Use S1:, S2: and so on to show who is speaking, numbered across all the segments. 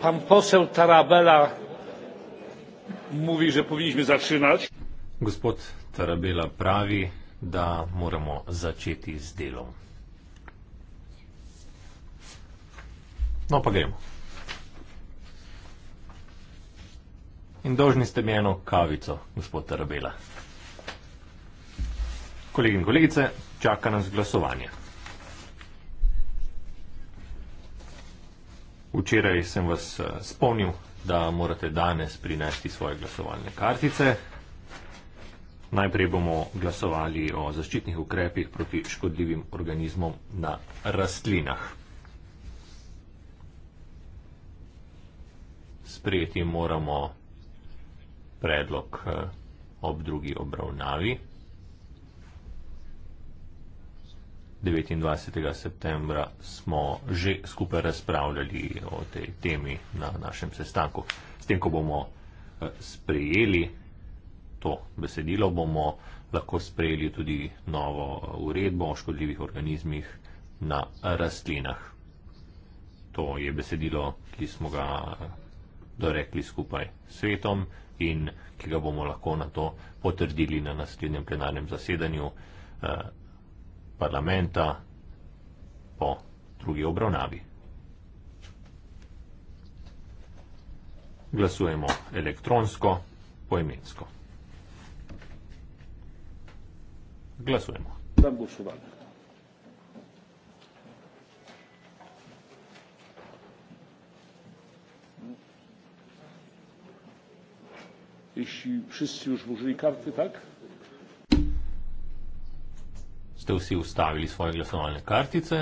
S1: Pan poseł Tarabela
S2: mówi, że powinniśmy zaczynać. Gospod Tarabela pravi, da moramo začeti z delom. No, pa gremo. In dožni ste mi eno kavico, gospod Tarabela. Kolegi in kolegice, čaka nas glasovanje. Včeraj sem vas eh, spomnil, da morate danes prinesti svoje glasovalne kartice. Najprej bomo glasovali o zaščitnih ukrepih proti škodljivim organizmom na rastlinah. Sprejeti moramo predlog eh, ob drugi obravnavi. 29. septembra smo že skupaj razpravljali o tej temi na našem sestanku. S tem, ko bomo eh, sprejeli to besedilo, bomo lahko sprejeli tudi novo eh, uredbo o škodljivih organizmih na rastlinah. To je besedilo, ki smo ga eh, dorekli skupaj svetom in ki ga bomo lahko na to potrdili na naslednjem plenarnem zasedanju parlamenta po drugi obravnavi. Glasujemo elektronsko, poimensko. Glasujemo.
S1: Jeśli wszyscy już włożyli karty, tak?
S2: ste vsi ustavili svoje glasovalne kartice,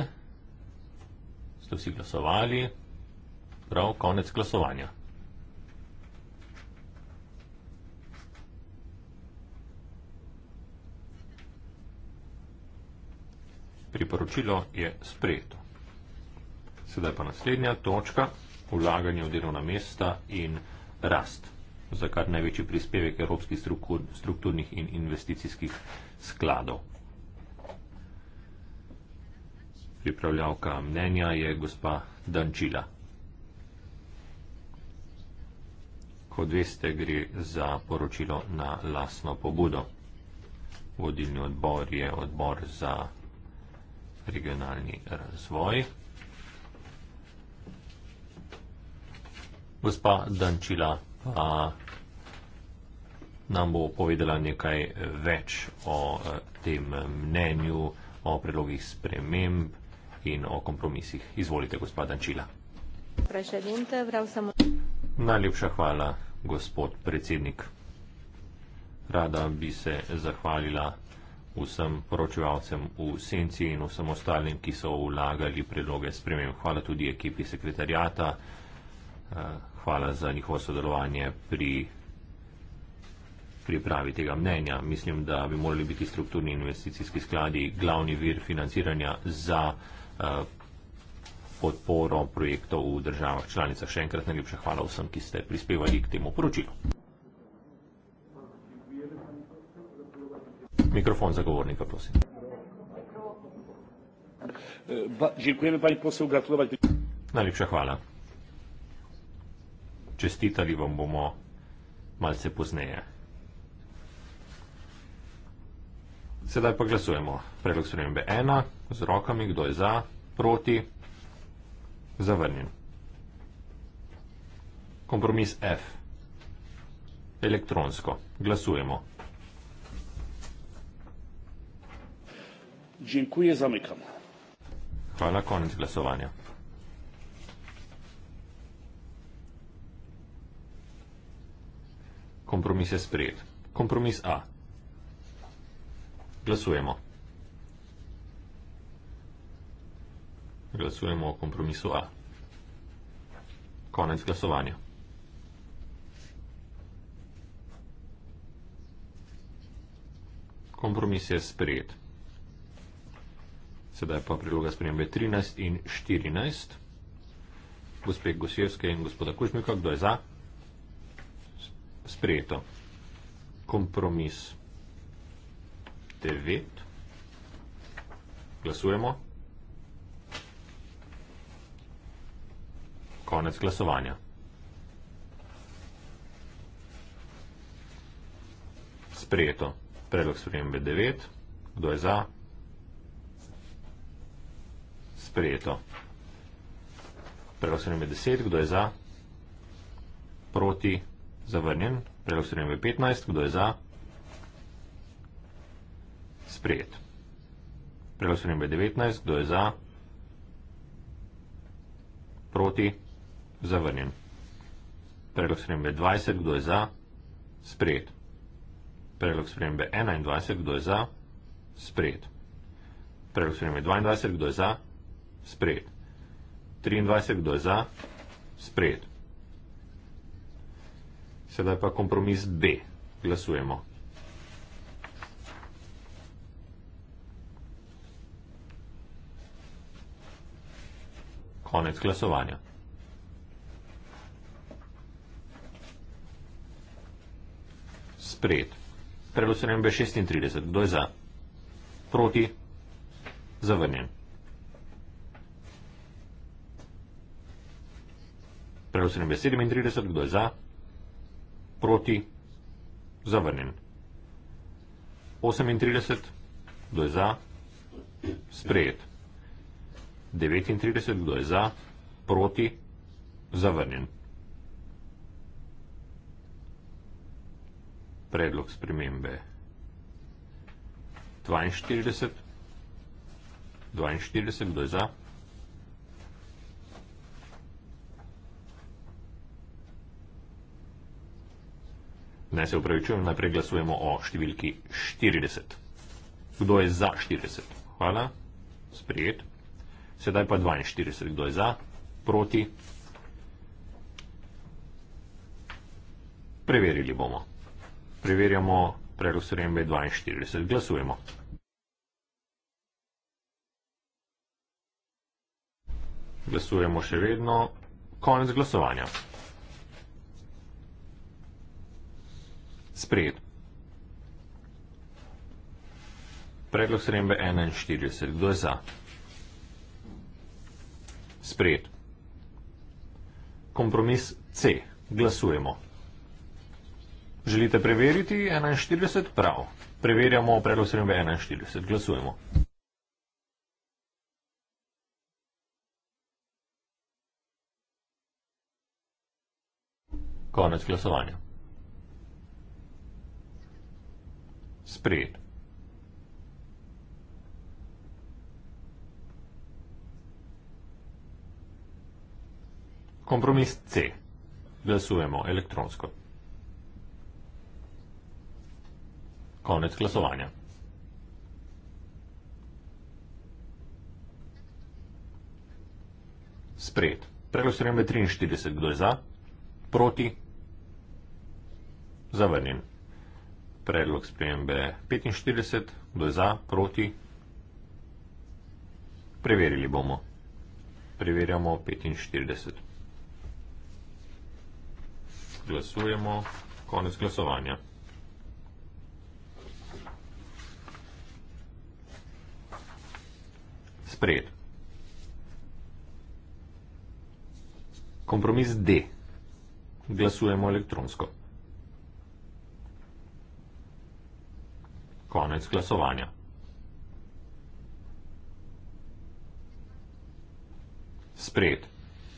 S2: ste vsi glasovali, prav konec glasovanja. Priporočilo je sprejeto. Sedaj pa naslednja točka, vlaganje v delovna mesta in rast, za kar največji prispevek evropskih strukturnih in investicijskih skladov. Pripravljavka mnenja je gospa Dančila. Kot veste, gre za poročilo na lasno pobudo. Vodilni odbor je odbor za regionalni razvoj. Gospa Dančila pa nam bo povedala nekaj več o eh, tem eh, mnenju, o predlogih sprememb in o kompromisih. Izvolite, gospod Dančila. Najlepša hvala, gospod predsednik. Rada bi se zahvalila vsem poročevalcem v senci in vsem ostalim, ki so vlagali predloge spremem. Hvala tudi ekipi sekretarjata. Eh, hvala za njihovo sodelovanje pri pripravi tega mnenja. Mislim, da bi morali biti strukturni investicijski skladi glavni vir financiranja za podporo projektov v državah članicah. Še enkrat najlepša hvala vsem, ki ste prispevali k temu poročilu. Mikrofon za govornika, prosim. Najlepša hvala. Čestitali vam bomo malce pozneje. Sedaj pa glasujemo. Predlog spremembe 1 z rokami, kdo je za, proti, zavrnjen. Kompromis F. Elektronsko. Glasujemo.
S1: Dziękuję, zamykam.
S2: Hvala, konec glasovanja. Kompromis je sprejet. Kompromis A. Glasujemo. Glasujemo o kompromisu A. Konec glasovanja. Kompromis je sprejet. Sedaj pa priloga spremembe 13 in 14. Gospe Gosevske in gospoda Kužmika, kdo je za? Sprejeto. Kompromis devet. Glasujemo. Konec glasovanja. Sprejeto. Predlog spremembe 9. Kdo je za? Sprejeto. Predlog spremembe 10. Kdo je za? Proti. Zavrnjen. Predlog spremembe 15. Kdo je za? Proti sprejet. Preglasujem B19, kdo je za? Proti? Zavrnjen. Preglasujem B20, kdo je za? Sprejet. Preglasujem B21, kdo je za? Sprejet. Preglasujem B22, kdo je za? Sprejet. 23, kdo je za? Sprejet. Sedaj pa kompromis B. Glasujemo. Konec glasovanja. Sprejet. Preglasujem B36. Kdo je za? Proti? Zavrnjen. Preglasujem B37. Kdo je za? Proti? Zavrnjen. 38. Kdo je za? Sprejet. 39, kdo je za, proti, zavrnjen. Predlog spremembe 42, 42, kdo je za. Naj se upravičujem, najprej glasujemo o številki 40. Kdo je za 40? Hvala. Sprijet. Sedaj pa 42, kdo je za, proti. Preverili bomo. Preverjamo predlog sprejembe 42. Glasujemo. Glasujemo še vedno. Konec glasovanja. Sprejet. Predlog sprejembe 41. Kdo je za? sprejet. Kompromis C. Glasujemo. Želite preveriti 41? Prav. Preverjamo predlog sprejembe 41. Glasujemo. Konec glasovanja. Sprejet. Kompromis C. Glasujemo elektronsko. Konec glasovanja. Sprejet. Preglasujem je 43. Kdo je za? Proti? Zavrnjen. Predlog spremembe 45, kdo je za, proti. Preverili bomo. Preverjamo 45 glasujemo. Konec glasovanja. Sprejet. Kompromis D. Glasujemo elektronsko. Konec glasovanja. Sprejet.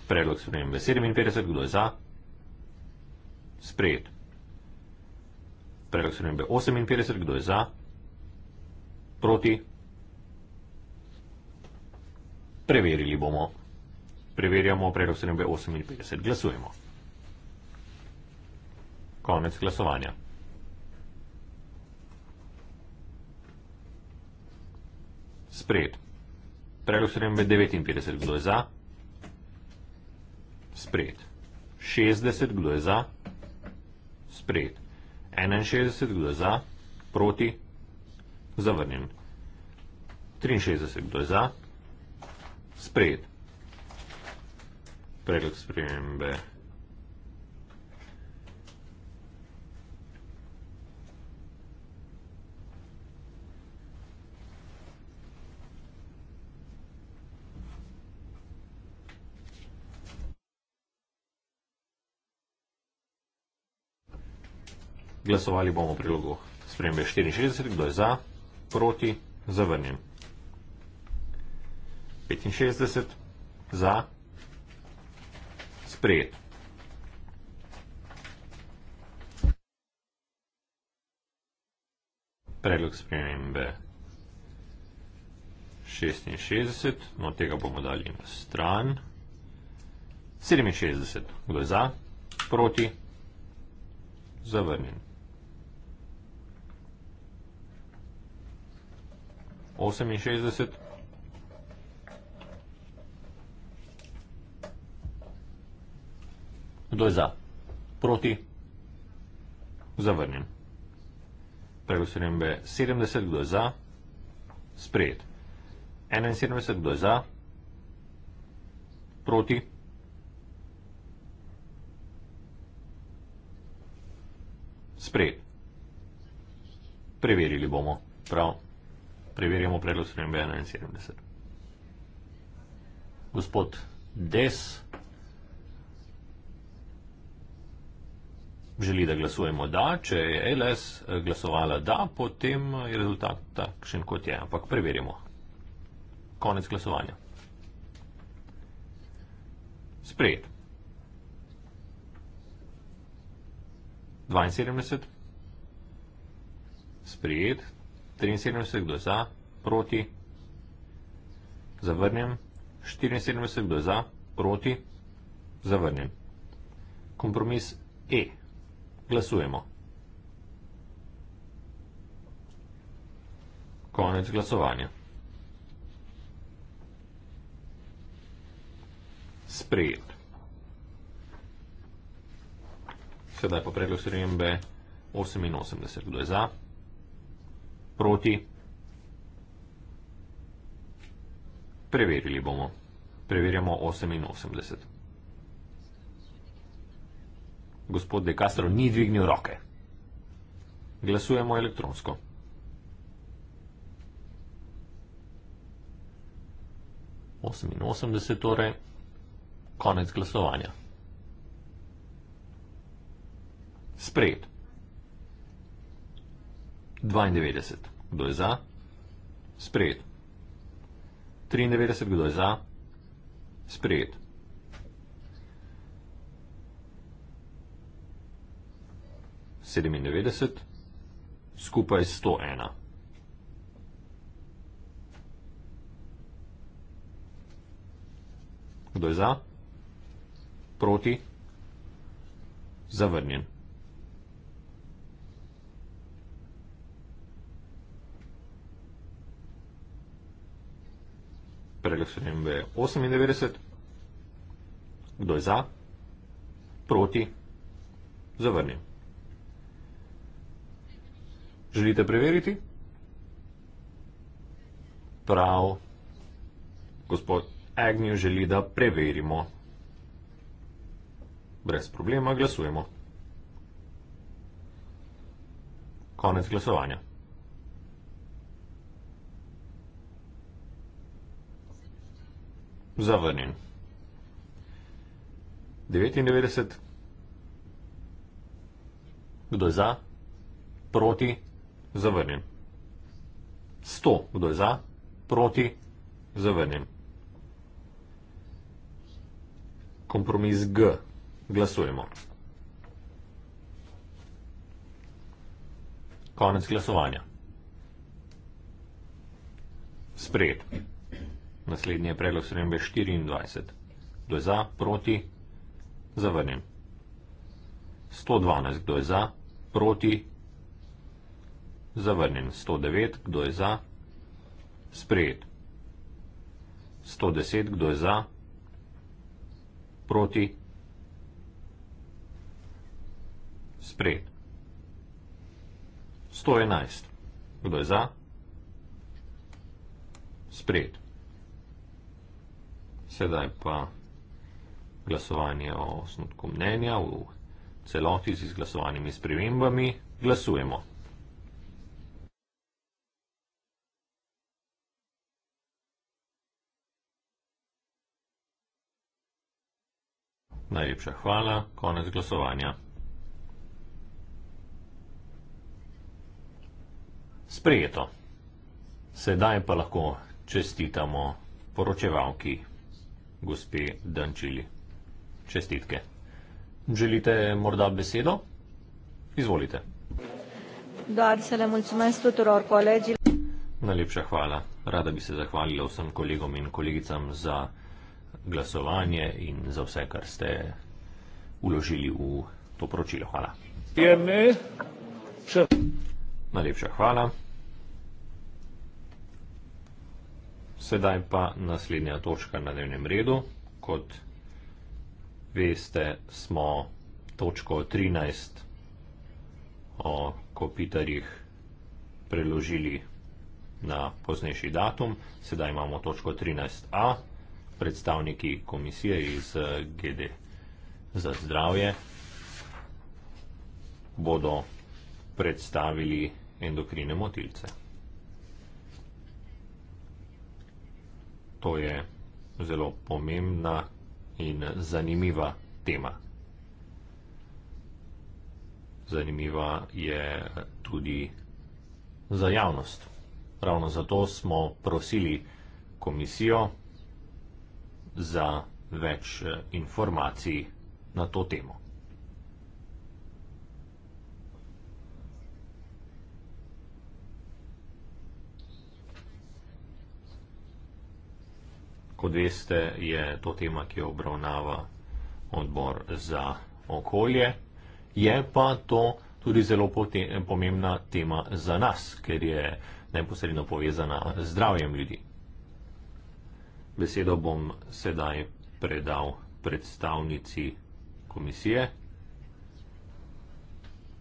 S2: Predlog spremembe 57. Kdo je za? Sprejet. Predlog spremembe 58, kdo je za? Proti? Preverili bomo. Preverjamo predlog spremembe 58. Glasujemo. Konec glasovanja. Sprejet. Predlog spremembe 59, kdo je za? Sprejet. 60, kdo je za? Sprejet sprejet. 61 kdo je za, proti, zavrnjen. 63 kdo je za, sprejet. Predlog spremembe. Glasovali bomo o prilogu spremembe 64, kdo je za, proti, zavrnjen. 65, za, sprejet. Predlog spremembe 66, no tega bomo dali na stran. 67, kdo je za, proti, zavrnjen. 68. Kdo je za? Proti? Zavrnjen. Prego se rembe 70, kdo je za? Sprejet. 71, kdo je za? Proti? Sprejet. Preverili bomo. Prav preverjamo predlog spremembe 71. Gospod Des želi, da glasujemo da. Če je LS glasovala da, potem je rezultat takšen, kot je. Ampak preverjamo. Konec glasovanja. Sprejet. 72. Sprijet. 73 kdo za, proti, zavrnjem, 74 kdo za, proti, zavrnjem. Kompromis E. Glasujemo. Konec glasovanja. Sprejet. Sedaj pa predlog srednjem B. 88, kdo je za? proti. Preverili bomo. Preverjamo 88. Gospod De Castro ni dvignil roke. Glasujemo elektronsko. Osemindvajset, torej konec glasovanja. Sprejet. 92. Kdo je za? Sprejet. 93. Kdo je za? Sprejet. Sedemindevetdeset, skupaj sto ena. Kdo je za? Proti? Zavrnjen. preglasujem v 98. Kdo je za? Proti? Zavrnim. Želite preveriti? Prav. Gospod Agnew želi, da preverimo. Brez problema glasujemo. Konec glasovanja. zavrnjen. 99. Kdo je za? Proti? Zavrnjen. 100. Kdo je za? Proti? Zavrnjen. Kompromis G. Glasujemo. Konec glasovanja. Sprejet. Naslednji je predlog spremembe 24. Kdo je za, proti, zavrnjen. 112. Kdo je za, proti, zavrnjen. 109. Kdo je za, sprejet. 110. Kdo je za, proti, sprejet. 111. Kdo je za, sprejet sedaj pa glasovanje o osnutku mnenja v celoti z izglasovanimi spremembami. Glasujemo. Najlepša hvala, konec glasovanja. Sprejeto. Sedaj pa lahko čestitamo poročevalki gospe Dančili. Čestitke. Želite morda besedo? Izvolite. Najlepša hvala. Rada bi se zahvalila vsem kolegom in kolegicam za glasovanje in za vse, kar ste uložili v to poročilo. Hvala. Najlepša hvala. Sedaj pa naslednja točka na dnevnem redu. Kot veste, smo točko 13 o kopitarjih preložili na poznejši datum. Sedaj imamo točko 13a, predstavniki komisije iz GD za zdravje bodo predstavili endokrine motilce. to je zelo pomembna in zanimiva tema. Zanimiva je tudi za javnost. Ravno zato smo prosili komisijo za več eh, informacij na to temo. kot veste, je to tema, ki jo obravnava odbor za okolje. Je pa to tudi zelo pomembna tema za nas, ker je neposredno povezana z zdravjem ljudi. Besedo bom sedaj predal predstavnici komisije.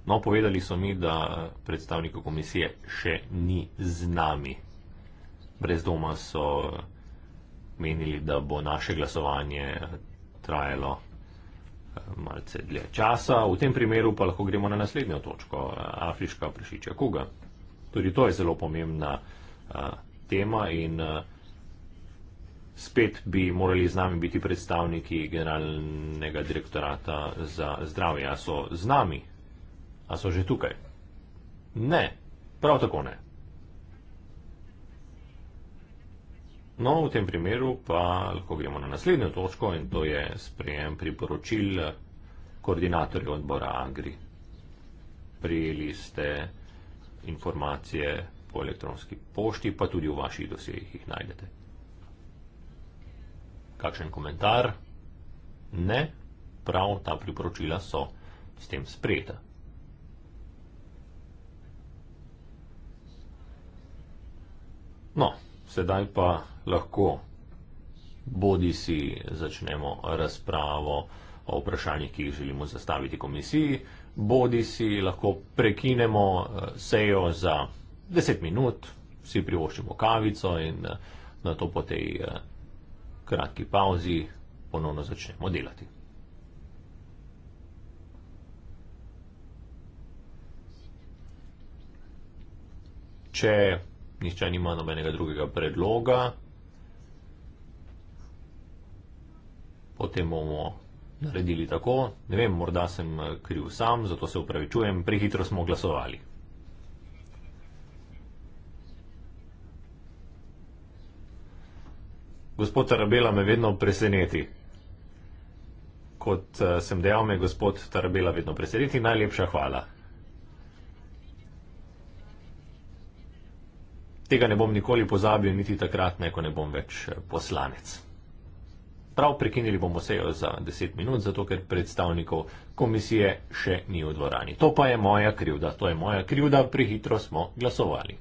S2: No, povedali so mi, da predstavnika komisije še ni z nami. Brez doma so menili, da bo naše glasovanje trajalo eh, malce dlje časa. V tem primeru pa lahko gremo na naslednjo točko, eh, afriška prešičja kuga. Tudi to je zelo pomembna eh, tema in spet bi morali z nami biti predstavniki generalnega direktorata za zdravje. A so z nami? A so že tukaj? Ne, prav tako ne. No, v tem primeru pa lahko gremo na naslednjo točko in to je sprejem priporočil koordinatorja odbora Agri. Prijeli ste informacije po elektronski pošti, pa tudi v vaših dosejih jih najdete. Kakšen komentar? Ne, prav ta priporočila so s tem sprejeta. No, sedaj pa lahko bodi si začnemo razpravo o vprašanjih, ki jih želimo zastaviti komisiji, bodi si lahko prekinemo eh, sejo za 10 minut, si privoščimo kavico in eh, na to po tej eh, kratki pauzi ponovno začnemo delati. Če nišče nima nobenega drugega predloga, potem bomo naredili tako. Ne vem, morda sem eh, kriv sam, zato se upravičujem, prehitro smo glasovali. Gospod Tarabela me vedno preseneti. Kot eh, sem dejal, me gospod Tarabela vedno preseneti. Najlepša hvala. Tega ne bom nikoli pozabil, niti takrat, ne ko ne bom več eh, poslanec. Prav prekinili bomo sejo za 10 minut, zato ker predstavnikov komisije še ni v dvorani. To pa je moja krivda, to je moja krivda, prehitro smo glasovali.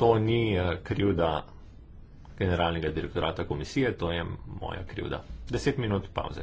S2: To ni eh, krivda generalnega direktorata komisije, to je moja krivda. 10 minut pauze.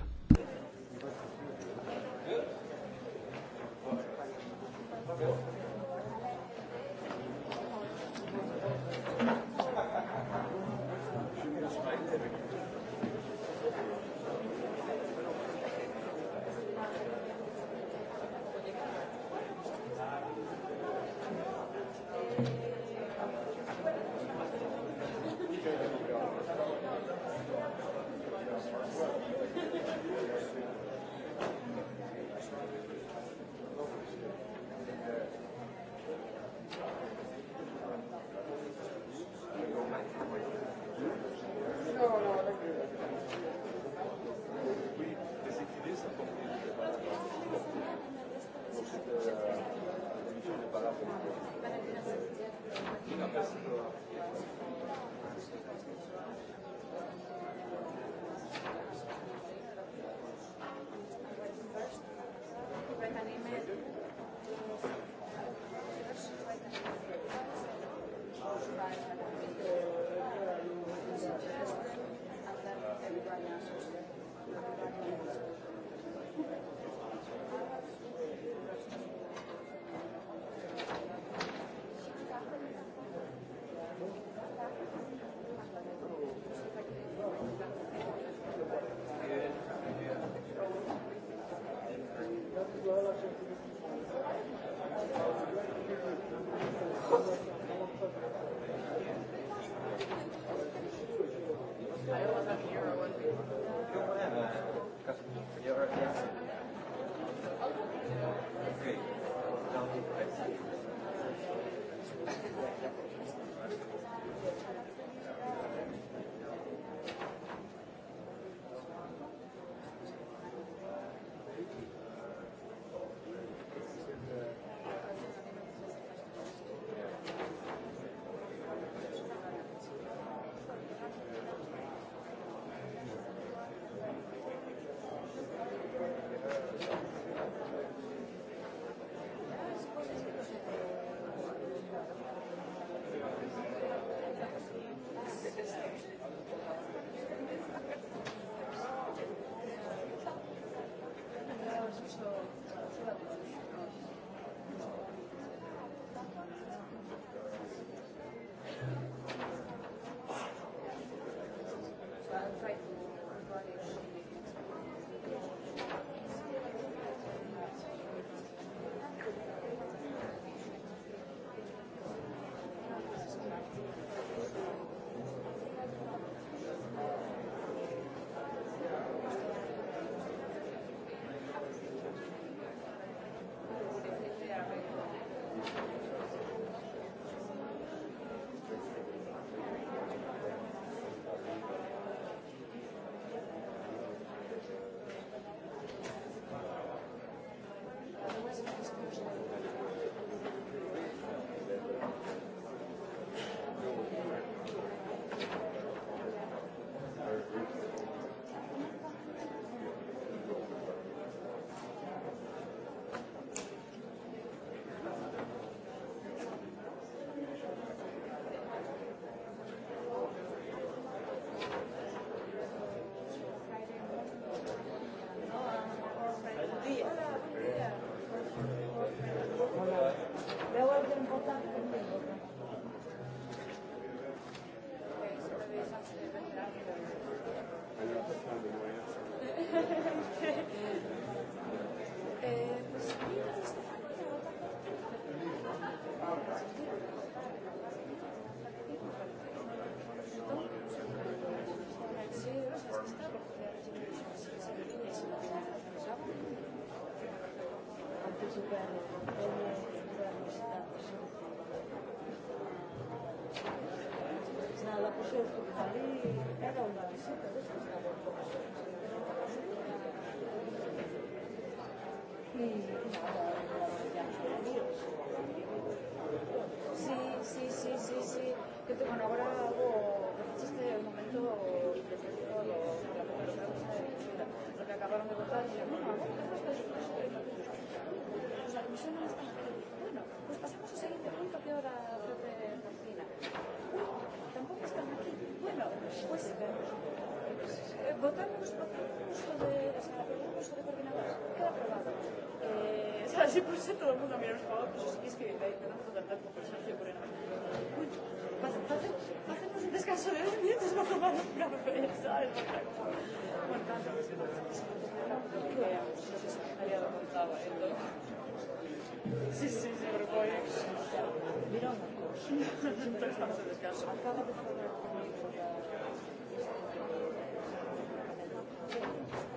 S3: Sí, sí, sí, sí, sí. Que te, bueno, ahora hago, este el momento, lo, lo, lo, lo, lo, lo que acabaron de votar, y yo, no, no, no. si plus si todo el mundo mira los pavos, pues es que me da un poco de tal por el Sergio Moreno. Uy, hacemos un descanso de dos minutos para tomar un plato de ellos, ¿sabes? Bueno, tanto que se lo hace. Que se haya documentado el dolor. Sí, sí, sí, pero voy. Mira una cosa. Entonces estamos en descanso. Acaba de poner un poco de... Thank you.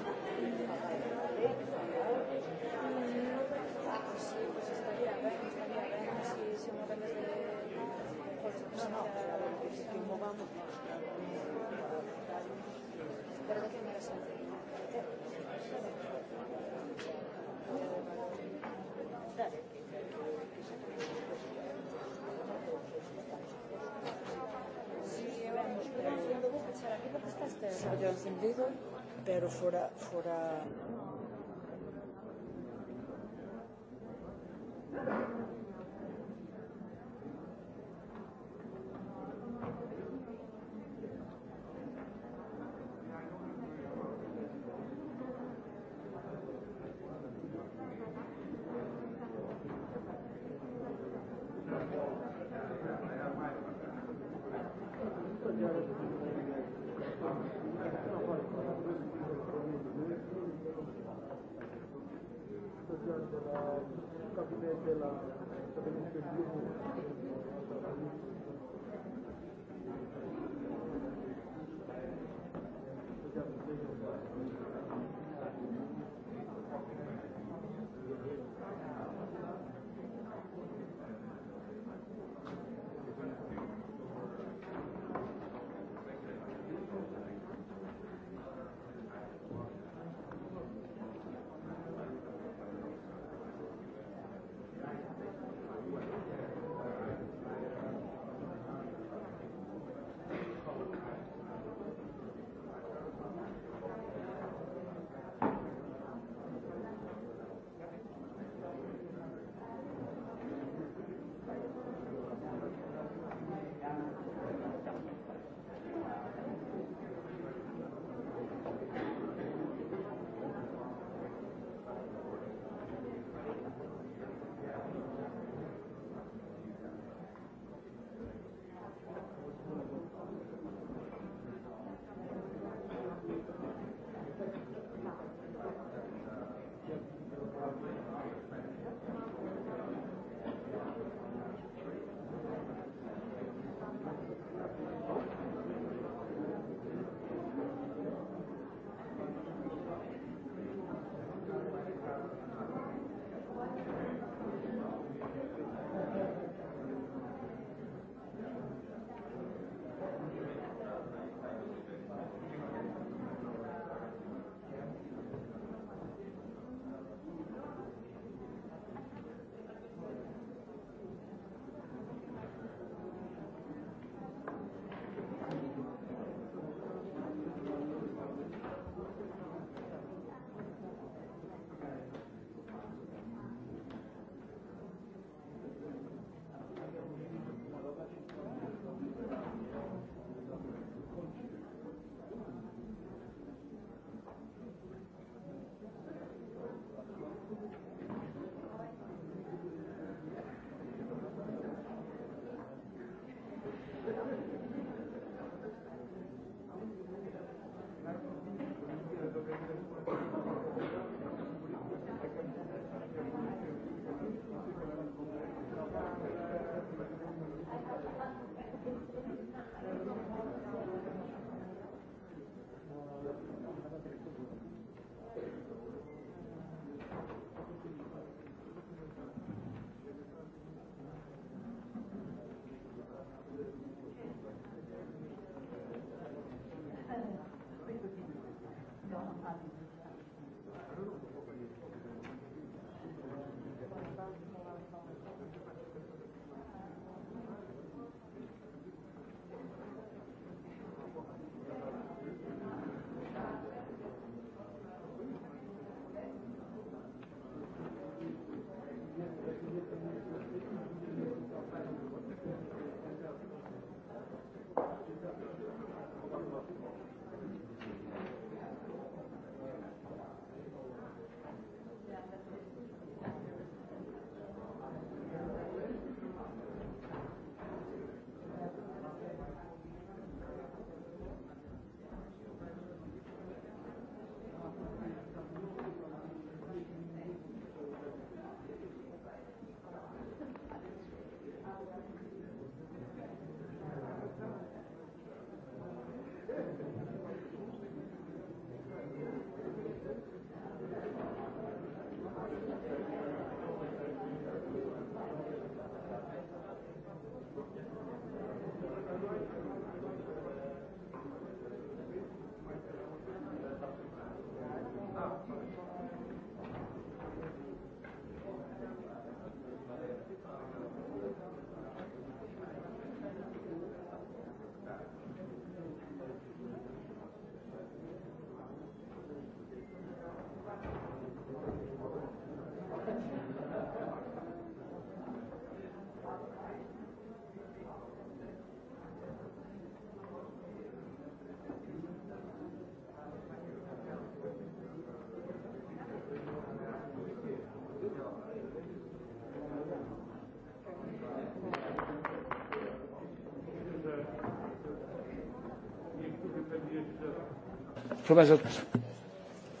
S3: encendido, pero fuera fuera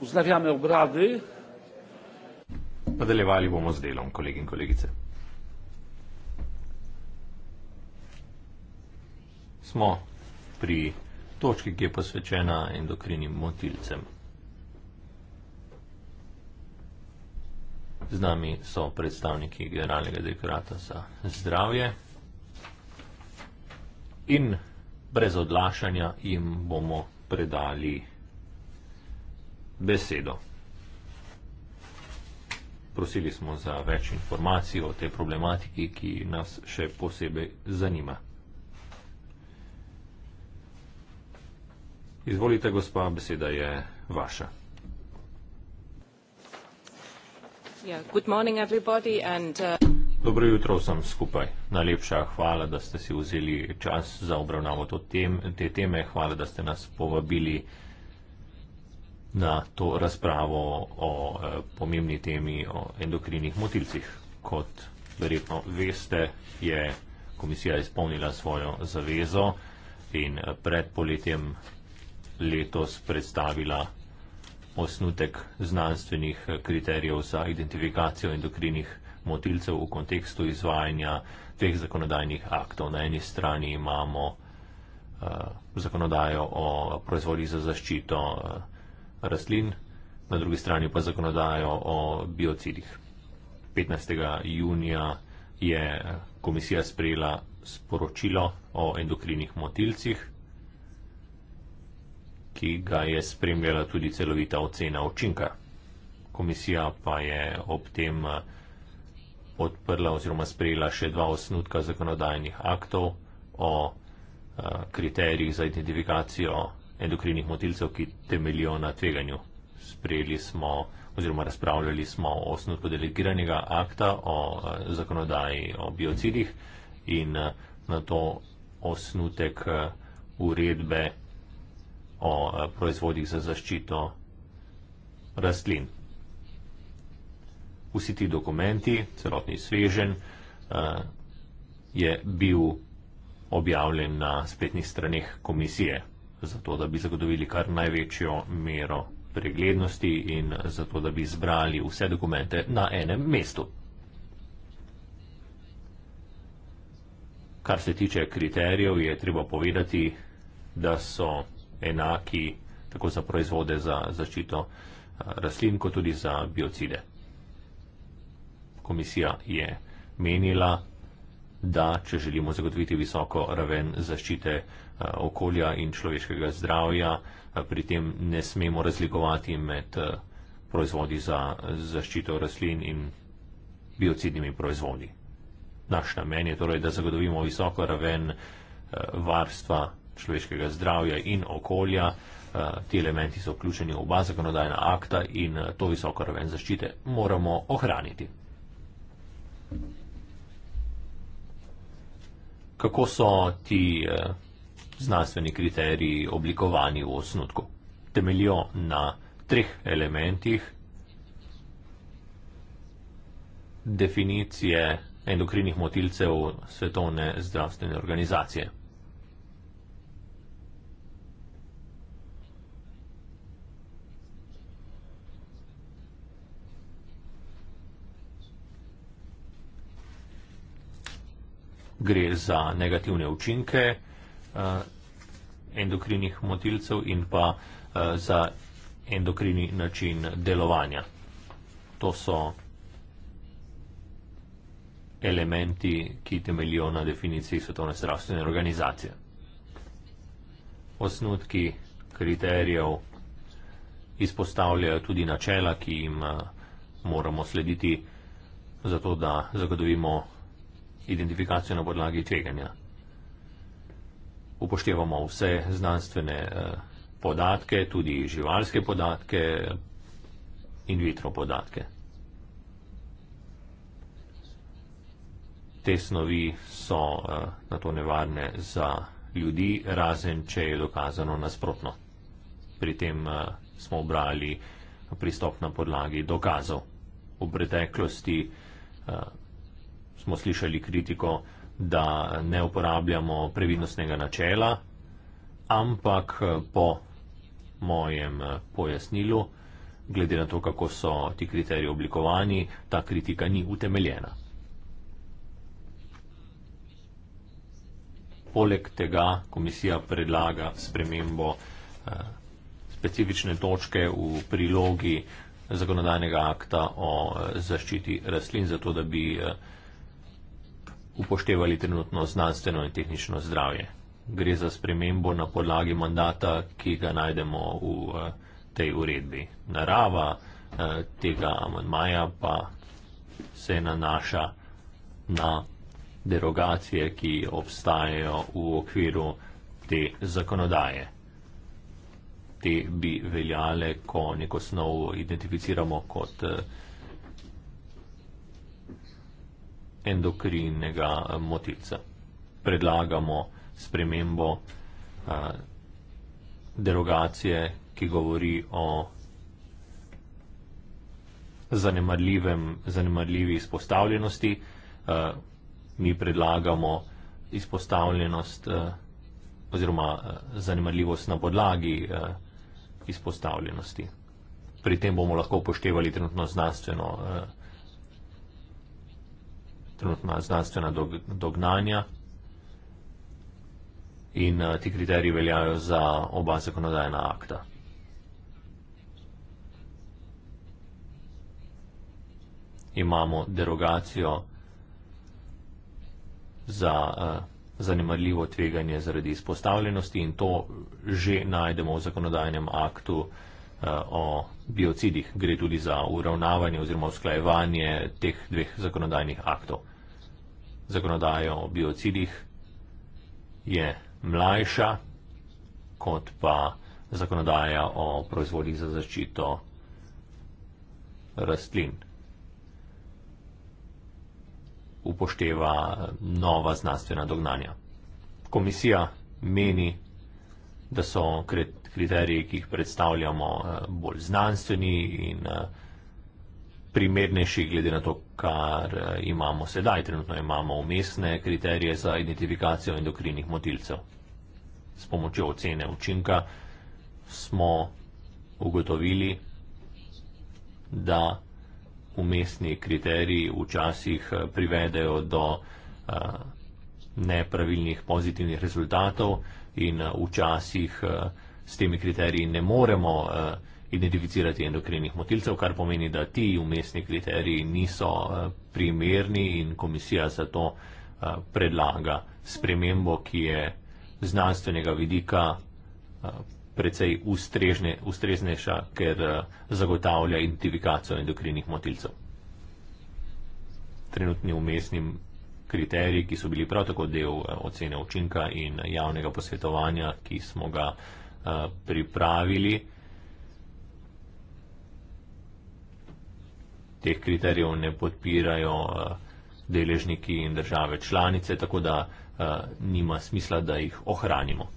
S1: Vzdavljamo obrade.
S2: Nadaljevali bomo z delom, kolegi in kolegice. Smo pri točki, ki je posvečena endokrinim motilcem. Z nami so predstavniki Generalnega dekorata za zdravje in brez odlašanja jim bomo predali besedo. Prosili smo za več informacij o tej problematiki, ki nas še posebej zanima. Izvolite, gospa, beseda je vaša.
S4: Uh,
S2: Dobro jutro vsem skupaj. Najlepša hvala, da ste si vzeli čas za obravnavo te teme. Hvala, da ste nas povabili na to razpravo o eh, pomembni temi o endokrinih motilcih. Kot verjetno veste, je komisija izpolnila svojo zavezo in eh, pred poletjem letos predstavila osnutek znanstvenih eh, kriterijev za identifikacijo endokrinih motilcev v kontekstu izvajanja teh zakonodajnih aktov. Na eni strani imamo uh, zakonodajo o proizvodih za zaščito uh, rastlin, na drugi strani pa zakonodajo o biocidih. 15. junija je komisija sprejela sporočilo o endokrinih motilcih, ki ga je spremljala tudi celovita ocena očinka. Komisija pa je ob tem eh, odprla oziroma sprejela še dva osnutka zakonodajnih aktov o eh, kriterijih za identifikacijo endokrinih motilcev, ki temeljijo na tveganju. Sprejeli smo oziroma razpravljali smo o osnutku delegiranega akta o eh, zakonodaji o biocidih in eh, na to osnutek eh, uredbe o proizvodih za zaščito rastlin. Vsi ti dokumenti, celotni svežen, je bil objavljen na spletnih straneh komisije zato da bi zagotovili kar največjo mero preglednosti in zato da bi zbrali vse dokumente na enem mestu. Kar se tiče kriterijev, je treba povedati, da so enaki tako za proizvode za zaščito eh, rastlin, kot tudi za biocide. Komisija je menila, da če želimo zagotoviti visoko raven zaščite Eh, okolja in človeškega zdravja. Eh, pri tem ne smemo razlikovati med eh, proizvodi za zaščito rastlin in biocidnimi proizvodi. Naš namen je torej, da zagotovimo visoko raven varstva človeškega zdravja in okolja. Ti elementi so vključeni v oba zakonodajna akta in to visoko raven zaščite moramo ohraniti. Kako so ti znanstveni kriteriji oblikovani v osnutku. Temeljijo na treh elementih definicije endokrinih motilcev Svetovne zdravstvene organizacije. Gre za negativne učinke, Eh, endokrinih motilcev in pa eh, za endokrini način delovanja. To so elementi, ki temeljijo na definiciji Svetovne zdravstvene organizacije. Osnutki kriterijev izpostavljajo tudi načela, ki jim eh, moramo slediti, zato da zagotovimo identifikacijo na podlagi tveganja upoštevamo vse znanstvene eh, podatke, tudi živalske podatke in vitro podatke. Te snovi so eh, na to nevarne za ljudi, razen če je dokazano nasprotno. Pri tem eh, smo obrali pristop na podlagi dokazov. V preteklosti smo slišali kritiko, da ne uporabljamo previdnostnega načela, ampak po mojem pojasnilu, glede na to, kako so ti kriteriji oblikovani, ta kritika ni utemeljena. Poleg tega komisija predlaga spremembo eh, specifične točke v prilogi zakonodajnega akta o eh, zaščiti rastlin, zato da bi eh, upoštevali trenutno znanstveno in tehnično zdravje. Gre za spremembo na podlagi mandata, ki ga najdemo v eh, tej uredbi. Narava eh, tega amandmaja pa se nanaša na derogacije, ki obstajajo v okviru te zakonodaje. Te bi veljale, ko neko snov identificiramo kot eh, endokrinnega eh, motilca. Predlagamo spremembo eh, derogacije, ki govori o zanemarljivi izpostavljenosti. Eh, mi predlagamo izpostavljenost oziroma zanemarljivost na podlagi izpostavljenosti. Pri tem bomo lahko upoštevali trenutno znanstveno izpostavljenost trenutna znanstvena dog, dognanja in eh, ti kriteriji veljajo za oba zakonodajna akta. Imamo derogacijo za uh, zanemarljivo tveganje zaradi izpostavljenosti in to že najdemo v zakonodajnem aktu uh, o biocidih. Gre tudi za uravnavanje oziroma usklajevanje teh dveh zakonodajnih aktov zakonodajo o biocidih je mlajša kot pa zakonodaja o proizvodih za zaščito rastlin. Upošteva nova znanstvena dognanja. Komisija meni, da so kriteriji, ki jih predstavljamo, eh, bolj znanstveni in eh, primernejši glede na to, kar eh, imamo sedaj. Trenutno imamo umestne kriterije za identifikacijo endokrinih motilcev. S pomočjo ocene učinka smo ugotovili, da umestni kriteriji včasih eh, privedejo do eh, nepravilnih pozitivnih rezultatov in včasih s temi kriteriji ne moremo identificirati endokrinih motilcev, kar pomeni, da ti umestni kriteriji niso eh, primerni in komisija zato eh, predlaga spremembo, ki je znanstvenega vidika eh, precej ustrežne, ustreznejša, ker zagotavlja identifikacijo endokrinih motilcev. Trenutni umestni kriteriji, ki so bili prav tako del ocene učinka in javnega posvetovanja, ki smo ga pripravili, teh kriterijev ne podpirajo eh, deležniki in države članice, tako da eh, nima smisla, da jih ohranimo.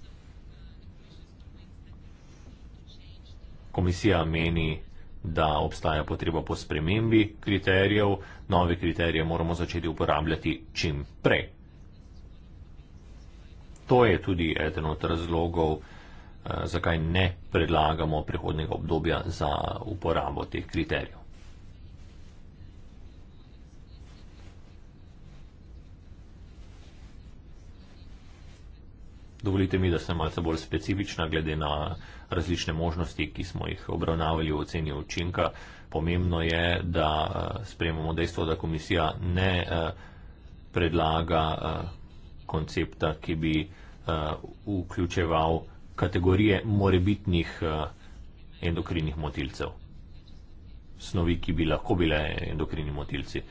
S2: Komisija meni, da obstaja potreba po spremembi kriterijev, nove kriterije moramo začeti uporabljati čim prej. To je tudi eden od razlogov, eh, zakaj ne predlagamo prehodnega obdobja za uporabo teh kriterijev. Dovolite mi, da sem malce bolj specifična glede na različne možnosti, ki smo jih obravnavali v oceni učinka. Pomembno je, da eh, sprejemamo dejstvo, da komisija ne eh, predlaga eh, koncepta, ki bi vključeval kategorije morebitnih endokrinih motilcev, snovi, ki bi lahko bile endokrini motilci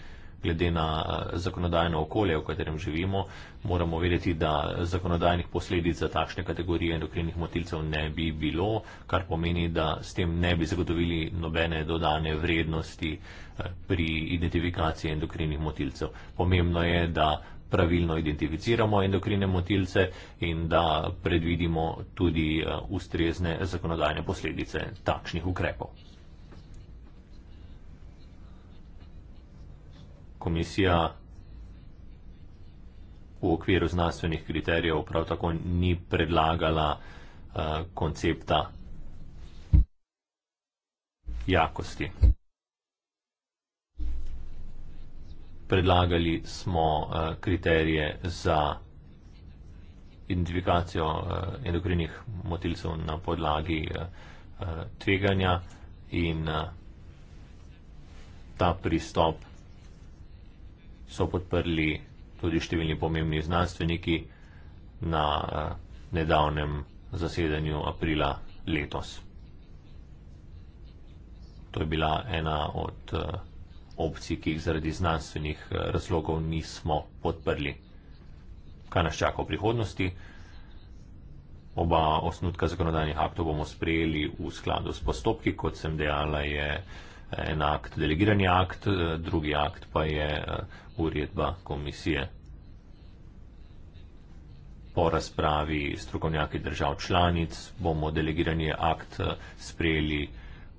S2: glede na eh, zakonodajno okolje, v katerem živimo, moramo vedeti, da zakonodajnih posledic za takšne kategorije endokrinih motilcev ne bi bilo, kar pomeni, da s tem ne bi zagotovili nobene dodane vrednosti eh, pri identifikaciji endokrinih motilcev. Pomembno je, da pravilno identificiramo endokrine motilce in da predvidimo tudi eh, ustrezne zakonodajne posledice takšnih ukrepov. komisija v okviru znanstvenih kriterijev prav tako ni predlagala uh, koncepta jakosti. Predlagali smo uh, kriterije za identifikacijo uh, endokrinih motilcev na podlagi uh, tveganja in uh, ta pristop so podprli tudi številni pomembni znanstveniki na eh, nedavnem zasedanju aprila letos. To je bila ena od eh, opcij, ki jih zaradi znanstvenih eh, razlogov nismo podprli. Kaj nas čaka v prihodnosti? Oba osnutka zakonodajnih aktov bomo sprejeli v skladu s postopki, kot sem dejala, je en akt delegirani akt, drugi akt pa je uredba komisije. Po razpravi strokovnjaki držav članic bomo delegirani akt eh, sprejeli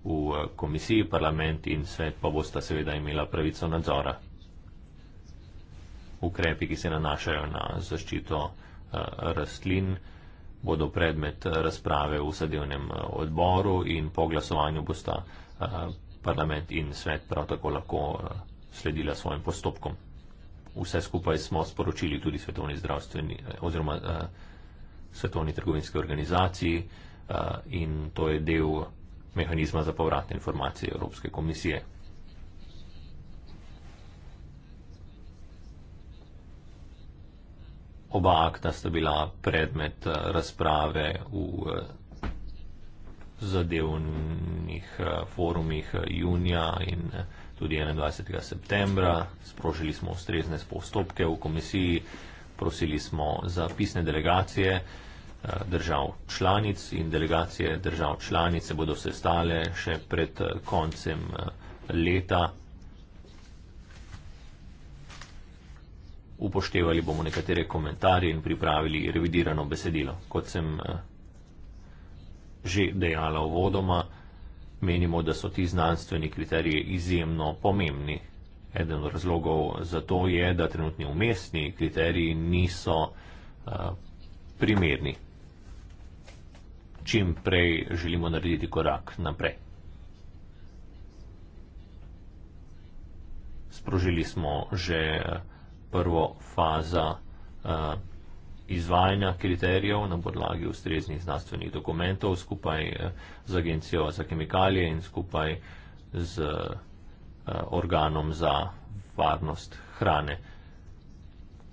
S2: v eh, komisiji, parlament in svet pa bosta seveda imela pravico nadzora. Ukrepi, ki se nanašajo na zaščito eh, rastlin, bodo predmet razprave v sadevnem odboru in po glasovanju bosta parlament in svet prav tako lahko sledila svojim postopkom vse skupaj smo sporočili tudi svetovni zdravstveni eh, oziroma uh, svetovni trgovinski organizaciji uh, in to je del mehanizma za povratne informacije Evropske komisije. Oba akta sta bila predmet razprave v zadevnih forumih junija in tudi 21. septembra. Sprožili smo ustrezne postopke v komisiji, prosili smo za pisne delegacije eh, držav članic in delegacije držav članice bodo se stale še pred eh, koncem eh, leta. Upoštevali bomo nekatere komentarje in pripravili revidirano besedilo. Kot sem že dejala uvodoma, menimo, da so ti znanstveni kriteriji izjemno pomembni. Eden od razlogov za to je, da trenutni umestni kriteriji niso uh, primerni. Čim prej želimo narediti korak naprej. Sprožili smo že eh, prvo fazo uh, izvajanja kriterijev na podlagi ustreznih znanstvenih dokumentov skupaj eh, z Agencijo za kemikalije in skupaj z eh, organom za varnost hrane.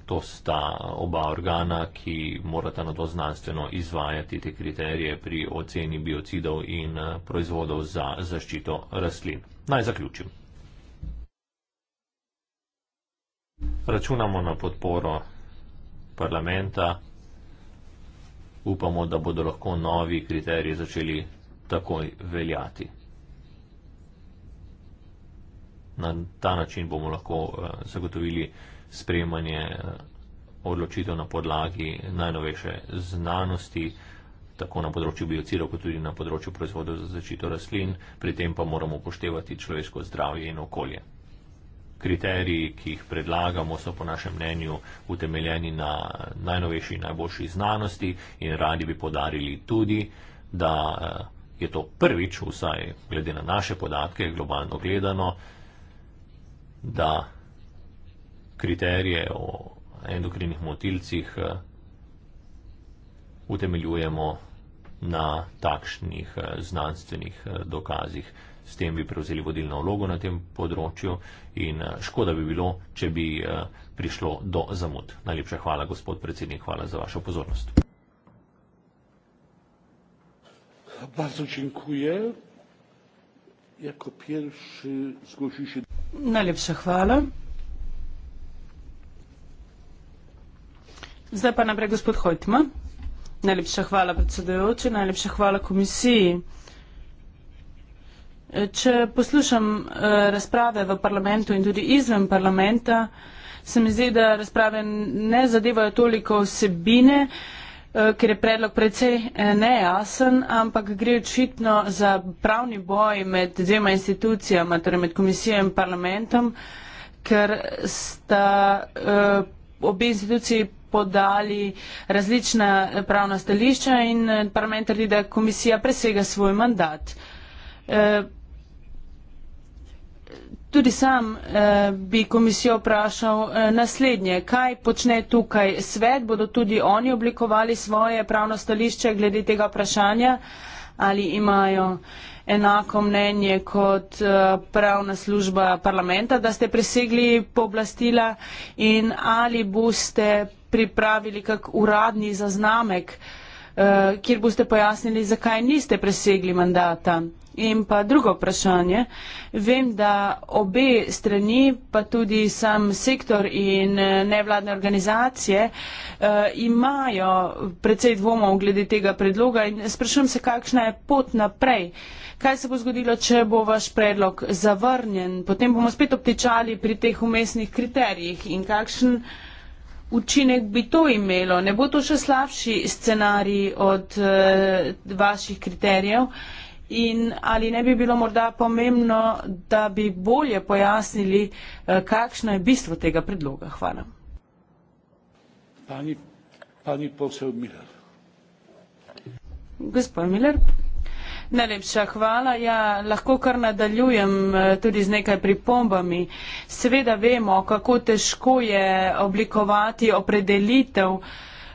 S2: To sta oba organa, ki morata na to znanstveno izvajati te kriterije pri oceni biocidov in eh, proizvodov za zaščito rastlin. Naj zaključim. Računamo na podporo parlamenta. Upamo, da bodo lahko novi kriteriji začeli takoj veljati. Na ta način bomo lahko eh, zagotovili sprejemanje eh, odločitev na podlagi najnovejše znanosti, tako na področju biocidov, kot tudi na področju proizvodov za zaščito rastlin, pri tem pa moramo upoštevati človeško zdravje in okolje kriteriji, ki jih predlagamo, so po našem mnenju utemeljeni na najnovejši in najboljši znanosti in radi bi podarili tudi, da eh, je to prvič, vsaj glede na naše podatke, globalno gledano, da kriterije o endokrinih motilcih eh, utemeljujemo na takšnih eh, znanstvenih dokazih s tem bi prevzeli vodilno vlogo na tem področju in eh, škoda bi bilo, če bi eh, prišlo do zamud. Najlepša hvala, gospod predsednik, hvala za vašo pozornost.
S1: Bardzo dziękuję. Jako pierwszy zgłosił się.
S4: Najlepsza chwała. Za pana brego spod Hojtma. Najlepsza chwała, przewodniczący. Najlepsza chwała komisji. Če poslušam eh, razprave v parlamentu in tudi izven parlamenta, se mi zdi, da razprave ne zadevajo toliko vsebine, eh, ker je predlog precej eh, nejasen, ampak gre očitno za pravni boj med dvema institucijama, torej med komisijo in parlamentom, ker sta obe instituciji podali različna pravna stališča in parlament trdi, da komisija presega svoj mandat. Tudi sam eh, bi komisijo vprašal eh, naslednje. Kaj počne tukaj svet? Bodo tudi oni oblikovali svoje pravno stališče glede tega vprašanja? Ali imajo enako mnenje kot eh, pravna služba parlamenta, da ste presegli pooblastila in ali boste pripravili kak uradni zaznamek, eh, kjer boste pojasnili, zakaj niste presegli mandata? In pa drugo vprašanje. Vem, da obe strani, pa tudi sam sektor in eh, nevladne organizacije uh, imajo precej dvomov glede tega predloga in sprašujem se, kakšna je pot naprej. Kaj se bo zgodilo, če bo vaš predlog zavrnjen? Potem bomo spet obtečali pri teh umestnih kriterijih in kakšen učinek bi to imelo. Ne bo to še slabši scenarij od uh, vaših kriterijev in ali ne bi bilo morda pomembno, da bi bolje pojasnili, eh, kakšno je bistvo tega predloga. Hvala.
S1: Pani, pani posel Miller.
S4: Gospod Miller. Najlepša hvala. Ja, lahko kar nadaljujem eh, tudi z nekaj pripombami. Seveda vemo, kako težko je oblikovati opredelitev uh,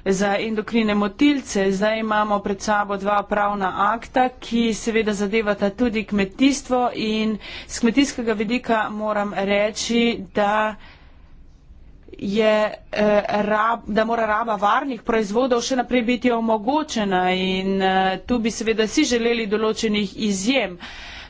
S4: za endokrine motilce. Zdaj imamo pred sabo dva pravna akta, ki seveda zadevata tudi kmetijstvo in z kmetijskega vidika moram reči, da. Je, eh, rab, da mora raba varnih proizvodov še naprej biti omogočena in eh, tu bi seveda si želeli določenih izjem. Eh,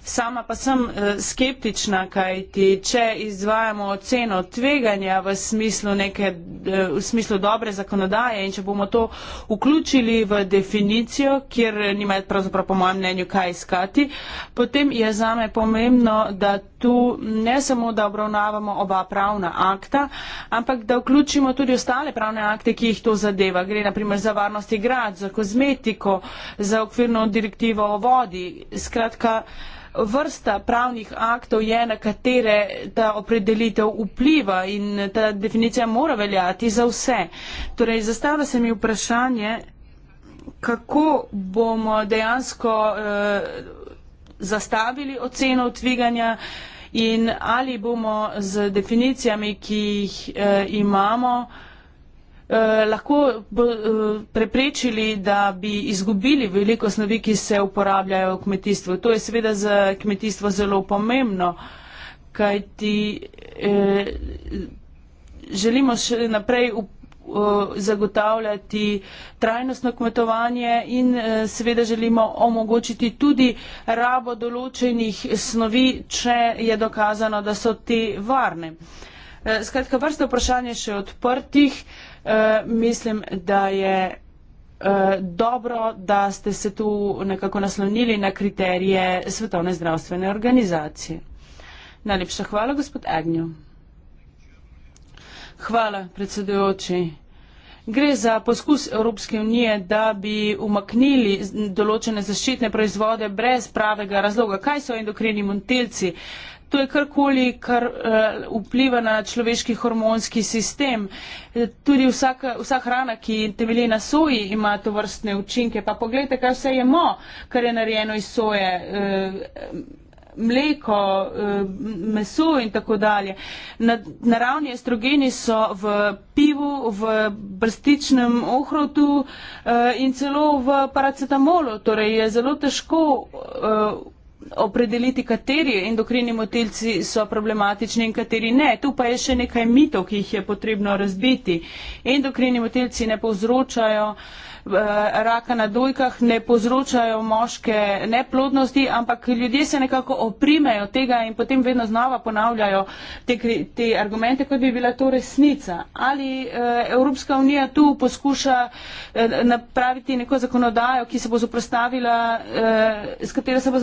S4: Sama pa sem eh, skeptična, kajti če izvajamo oceno tveganja v smislu, neke, eh, v smislu dobre zakonodaje in če bomo to vključili v definicijo, kjer nima pravzaprav po mojem mnenju kaj iskati, potem je zame pomembno, da tu ne samo, da obravnavamo oba pravna akta, ampak da vključimo tudi ostale pravne akte, ki jih to zadeva. Gre naprimer za varnost igrad, za kozmetiko, za okvirno direktivo o vodi. Skratka, vrsta pravnih aktov je, na katere ta opredelitev vpliva in ta definicija mora veljati za vse. Torej, zastavlja se mi vprašanje, kako bomo dejansko eh, zastavili oceno tveganja in ali bomo z definicijami, ki jih eh, imamo, eh, Eh, lahko bo, eh, preprečili, da bi izgubili veliko snovi, ki se uporabljajo v kmetijstvu. To je seveda za kmetijstvo zelo pomembno, kajti eh, želimo še naprej eh, zagotavljati trajnostno kmetovanje in seveda želimo omogočiti tudi rabo določenih snovi, če je dokazano, da so te varne. Skratka, vrste vprašanje še odprtih. Eh, mislim, da je eh, dobro, da ste se tu nekako naslonili na kriterije Svetovne zdravstvene organizacije. Najlepša hvala, gospod Agnjo. Hvala, predsedujoči. Gre za poskus Evropske unije, da bi umaknili določene zaščitne proizvode brez pravega razloga. Kaj so endokrini montelci? Uh, to je karkoli, kar uh, vpliva na človeški hormonski sistem. Eh, tudi vsaka, vsa hrana, ki temelji na soji, ima to vrstne učinke. Pa pogledajte, kaj vse jemo, kar je narejeno iz soje. Uh, mleko, meso in tako dalje. Naravni estrogeni so v pivu, v brstičnem ohrotu in celo v paracetamolu. Torej je zelo težko opredeliti, kateri endokrini motilci so problematični in kateri ne. Tu pa je še nekaj mitov, ki jih je potrebno razbiti. Endokrini motilci ne povzročajo uh, Eh, raka na dojkah ne povzročajo moške neplodnosti, ampak ljudje se nekako oprimejo tega in potem vedno znova ponavljajo te, te argumente, kot bi bila to resnica. Ali eh, Evropska unija tu poskuša eh, napraviti neko zakonodajo, ki se bo zoprostavila, z katero se bo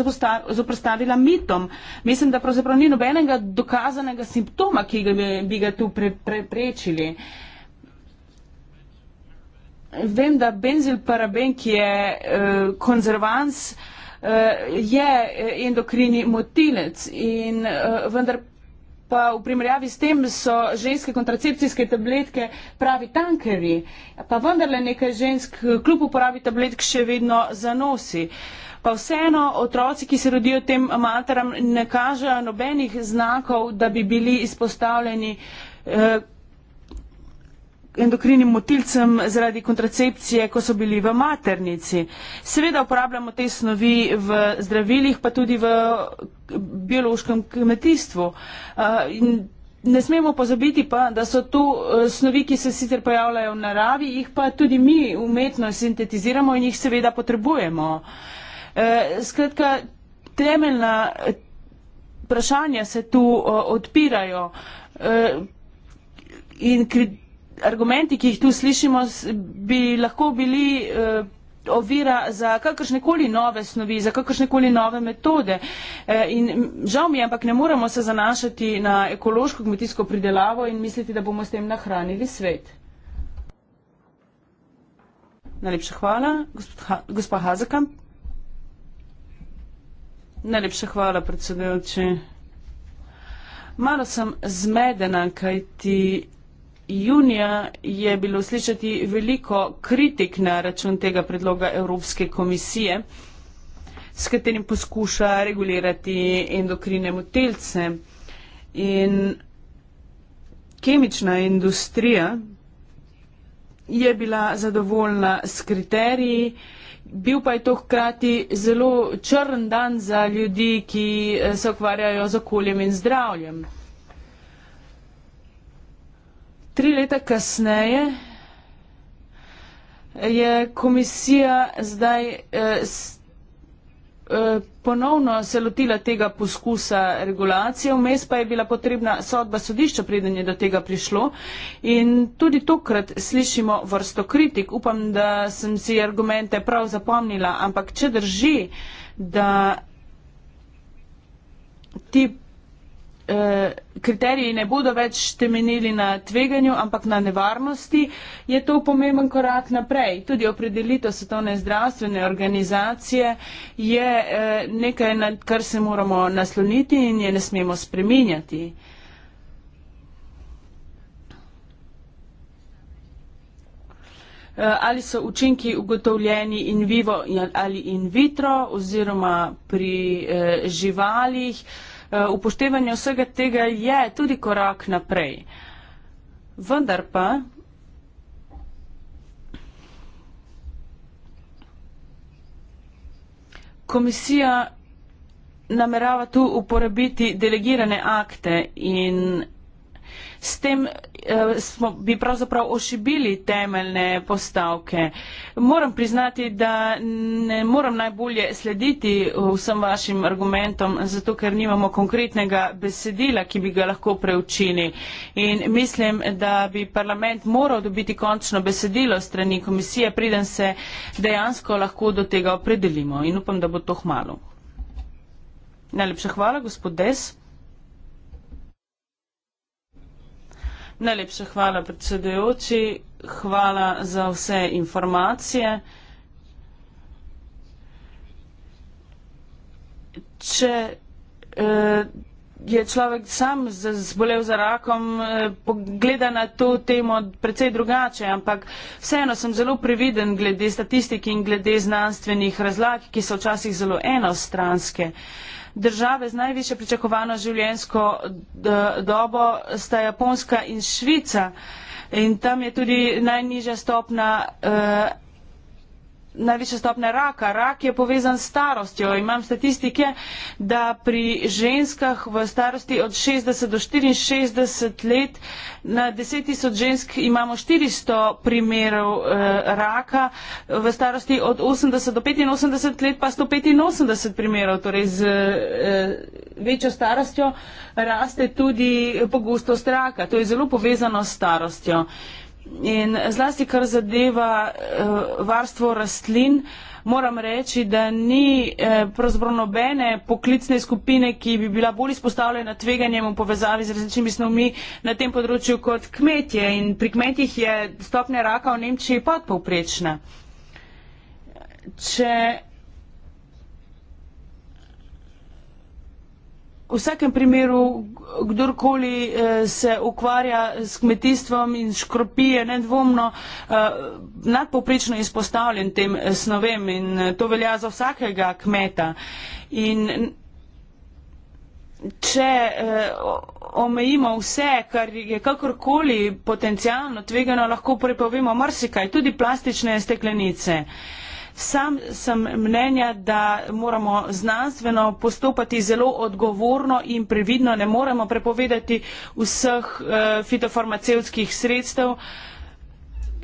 S4: zoprostavila mitom? Mislim, da pravzaprav ni nobenega dokazanega simptoma, ki bi ga tu preprečili. Pre, vem, da benzil paraben, ki je uh, konzervans, uh, je eh, endokrini motilec in uh, vendar pa v primerjavi s tem so ženske kontracepcijske tabletke pravi tankeri, pa vendarle nekaj žensk kljub uporabi tabletk še vedno zanosi. Pa vseeno otroci, ki se rodijo tem materam, ne kažejo nobenih znakov, da bi bili izpostavljeni eh, endokrinim motilcem zaradi kontracepcije, ko so bili v maternici. Seveda uporabljamo te snovi v zdravilih, pa tudi v biološkem kmetijstvu. Eh, ne smemo pozabiti pa, da so tu eh, snovi, ki se sicer pojavljajo v naravi, jih pa tudi mi umetno sintetiziramo in jih seveda potrebujemo. Eh, skratka, temeljna vprašanja se tu odpirajo in kritizirajo argumenti, ki jih tu slišimo, bi lahko bili uh, ovira za kakršnekoli nove snovi, za kakršnekoli nove metode. E, in žal mi je, ampak ne moremo se zanašati na ekološko kmetijsko pridelavo in misliti, da bomo s tem nahranili svet. Najlepša hvala. Gospa Hazaka. Najlepša hvala, predsedujoči. Malo sem zmedena, kaj ti Junija je bilo slišati veliko kritik na račun tega predloga Evropske komisije, s katerim poskuša regulirati endokrine motilce. In kemična industrija je bila zadovoljna s kriteriji, bil pa je to hkrati zelo črn dan za ljudi, ki eh, se ukvarjajo z okoljem in zdravljem. Tri leta kasneje je komisija zdaj eh, eh, ponovno se lotila tega poskusa regulacije, vmes pa je bila potrebna sodba sodišča, preden je do tega prišlo. In tudi tokrat slišimo vrsto kritik. Upam, da sem si argumente prav zapomnila, ampak če drži, da ti Eh, kriteriji ne bodo več temenili na tveganju, ampak na nevarnosti, je to pomemben korak naprej. Tudi opredelitev svetovne zdravstvene organizacije je eh, nekaj, na kar se moramo nasloniti in je ne smemo spreminjati. Eh, ali so učinki ugotovljeni in vivo ali in vitro oziroma pri živalih? Eh, upoštevanje vsega tega je tudi korak naprej. Vendar pa komisija namerava tu uporabiti delegirane akte in s tem Eh, smo, bi pravzaprav ošibili temeljne postavke. Moram priznati, da ne moram najbolje slediti vsem vašim argumentom, zato ker nimamo konkretnega besedila, ki bi ga lahko preučili. In mislim, da bi parlament moral dobiti končno besedilo strani komisije, preden se dejansko lahko do tega opredelimo. In upam, da bo to hmalo. Najlepša hvala, gospod Des. Najlepša hvala, predsedujoči. Hvala za vse informacije. Če eh, je človek sam zbolel za rakom, eh, pogleda na to temo precej drugače, ampak vseeno sem zelo previden glede statistik in glede znanstvenih razlag, ki so včasih zelo enostranske. Eh, države z najviše pričakovano življensko dobo sta Japonska in Švica. In tam je tudi najnižja stopna uh, Največja stopnja raka. Rak je povezan s starostjo. Imam statistike, da pri ženskah v starosti od 60 do 64 let na 10 tisoč žensk imamo 400 primerov eh, raka, v starosti od 80 do 85 let pa 185 primerov. Torej z eh, večjo starostjo raste tudi pogostost raka. To je zelo povezano s starostjo. Eh, In zlasti, kar zadeva eh, varstvo rastlin, moram reči, da ni eh, pravzaprav nobene poklicne skupine, ki bi bila bolj izpostavljena tveganjem v povezavi z različnimi snovmi na tem področju kot kmetje. In pri kmetjih je stopnja raka v Nemčiji podpovprečna. Če V vsakem primeru, kdorkoli eh, se ukvarja s kmetijstvom in škropi, je nedvomno eh, nadpoprično izpostavljen tem eh, snovem in to velja za vsakega kmeta. In če omejimo vse, kar je kakorkoli potencijalno tvegano, lahko prepovemo marsikaj, tudi plastične steklenice. Sam sem mnenja, da moramo znanstveno postopati zelo odgovorno in previdno. Ne moremo prepovedati vseh uh, eh, fitofarmacevskih sredstev.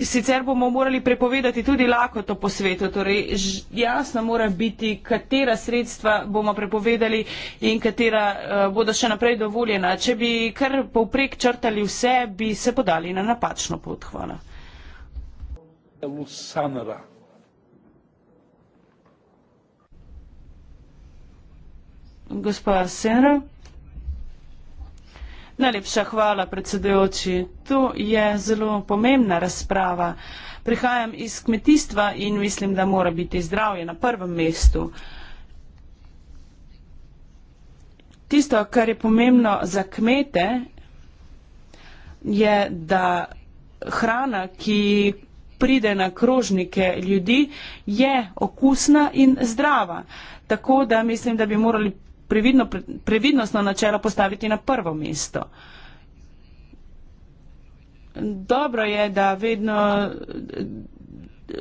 S4: Sicer bomo morali prepovedati tudi lakoto po svetu, torej jasno mora biti, katera sredstva bomo prepovedali in katera uh, bodo še naprej dovoljena. Če bi kar povprek črtali vse, bi se podali na napačno pot. Hvala. Gospa Senra. Najlepša hvala, predsedujoči. To je zelo pomembna razprava. Prihajam iz kmetijstva in mislim, da mora biti zdravje na prvem mestu. Tisto, kar je pomembno za kmete, je, da hrana, ki pride na krožnike ljudi, je okusna in zdrava. Tako da mislim, da bi morali previdno, previdnostno načelo postaviti na prvo mesto. Dobro je, da vedno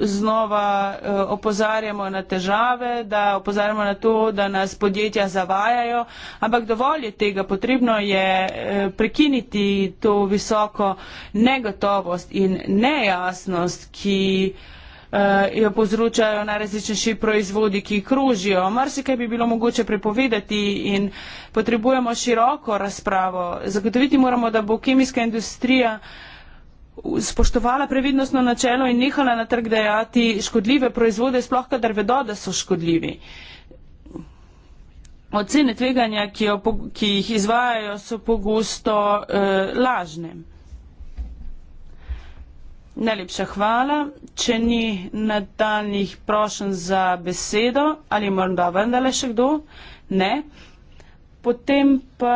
S4: znova eh, opozarjamo na težave, da opozarjamo na to, da nas podjetja zavajajo, ampak dovolj je tega, potrebno je eh, prekiniti to visoko negotovost in nejasnost, ki uh, jo povzročajo najrazličnejši proizvodi, ki krožijo. Marsikaj bi bilo mogoče prepovedati in potrebujemo široko razpravo. Zagotoviti moramo, da bo kemijska industrija spoštovala previdnostno načelo in nehala na trg dajati škodljive proizvode, sploh kadar vedo, da so škodljivi. Ocene tveganja, ki, jo, ki jih izvajajo, so pogosto eh, lažne. Najlepša hvala. Če ni nadaljnih prošen za besedo, ali moram da vendarle še kdo? Ne. Potem pa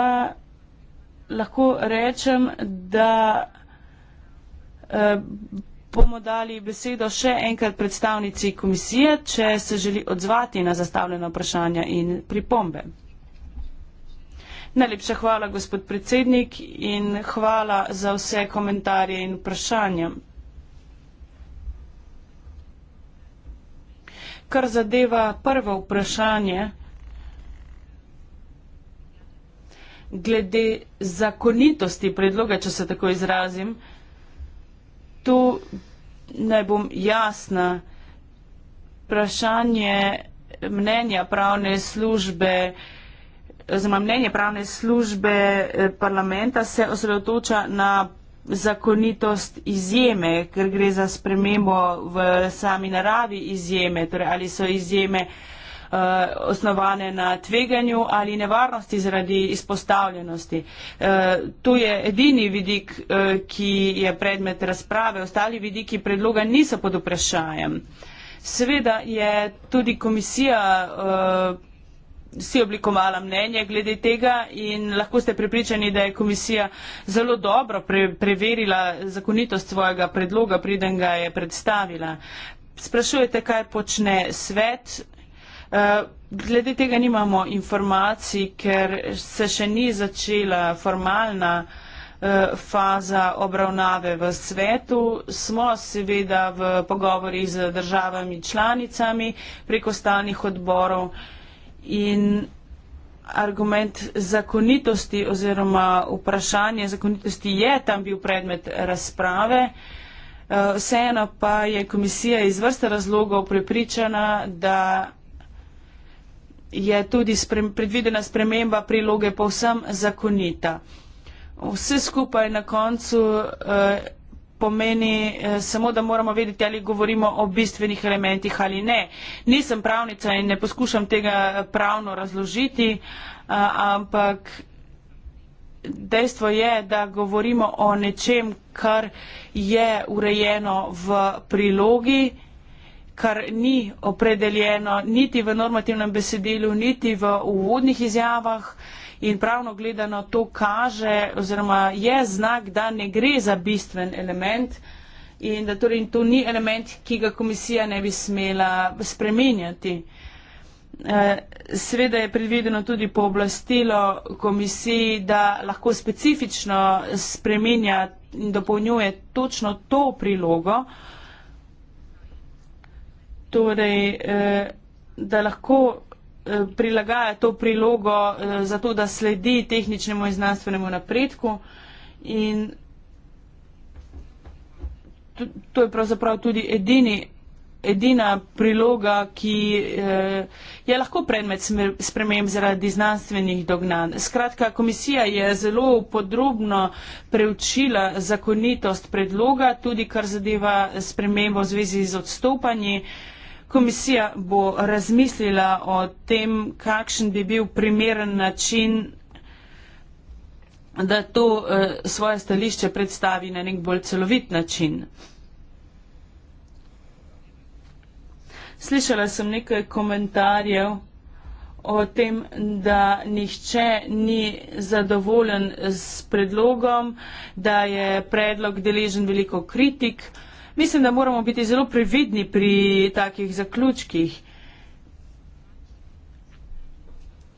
S4: lahko rečem, da eh, bomo dali besedo še enkrat predstavnici komisije, če se želi odzvati na zastavljena vprašanja in pripombe. Najlepša hvala, gospod predsednik, in hvala za vse komentarje in vprašanja. kar zadeva prvo vprašanje, glede zakonitosti predloga, če se tako izrazim, tu naj bom jasna, vprašanje mnenja pravne službe oziroma mnenje pravne službe eh, parlamenta se osredotoča na zakonitost izjeme, ker gre za spremembo v sami naravi izjeme, torej ali so izjeme uh, osnovane na tveganju ali nevarnosti zaradi izpostavljenosti. Uh, eh, tu je edini vidik, uh, ki je predmet razprave, ostali vidiki predloga niso pod vprašanjem. Seveda je tudi komisija uh, si oblikovala mnenje glede tega in lahko ste pripričani, da je komisija zelo dobro pre preverila zakonitost svojega predloga, preden ga je predstavila. Sprašujete, kaj počne svet. Eh, glede tega nimamo informacij, ker se še ni začela formalna eh, faza obravnave v svetu. Smo seveda v pogovori z državami članicami preko stalnih odborov in argument zakonitosti oziroma vprašanje zakonitosti je tam bil predmet razprave. Eh, vseeno pa je komisija iz vrste razlogov prepričana, da je tudi sprem, predvidena sprememba priloge povsem zakonita. Vse skupaj na koncu eh, pomeni eh, samo, da moramo vedeti, ali govorimo o bistvenih elementih ali ne. Nisem pravnica in ne poskušam tega pravno razložiti, eh, ampak dejstvo je, da govorimo o nečem, kar je urejeno v prilogi kar ni opredeljeno niti v normativnem besedilu, niti v uvodnih izjavah. Uh, in pravno gledano to kaže oziroma je znak, da ne gre za bistven element in da torej to ni element, ki ga komisija ne bi smela spremenjati. Eh, Sveda je predvideno tudi pooblastilo komisiji, da lahko specifično spremenja in dopolnjuje točno to prilogo, torej, eh, da lahko Eh, prilagaja to prilogo eh, za to, da sledi tehničnemu in znanstvenemu napredku. In to je pravzaprav tudi edini, edina priloga, ki eh, je lahko predmet sprememb zaradi znanstvenih dognanj. Skratka, komisija je zelo podrobno preučila zakonitost predloga, tudi kar zadeva spremembo v zvezi z odstopanji komisija bo razmislila o tem, kakšen bi bil primeren način, da to uh, svoje stališče predstavi na nek bolj celovit način. Slišala sem nekaj komentarjev o tem, da nihče ni zadovoljen s predlogom, da je predlog deležen veliko kritik. Uh, Mislim, da moramo biti zelo previdni pri takih zaključkih.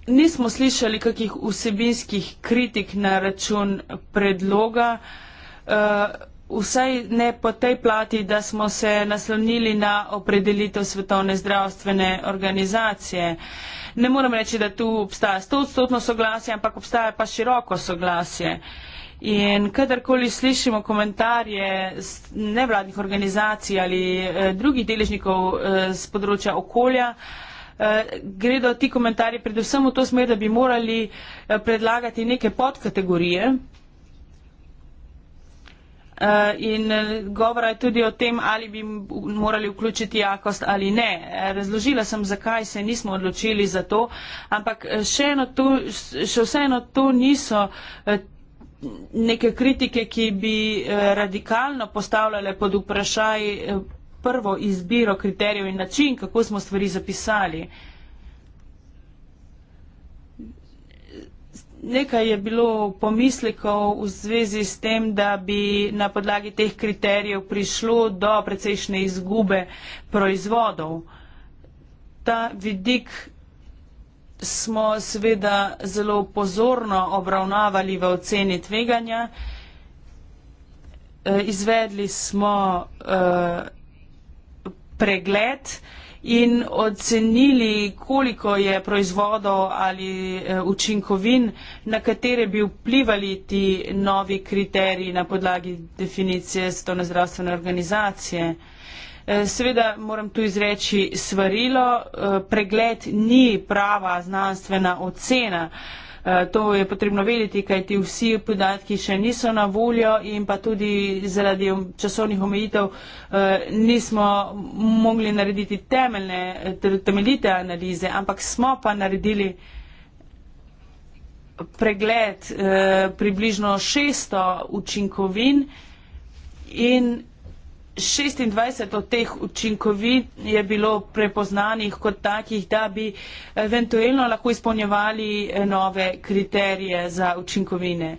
S4: Nismo slišali kakih vsebinskih kritik na račun predloga, eh, vsaj ne po tej plati, da smo se naslonili na opredelitev Svetovne zdravstvene organizacije. Ne moram reči, da tu obstaja 100-odstotno soglasje, ampak obstaja pa široko soglasje. Uh, In kadarkoli slišimo komentarje nevladnih organizacij ali eh, drugih deležnikov z eh, področja okolja, eh, gredo ti komentarji predvsem v to smer, da bi morali predlagati neke podkategorije. In govora je tudi o tem, ali bi morali vključiti jakost ali ne. Razložila sem, zakaj se nismo odločili za to, ampak še, eno to, še vseeno to niso neke kritike, ki bi eh, radikalno postavljale pod vprašaj eh, prvo izbiro kriterijev in način, kako smo stvari zapisali. Nekaj je bilo pomislekov v zvezi s tem, da bi na podlagi teh kriterijev prišlo do precejšnje izgube proizvodov. Ta vidik smo seveda zelo pozorno obravnavali v oceni tveganja. Eh, izvedli smo eh, pregled in ocenili, koliko je proizvodov ali eh, učinkovin, na katere bi vplivali ti novi kriteriji na podlagi definicije Svetovne zdravstvene organizacije. Eh, seveda moram tu izreči svarilo, eh, pregled ni prava znanstvena ocena. Eh, to je potrebno vedeti, kaj ti vsi podatki še niso na voljo in pa tudi zaradi časovnih omejitev nismo mogli narediti temeljne, temeljite analize, ampak smo pa naredili pregled približno 600 učinkovin in 26 od teh učinkovit je bilo prepoznanih kot takih, da bi eventualno lahko izpolnjevali eh, nove kriterije za učinkovine.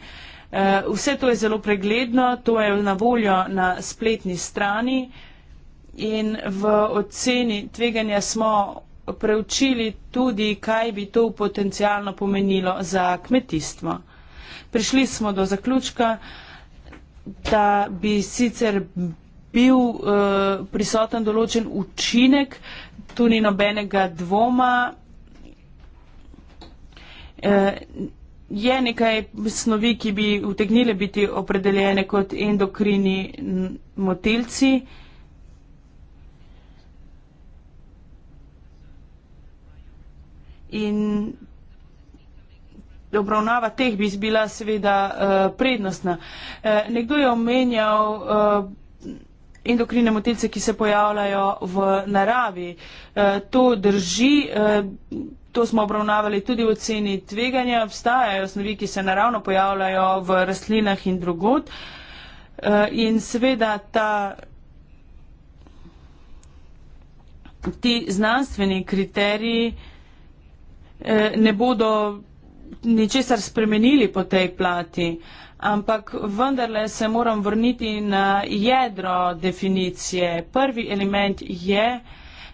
S4: Eh, vse to je zelo pregledno, to je na voljo na spletni strani in v oceni tveganja smo preučili tudi, kaj bi to potencialno pomenilo za kmetijstvo. Prišli smo do zaključka, da bi sicer bil uh, prisoten določen učinek, tu ni nobenega dvoma. Uh, je nekaj snovi, ki bi utegnile biti opredeljene kot endokrini motilci. In obravnava teh bi bila seveda uh, prednostna. Uh, nekdo je omenjal. Uh, endokrine motilce, ki se pojavljajo v naravi. E, to drži, e, to smo obravnavali tudi v ceni tveganja, obstajajo snovi, ki se naravno pojavljajo v rastlinah in drugot. E, in seveda ta. Ti znanstveni kriteriji ne bodo ničesar spremenili po tej plati. Uh, ampak vendarle se moram vrniti na jedro definicije. Prvi element je,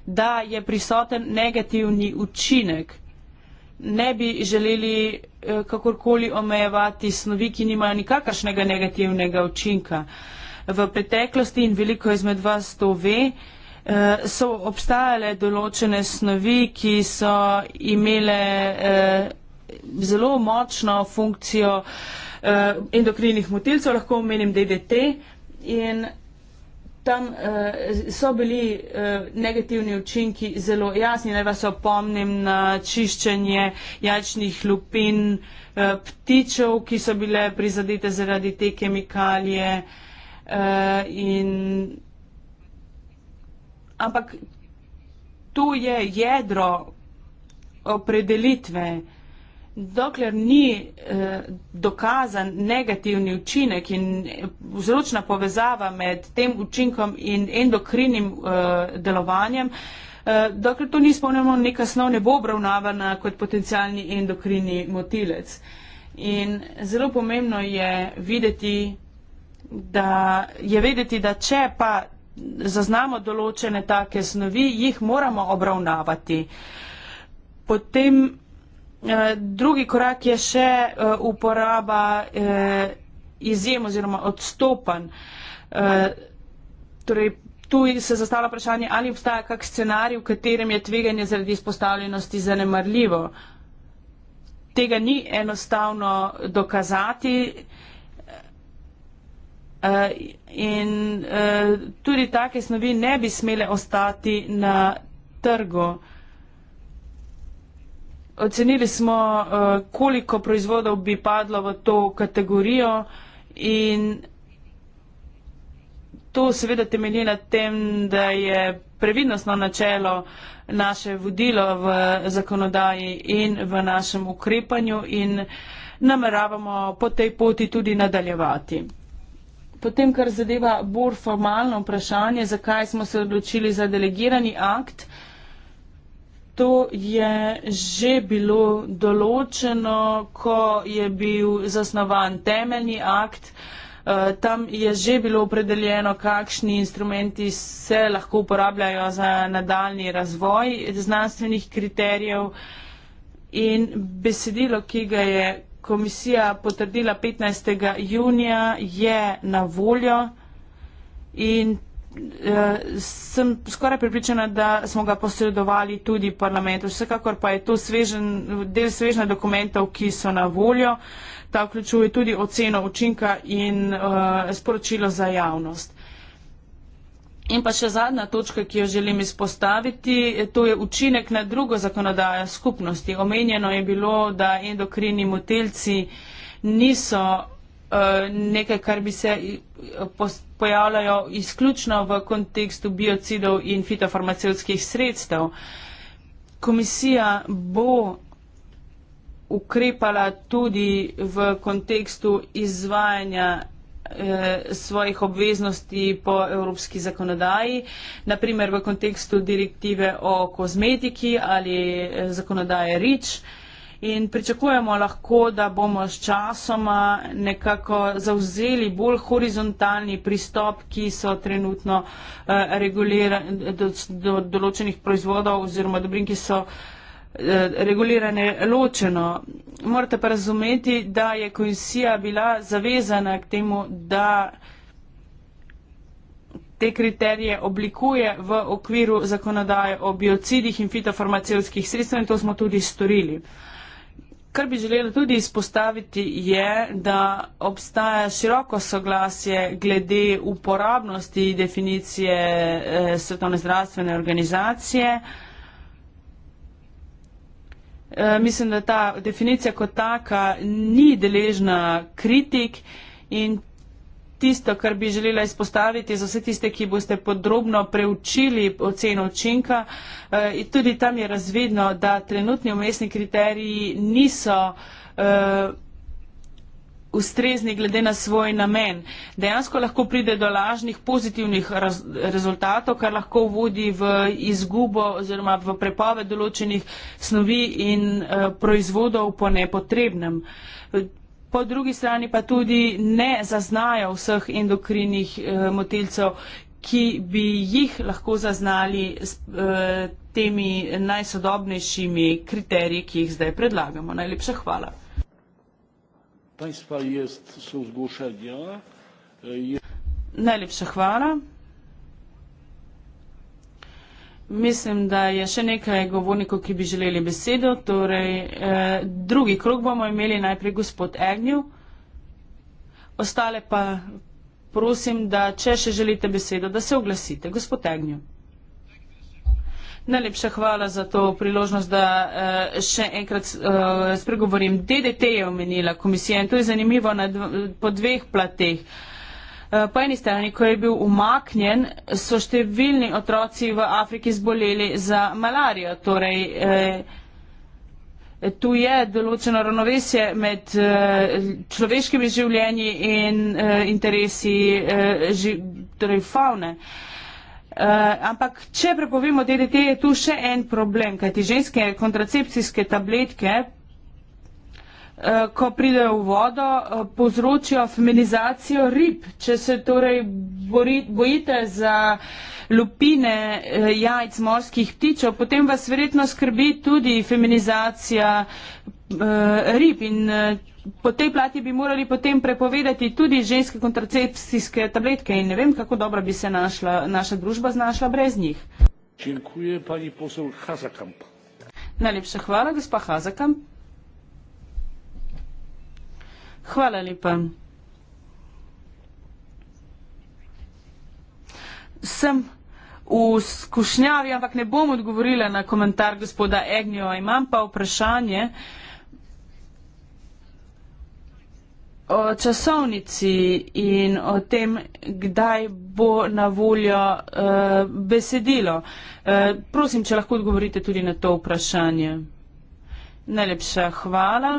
S4: da je prisoten negativni učinek. Ne bi želeli eh, kakorkoli omejevati snovi, ki nimajo nikakršnega negativnega učinka. V preteklosti in veliko izmed vas to ve, eh, so obstajale določene snovi, ki so imele eh, zelo močno funkcijo eh, uh, endokrinih motilcev, lahko omenim DDT. In tam uh, so bili uh, negativni učinki zelo jasni. Naj vas opomnim na čiščenje jačnih lupin uh, ptičev, ki so bile prizadete zaradi te kemikalije. Uh, in, ampak tu je jedro opredelitve uh, dokler ni eh, dokazan negativni učinek in vzročna povezava med tem učinkom in endokrinim eh, delovanjem, eh, dokler to ni spomnimo, neka snov ne bo obravnavana eh, kot potencialni endokrini motilec. In zelo pomembno je videti, da je vedeti, da če pa zaznamo določene take snovi, jih moramo obravnavati. Potem Eh, drugi korak je še uh, uporaba uh, izjem oziroma odstopanj. Uh, torej, tu se zastavlja vprašanje, ali obstaja kak scenarij, v katerem je tveganje zaradi izpostavljenosti zanemarljivo. Tega ni enostavno dokazati. Uh, in uh, tudi take snovi ne bi smele ostati na trgu. Uh, Ocenili smo, eh, koliko proizvodov bi padlo v to kategorijo in to seveda temelji na tem, da je previdnostno načelo naše vodilo v zakonodaji in v našem ukrepanju in nameravamo po tej poti tudi nadaljevati. Potem, kar zadeva bolj formalno vprašanje, zakaj smo se odločili za delegirani akt, to je že bilo določeno, ko je bil zasnovan temeljni akt. Eh, tam je že bilo opredeljeno, kakšni instrumenti se lahko uporabljajo za nadaljni razvoj znanstvenih kriterijev in besedilo, ki ga je komisija potrdila 15. junija, je na voljo in sem skoraj pripričana, da smo ga posredovali tudi parlamentu. Vsekakor pa je to svežen, del svežna dokumentov, ki so na voljo. Ta vključuje tudi oceno učinka in uh, sporočilo za javnost. In pa še zadnja točka, ki jo želim izpostaviti, eh, to je učinek na drugo zakonodajo skupnosti. Omenjeno je bilo, da endokrini motelci niso Eh, nekaj, kar bi se pojavljalo izključno v kontekstu biocidov in fitofarmacevskih sredstev. Komisija bo ukrepala tudi v kontekstu izvajanja eh, svojih obveznosti po evropski zakonodaji, naprimer v kontekstu direktive o kozmetiki ali eh, zakonodaje REACH in pričakujemo lahko, da bomo s časoma nekako zauzeli bolj horizontalni pristop, ki so trenutno do, do določenih proizvodov oziroma dobrin, ki so regulirane ločeno. Morate pa razumeti, da je komisija bila zavezana k temu, da te kriterije oblikuje v okviru zakonodaje o biocidih in fitofarmacevskih sredstvih in to smo tudi storili. Uh, Kar bi želela tudi izpostaviti je, da obstaja široko soglasje glede uporabnosti definicije eh, Svetovne zdravstvene organizacije. E, mislim, da ta definicija kot taka ni deležna kritik in tisto, kar bi želela izpostaviti za vse tiste, ki boste podrobno preučili oceno učinka. Eh, in tudi tam je razvidno, da trenutni umestni kriteriji niso eh, ustrezni glede na svoj namen. Dejansko lahko pride do lažnih pozitivnih raz, rezultatov, kar lahko vodi v izgubo oziroma v prepoved določenih snovi in uh, proizvodov po nepotrebnem po drugi strani pa tudi ne zaznajo vseh endokrinih eh, motilcev, ki bi jih lahko zaznali s eh, temi najsodobnejšimi kriteriji, ki jih zdaj predlagamo. Najlepša hvala. Najlepša hvala. Mislim, da je še nekaj govornikov, ki bi želeli besedo. Torej, eh, drugi krok bomo imeli najprej gospod Egnjev. Ostale pa prosim, da če še želite besedo, da se oglasite. Gospod Egnjev. Najlepša hvala za to priložnost, da uh, še enkrat uh, spregovorim. DDT je omenila komisija in to je zanimivo na dv po dveh plateh. Uh, Eh, po eni strani, ko je bil umaknjen, so številni otroci v Afriki zboleli za malarijo. Torej, eh, tu je določeno ravnovesje med eh, človeškimi življenji in interesi torej favne. Uh, ampak, če prepovemo DDT, je tu še en problem, kajti ženske kontracepcijske tabletke Eh, ko pridejo v vodo, eh, povzročijo feminizacijo rib. Če se torej bojite za lupine eh, jajc morskih ptičev, potem vas verjetno skrbi tudi feminizacija rib. In po tej plati bi morali potem prepovedati tudi ženske kontracepcijske tabletke in ne vem, kako dobro bi se našla, naša družba znašla brez njih. Dziękuję pani poseł Hazakamp. Najlepsza chwała, gospa Hazakamp. Hvala lepa. Sem v skušnjavi, ampak ne bom odgovorila na komentar gospoda Egnjo. Imam pa vprašanje o časovnici in o tem, kdaj bo na voljo uh, besedilo. Uh, prosim, če lahko odgovorite tudi na to vprašanje. Najlepša hvala.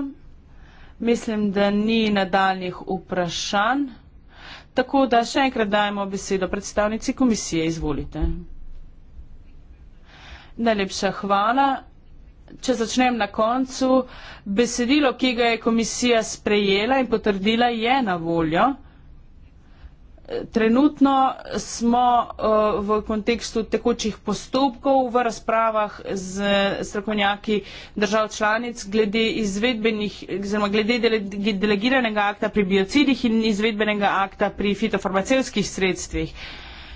S4: Mislim, da ni nadaljnih vprašanj. Tako da še enkrat dajemo besedo predstavnici komisije. Izvolite. Najlepša hvala. Če začnem na koncu, besedilo, ki ga je komisija sprejela in potrdila, je na voljo. Trenutno smo eh, v kontekstu tekočih postopkov v razpravah z strokovnjaki držav članic glede, izvedbenih, zelo, glede delegiranega akta pri biocidih in izvedbenega akta pri fitofarmacevskih sredstvih.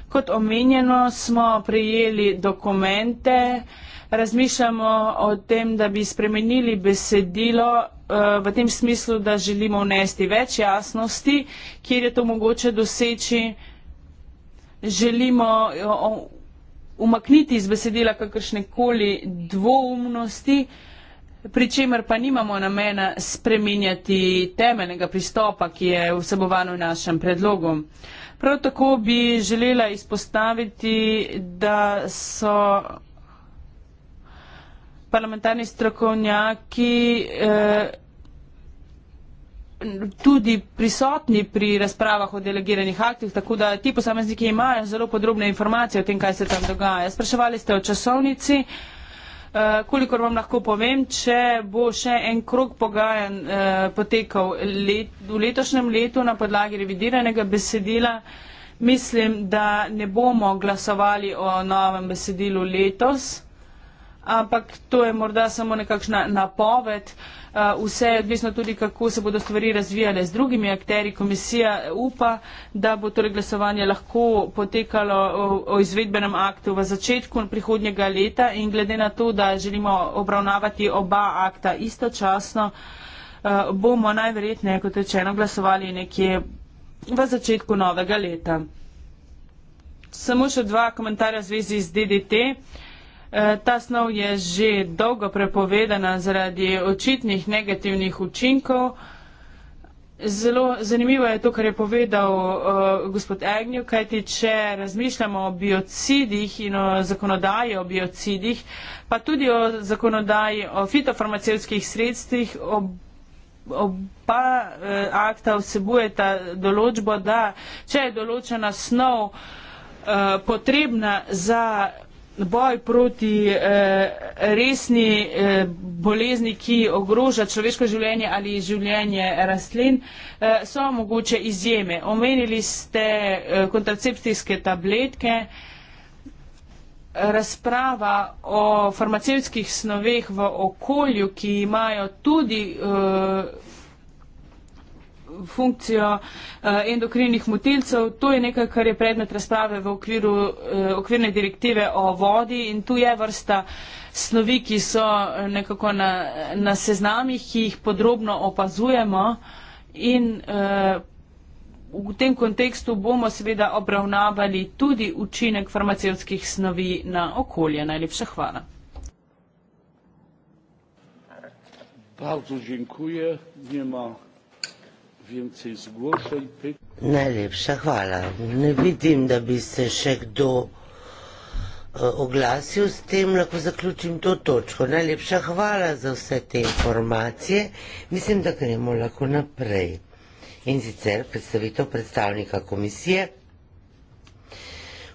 S4: Kot omenjeno smo prejeli dokumente, razmišljamo o tem, da bi spremenili besedilo eh, v tem smislu, da želimo vnesti več jasnosti, kjer je to mogoče doseči. Želimo eh, umakniti iz besedila kakršnekoli dvoumnosti, pri čemer pa nimamo namena spreminjati temeljnega pristopa, ki je vsebovan v našem predlogu. Prav tako bi želela izpostaviti, da so parlamentarni strokovnjaki eh, tudi prisotni pri razpravah o delegiranih aktih, tako da ti posamezniki imajo zelo podrobne informacije o tem, kaj se tam dogaja. Spraševali ste o časovnici. Eh, kolikor vam lahko povem, če bo še en krok pogajan eh, potekal let, v letošnjem letu na podlagi revidiranega besedila, mislim, da ne bomo glasovali o novem besedilu letos ampak to je morda samo nekakšna napoved. Uh, vse je odvisno tudi, kako se bodo stvari razvijale z drugimi akteri. Komisija upa, da bo torej glasovanje lahko potekalo o izvedbenem aktu v začetku prihodnjega leta in glede na to, da želimo obravnavati oba akta istočasno, uh, bomo najverjetneje, kot rečeno, glasovali nekje v začetku novega leta. Samo še dva komentarja v zvezi z DDT. Uh, E, ta snov je že dolgo prepovedana zaradi očitnih negativnih učinkov. Zelo zanimivo je to, kar je povedal uh, gospod Agnew, kajti če razmišljamo o biocidih in o zakonodaji o biocidih, pa tudi o zakonodaji o fitofarmacevskih sredstvih, ob, oba uh, akta vsebuje ta določbo, da če je določena snov uh, potrebna za boj proti eh, resni eh, bolezni, ki ogroža človeško življenje ali življenje rastlin, eh, so mogoče izjeme. Omenili ste eh, kontracepcijske tabletke. Razprava o farmacevskih snoveh v okolju, ki imajo tudi. Eh, funkcijo eh, endokrinih motilcev. To je nekaj, kar je predmet razprave v okviru eh, okvirne direktive o vodi in tu je vrsta snovi, ki so eh, nekako na, na seznamih, ki jih podrobno opazujemo in v tem kontekstu bomo seveda obravnavali tudi učinek farmacevskih snovi na okolje. Najlepša hvala.
S1: Bardzo dziękuję. Nie ma więcej zgłoszeń. Py...
S5: Najlepsza chwala. Nie widzę, żeby się jeszcze kto eh, oglasił z tym, lepo zakluczyłem to toczko. Najlepsza chwala za wszystkie te informacje. Myślę, że gremo lako naprej. In sicer predstavitev predstavnika komisije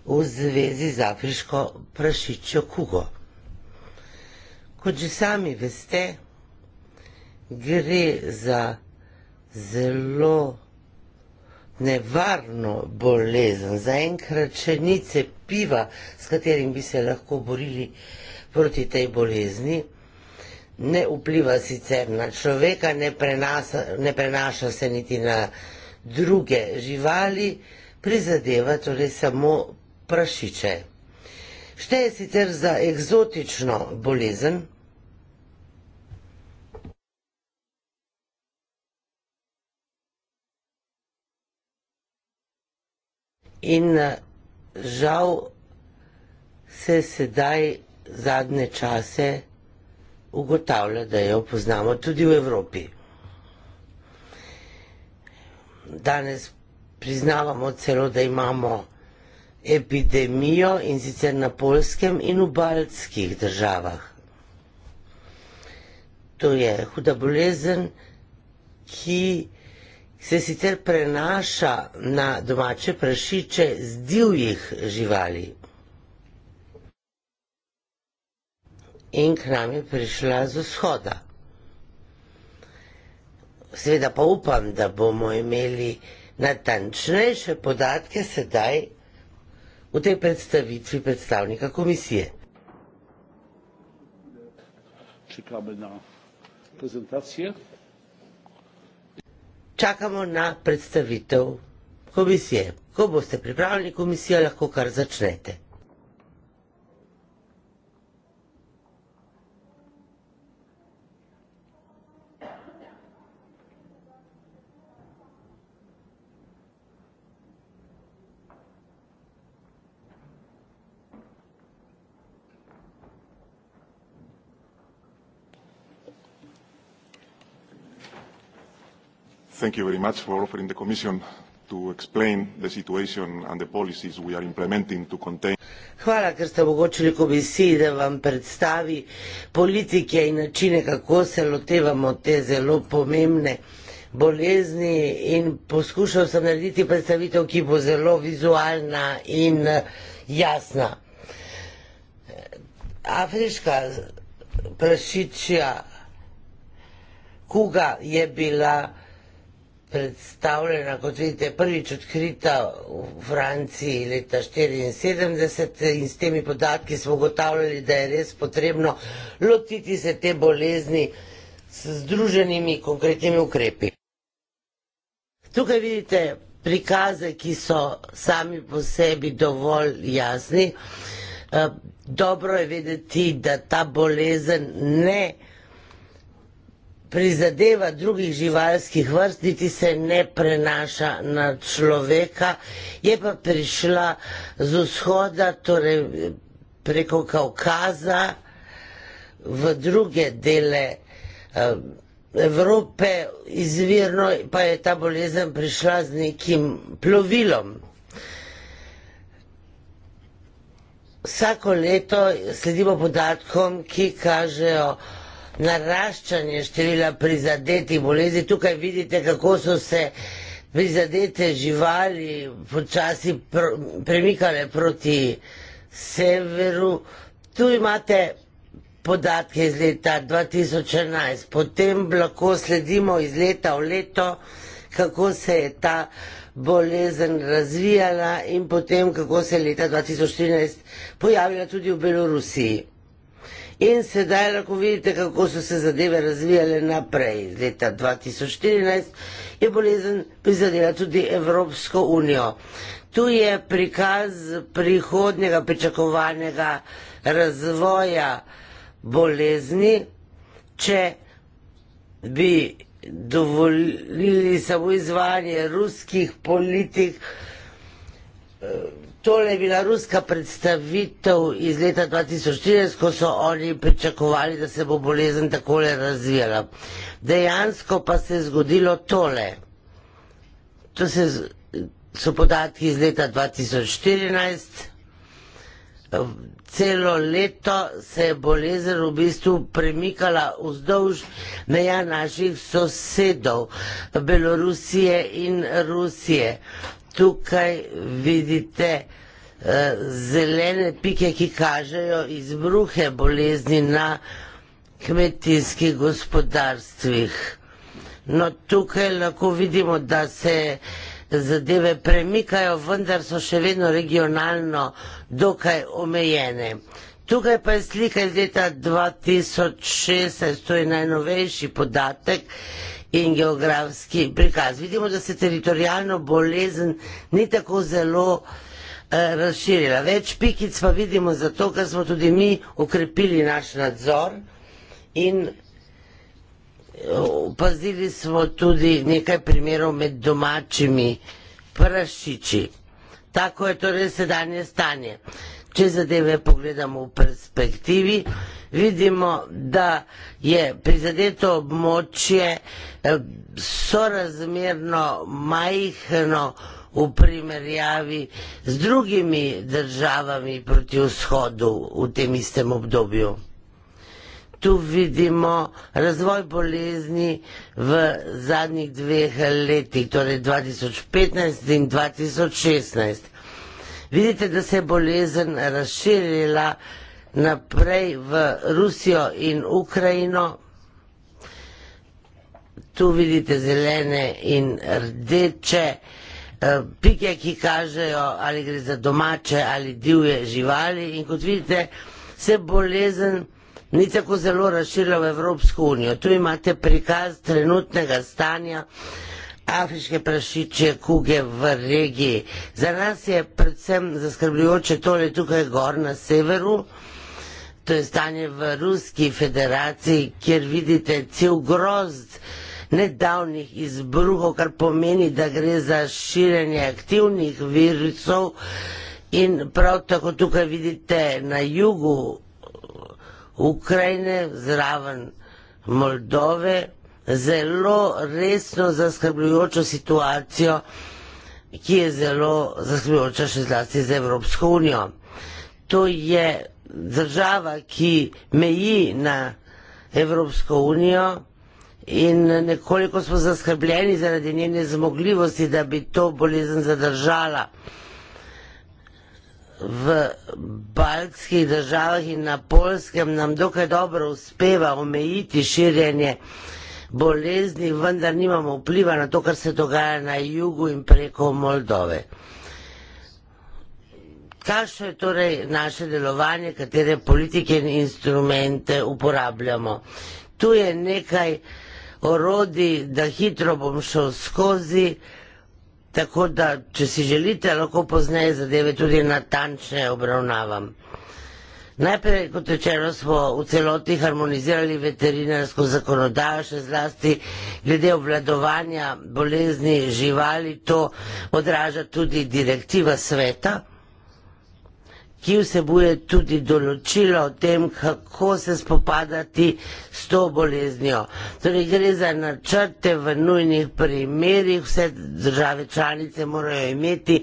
S5: v zvezi z afriško prašičjo kugo. Kot že sami veste, gre za zelo nevarno bolezen. Zaenkrat še ni cepiva, s katerim bi se lahko borili proti tej bolezni. Ne vpliva sicer na človeka, ne prenaša, ne prenaša se niti na druge živali, prizadeva torej samo prašiče. Šteje sicer za eksotično bolezen, in eh, žal se sedaj zadnje čase ugotavlja, da jo poznamo tudi v Evropi. Danes priznavamo celo, da imamo epidemijo in sicer na polskem in v baltskih državah. To je huda bolezen, ki je se sicer prenaša na domače prašiče z divjih živali. In k nam je prišla z vzhoda. Seveda pa upam, da bomo imeli natančnejše podatke sedaj v tej predstavitvi predstavnika komisije.
S1: Čekamo na prezentacijo čakamo na
S5: predstavitev komisije. Ko boste pripravljeni, komisija lahko kar začnete.
S3: Thank you very much for offering the Commission to explain the situation and the policies we are implementing to contain...
S5: Hvala, ker ste omogočili komisiji, da vam predstavi politike in načine, kako se lotevamo te zelo pomembne bolezni in poskušal sem narediti predstavitev, ki bo zelo vizualna in eh, jasna. Afriška prašičja kuga je bila vzpostavljena predstavljena, kot vidite, prvič odkrita v Franciji leta 1974 in s temi podatki smo ugotavljali, da je res potrebno lotiti se te bolezni s združenimi konkretnimi ukrepi. Tukaj vidite prikaze, ki so sami po sebi dovolj jasni. Eh, dobro je vedeti, da ta bolezen ne vsega, prizadeva drugih živalskih vrst, niti se ne prenaša na človeka, je pa prišla z vzhoda, torej preko Kaukaza v druge dele eh, Evrope, izvirno pa je ta bolezen prišla z nekim plovilom. Vsako leto sledimo podatkom, ki kažejo, da naraščanje števila prizadetih bolezni. Tukaj vidite, kako so se prizadete živali počasi pr premikale proti severu. Tu imate podatke iz leta 2011, potem lahko sledimo iz leta v leto, kako se je ta bolezen razvijala in potem, kako se je leta 2014 pojavila tudi v Belorusiji. In sedaj lahko vidite, kako so se zadeve razvijale naprej. Leta 2014 je bolezen prizadela tudi Evropsko unijo. Tu je prikaz prihodnjega pričakovanega razvoja bolezni, če bi dovolili samo izvajanje ruskih politik. Eh, Tole je bila ruska predstavitev iz leta 2014, ko so oni pričakovali, da se bo bolezen takole razvijala. Dejansko pa se je zgodilo tole. To se, so podatki iz leta 2014. Celo leto se je bolezen v bistvu premikala vzdolž meja naših sosedov, Belorusije in Rusije tukaj vidite eh, zelene pike, ki kažejo izbruhe bolezni na kmetijskih gospodarstvih. No, tukaj lahko vidimo, da se zadeve premikajo, vendar so še vedno regionalno dokaj omejene. Tukaj pa je slika iz leta 2016, to je najnovejši podatek, in geografski prikaz. Vidimo, da se teritorijalno bolezen ni tako zelo eh, razširila. Več pikic pa vidimo zato, ker smo tudi mi ukrepili naš nadzor in eh, opazili smo tudi nekaj primerov med domačimi prašiči. Tako je torej sedanje stanje. Če zadeve pogledamo v perspektivi, vidimo, da je prizadeto območje eh, sorazmerno majhno v primerjavi z drugimi državami proti vzhodu v tem istem obdobju. Tu vidimo razvoj bolezni v zadnjih dveh letih, torej 2015 in 2016. Vidite, da se je bolezen razširila naprej v Rusijo in Ukrajino. Tu vidite zelene in rdeče eh, pike, ki kažejo, ali gre za domače ali divje živali. In kot vidite, se bolezen ni tako zelo razširila v Evropsko unijo. Tu imate prikaz trenutnega stanja afriške prašičje kuge v regiji. Za nas je predvsem zaskrbljujoče tole tukaj gor na severu to je stanje v Ruski federaciji, kjer vidite cel grozd nedavnih izbruhov, kar pomeni, da gre za širjenje aktivnih virusov in prav tako tukaj vidite na jugu Ukrajine, zraven Moldove, zelo resno zaskrbljujočo situacijo, ki je zelo zaskrbljujoča še zlasti za Evropsko unijo. To je država, ki meji na Evropsko unijo in nekoliko smo zaskrbljeni zaradi njene zmogljivosti, da bi to bolezen zadržala v baltskih državah in na polskem nam dokaj dobro uspeva omejiti širjenje bolezni, vendar nimamo vpliva na to, kar se dogaja na jugu in preko Moldove. Kakšno je torej naše delovanje, katere politike in instrumente uporabljamo? Tu je nekaj orodij, da hitro bom šel skozi, tako da, če si želite, lahko pozneje zadeve tudi natančneje obravnavam. Najprej, kot rečeno, smo v celoti harmonizirali veterinarsko zakonodajo, še zlasti glede obvladovanja bolezni živali, to odraža tudi direktiva sveta ki vsebuje tudi določilo o tem, kako se spopadati s to boleznjo. Torej gre za načrte v nujnih primerjih, vse države članice morajo imeti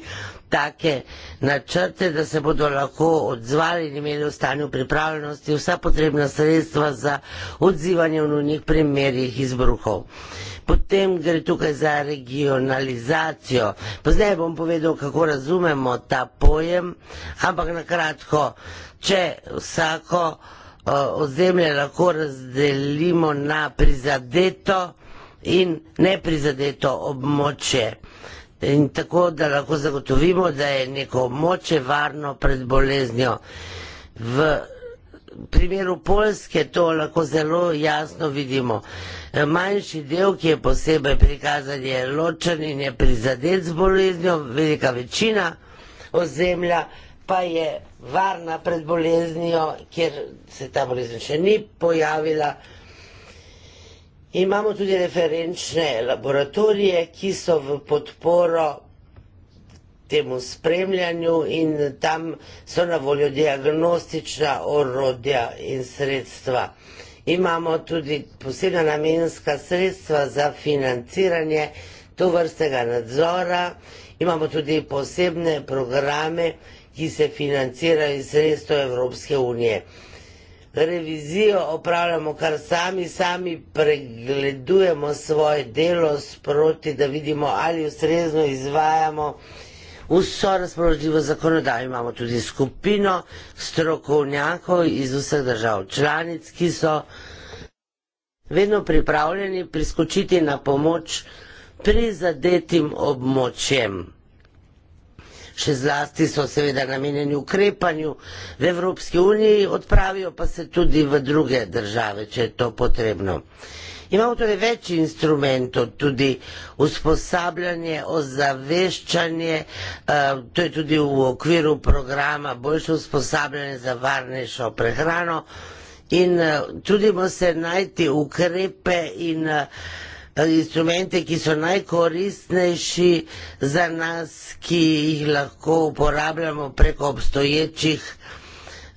S5: take načrte, da se bodo lahko odzvali in imeli v stanju pripravljenosti vsa potrebna sredstva za odzivanje v nujnih primerjih izbruhov potem gre tukaj za regionalizacijo. Pozneje bom povedal, kako razumemo ta pojem, ampak na kratko, če vsako uh, ozemlje lahko razdelimo na prizadeto in neprizadeto območje. In tako, da lahko zagotovimo, da je neko moče varno pred boleznjo. V primeru Poljske to lahko zelo jasno vidimo. E, manjši del, ki je posebej prikazan, je ločen in je prizadet z boleznjo, velika večina ozemlja pa je varna pred boleznijo, ker se ta bolezen še ni pojavila. Imamo tudi referenčne laboratorije, ki so v podporo temu spremljanju in tam so na voljo diagnostična orodja in sredstva. Imamo tudi posebna namenska sredstva za financiranje to vrstega nadzora, imamo tudi posebne programe, ki se financirajo iz sredstva Evropske unije. Revizijo opravljamo kar sami, sami pregledujemo svoje delo sproti, da vidimo, ali ustrezno izvajamo Vso razpoložljivo zakonodajo imamo tudi skupino strokovnjakov iz vseh držav članic, ki so vedno pripravljeni priskočiti na pomoč prizadetim območjem. Še zlasti so seveda namenjeni ukrepanju v Evropski uniji, odpravijo pa se tudi v druge države, če je to potrebno. Imamo torej več instrumentov, tudi usposabljanje, ozaveščanje, eh, to je tudi v okviru programa boljše usposabljanje za varnejšo prehrano in eh, trudimo se najti ukrepe in eh, instrumente, ki so najkoristnejši za nas, ki jih lahko uporabljamo preko obstoječih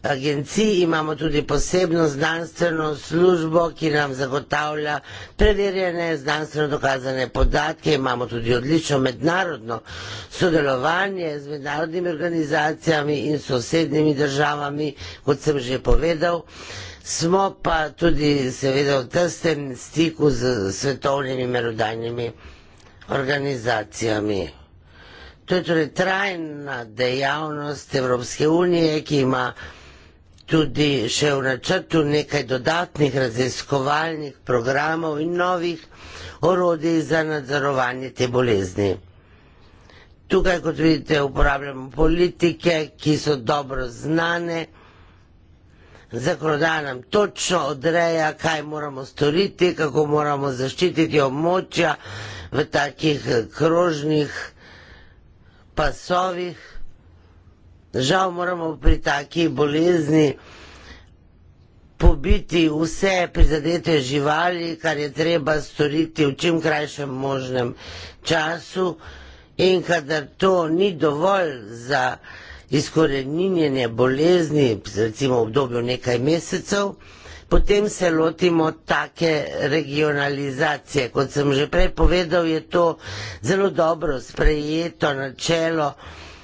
S5: agenciji imamo tudi posebno znanstveno službo, ki nam zagotavlja preverjene znanstveno dokazane podatke. Imamo tudi odlično mednarodno sodelovanje z mednarodnimi organizacijami in sosednjimi državami, kot sem že povedal. Smo pa tudi seveda v tesnem stiku z svetovnimi merodajnimi organizacijami. To je torej trajna dejavnost Evropske unije, ki ima tudi še v načrtu nekaj dodatnih raziskovalnih programov in novih orodij za nadzorovanje te bolezni. Tukaj, kot vidite, uporabljamo politike, ki so dobro znane, zakonodaja nam točno odreja, kaj moramo storiti, kako moramo zaščititi območja v takih krožnih pasovih. Žal moramo pri takej bolezni pobiti vse prizadete živali, kar je treba storiti v čim krajšem možnem času in kadar to ni dovolj za izkoreninjenje bolezni, recimo v obdobju nekaj mesecev, potem se lotimo take regionalizacije. Kot sem že prej povedal, je to zelo dobro sprejeto načelo,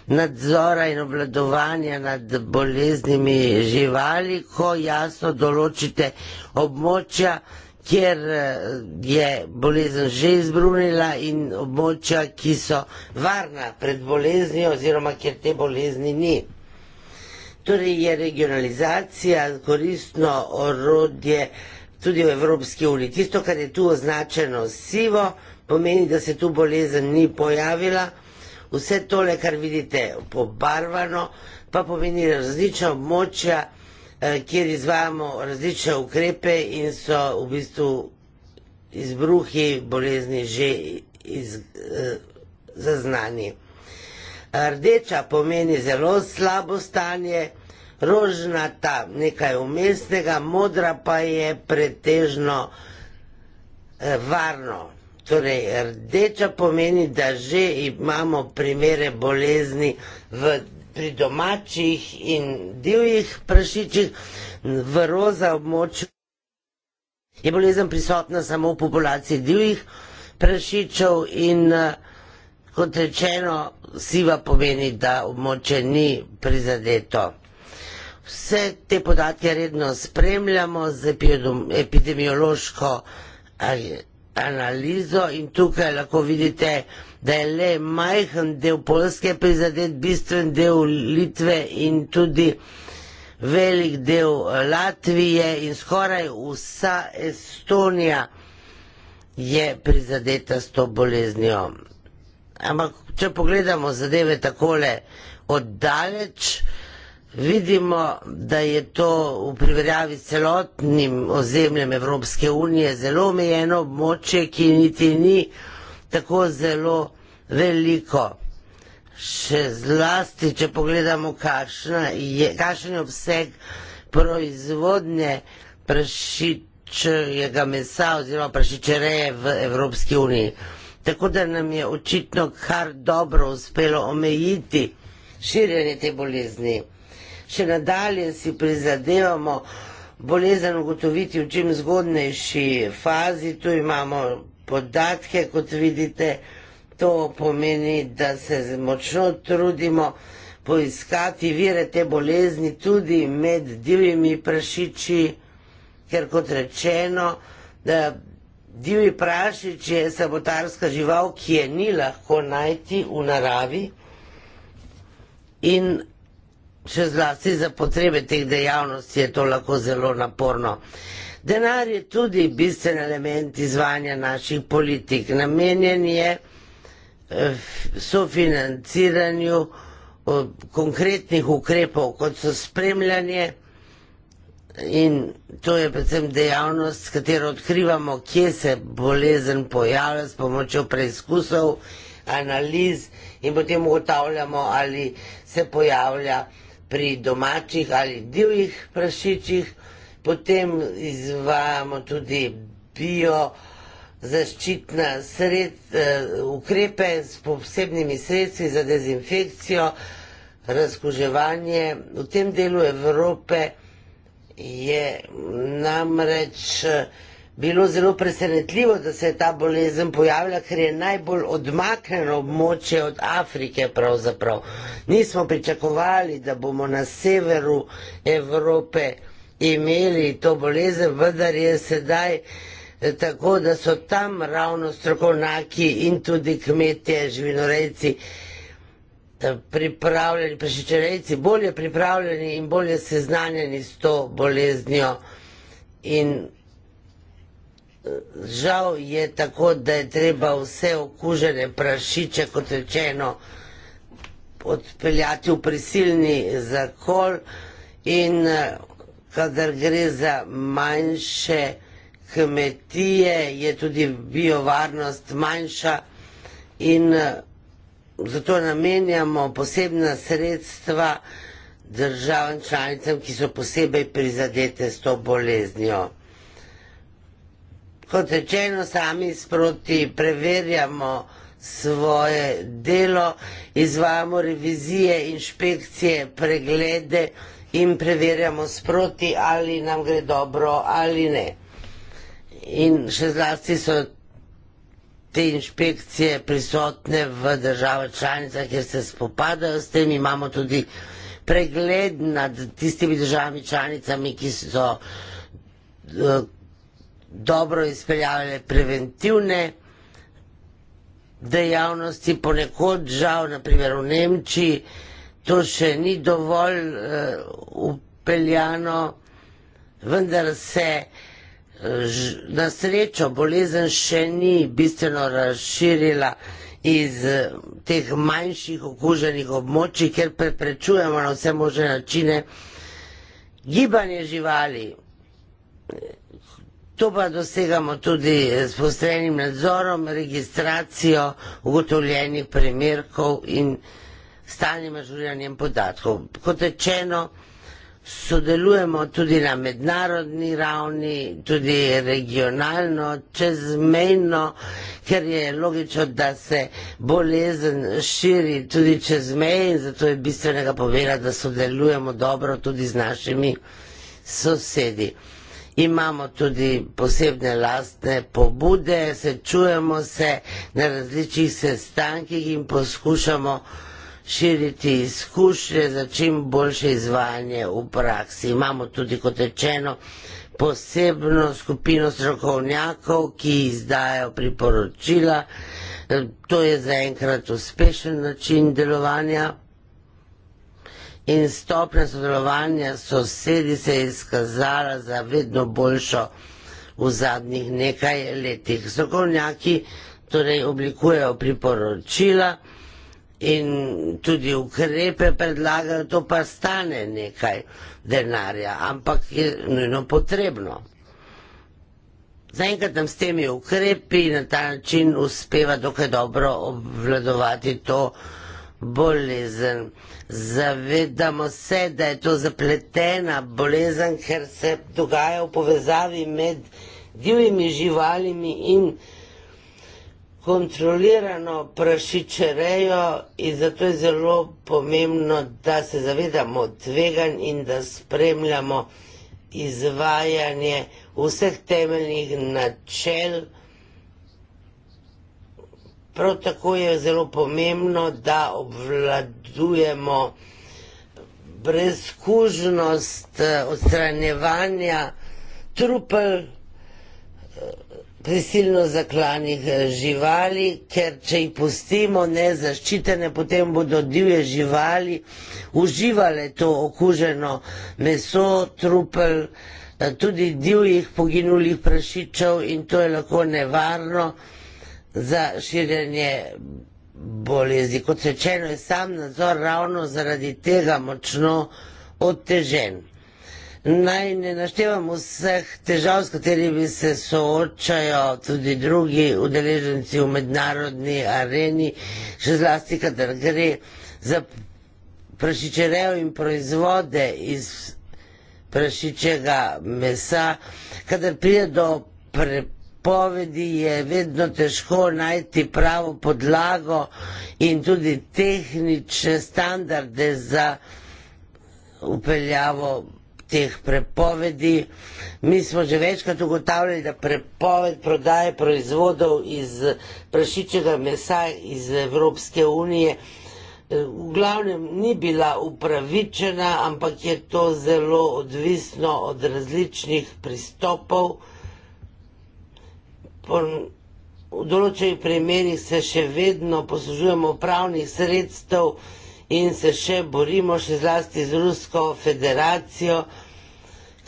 S5: nadzora in obladovanja nad boleznimi živali, ko jasno določite območja, kjer eh, je bolezen že izbrunila in območja, ki so varna pred boleznijo oziroma kjer te bolezni ni. Torej je regionalizacija koristno orodje tudi v Evropski uniji. Tisto, kar je tu označeno sivo, pomeni, da se tu bolezen ni pojavila vse tole, kar vidite, pobarvano, pa pomeni različna območja, eh, kjer izvajamo različne ukrepe in so v bistvu izbruhi bolezni že iz, eh, zaznani. Rdeča pomeni zelo slabo stanje, rožna ta nekaj umestnega, modra pa je pretežno eh, varno. Torej, rdeča pomeni, da že imamo primere bolezni v, pri domačih in divjih prašičih, v roza območju je bolezen prisotna samo v populaciji divjih prašičev in eh, kot rečeno, siva pomeni, da območje ni prizadeto. Vse te podatke redno spremljamo z epidemiološko ali analizo in tukaj lahko vidite, da je le majhen del Polske prizadet, bistven del Litve in tudi velik del Latvije in skoraj vsa Estonija je prizadeta s to boleznjo. Ampak, če pogledamo zadeve takole oddaleč, Vidimo, da je to v primerjavi s celotnim ozemljem Evropske unije zelo omejeno območje, ki niti ni tako zelo veliko. Še zlasti, če pogledamo, je, kakšen je obseg proizvodnje prašičjega mesa oziroma prašičereje v Evropski uniji. Tako da nam je očitno kar dobro uspelo omejiti širjenje te bolezni še nadalje si prizadevamo bolezen ugotoviti v čim zgodnejši fazi. Tu imamo podatke, kot vidite, to pomeni, da se močno trudimo poiskati vire te bolezni tudi med divjimi prašiči, ker kot rečeno, da divji prašič je sabotarska žival, ki je ni lahko najti v naravi in še zlasti za potrebe teh dejavnosti je to lahko zelo naporno. Denar je tudi bistven element izvanja naših politik. Namenjen je eh, sofinanciranju konkretnih ukrepov, kot so spremljanje in to je predvsem dejavnost, s katero odkrivamo, kje se bolezen pojavlja s pomočjo preizkusov, analiz in potem ugotavljamo, ali se pojavlja pri domačih ali divjih prašičih, potem izvajamo tudi bio zaščitna sred, eh, ukrepe s posebnimi sredstvi za dezinfekcijo, razkuževanje. V tem delu Evrope je namreč eh, bilo zelo presenetljivo, da se je ta bolezen pojavila, ker je najbolj odmaknjeno območje od Afrike pravzaprav. Nismo pričakovali, da bomo na severu Evrope imeli to bolezen, vendar je sedaj eh, tako, da so tam ravno strokovnaki in tudi kmetje, živinorejci, eh, pripravljeni, prešičerejci, bolje pripravljeni in bolje seznanjeni s to boleznjo. In Žal je tako, da je treba vse okužene prašiče, kot rečeno, odpeljati v prisilni zakol in eh, kadar gre za manjše kmetije, je tudi biovarnost manjša in eh, zato namenjamo posebna sredstva državam članicam, ki so posebej prizadete s to boleznjo kot rečeno, sami sproti preverjamo svoje delo, izvajamo revizije, inšpekcije, preglede in preverjamo sproti, ali nam gre dobro ali ne. In še zlasti so te inšpekcije prisotne v državah članicah, kjer se spopadajo s tem, imamo tudi pregled nad tistimi državami članicami, ki so eh, dobro izpeljale preventivne dejavnosti, ponekod žal, naprimer v Nemčiji, to še ni dovolj uh, upeljano, vendar se uh, na srečo bolezen še ni bistveno razširila iz uh, teh manjših okuženih območij, ker preprečujemo na vse možne načine gibanje živali. To pa dosegamo tudi s postrenim nadzorom, registracijo ugotovljenih primerkov in stalnim ažuriranjem podatkov. Kot rečeno, sodelujemo tudi na mednarodni ravni, tudi regionalno, čezmejno, ker je logično, da se bolezen širi tudi čez meje in zato je bistvenega povera, da sodelujemo dobro tudi z našimi sosedi imamo tudi posebne lastne pobude, se čujemo se na različnih sestankih in poskušamo širiti izkušnje za čim boljše izvajanje v praksi. Imamo tudi, kot rečeno, posebno skupino strokovnjakov, ki izdajo priporočila. To je zaenkrat uspešen način delovanja in stopnja sodelovanja sosedi se je izkazala za vedno boljšo v zadnjih nekaj letih. Zagovnjaki torej oblikujejo priporočila in tudi ukrepe predlagajo, to pa stane nekaj denarja, ampak je nujno potrebno. Zaenkrat nam s temi ukrepi na ta način uspeva dokaj dobro obvladovati to, bolezen. Zavedamo se, da je to zapletena bolezen, ker se dogaja v povezavi med divjimi živalimi in kontrolirano prašičerejo in zato je zelo pomembno, da se zavedamo tvegan in da spremljamo izvajanje vseh temeljnih načel, Prav tako je zelo pomembno, da obvladujemo brezkužnost eh, odstranjevanja trupel eh, prisilno zaklanih eh, živali, ker če jih pustimo nezaščitene, potem bodo divje živali uživale to okuženo meso, trupel, tudi divjih poginulih prašičev in to je lahko nevarno za širjenje bolezni. Kot rečeno, je sam nadzor ravno zaradi tega močno otežen. Naj ne naštevam vseh težav, s katerimi se soočajo tudi drugi udeleženci v mednarodni areni, še zlasti, kadar gre za prašičerejo in proizvode iz prašičega mesa, kadar pride do preprečitev pripovedi je vedno težko najti pravo podlago in tudi tehnične standarde za upeljavo teh prepovedi. Mi smo že večkrat ugotavljali, da prepoved prodaje proizvodov iz prašičega mesa iz Evropske unije eh, v glavnem ni bila upravičena, ampak je to zelo odvisno od različnih pristopov v določenih primerjih se še vedno poslužujemo pravnih sredstev in se še borimo še zlasti z Rusko federacijo,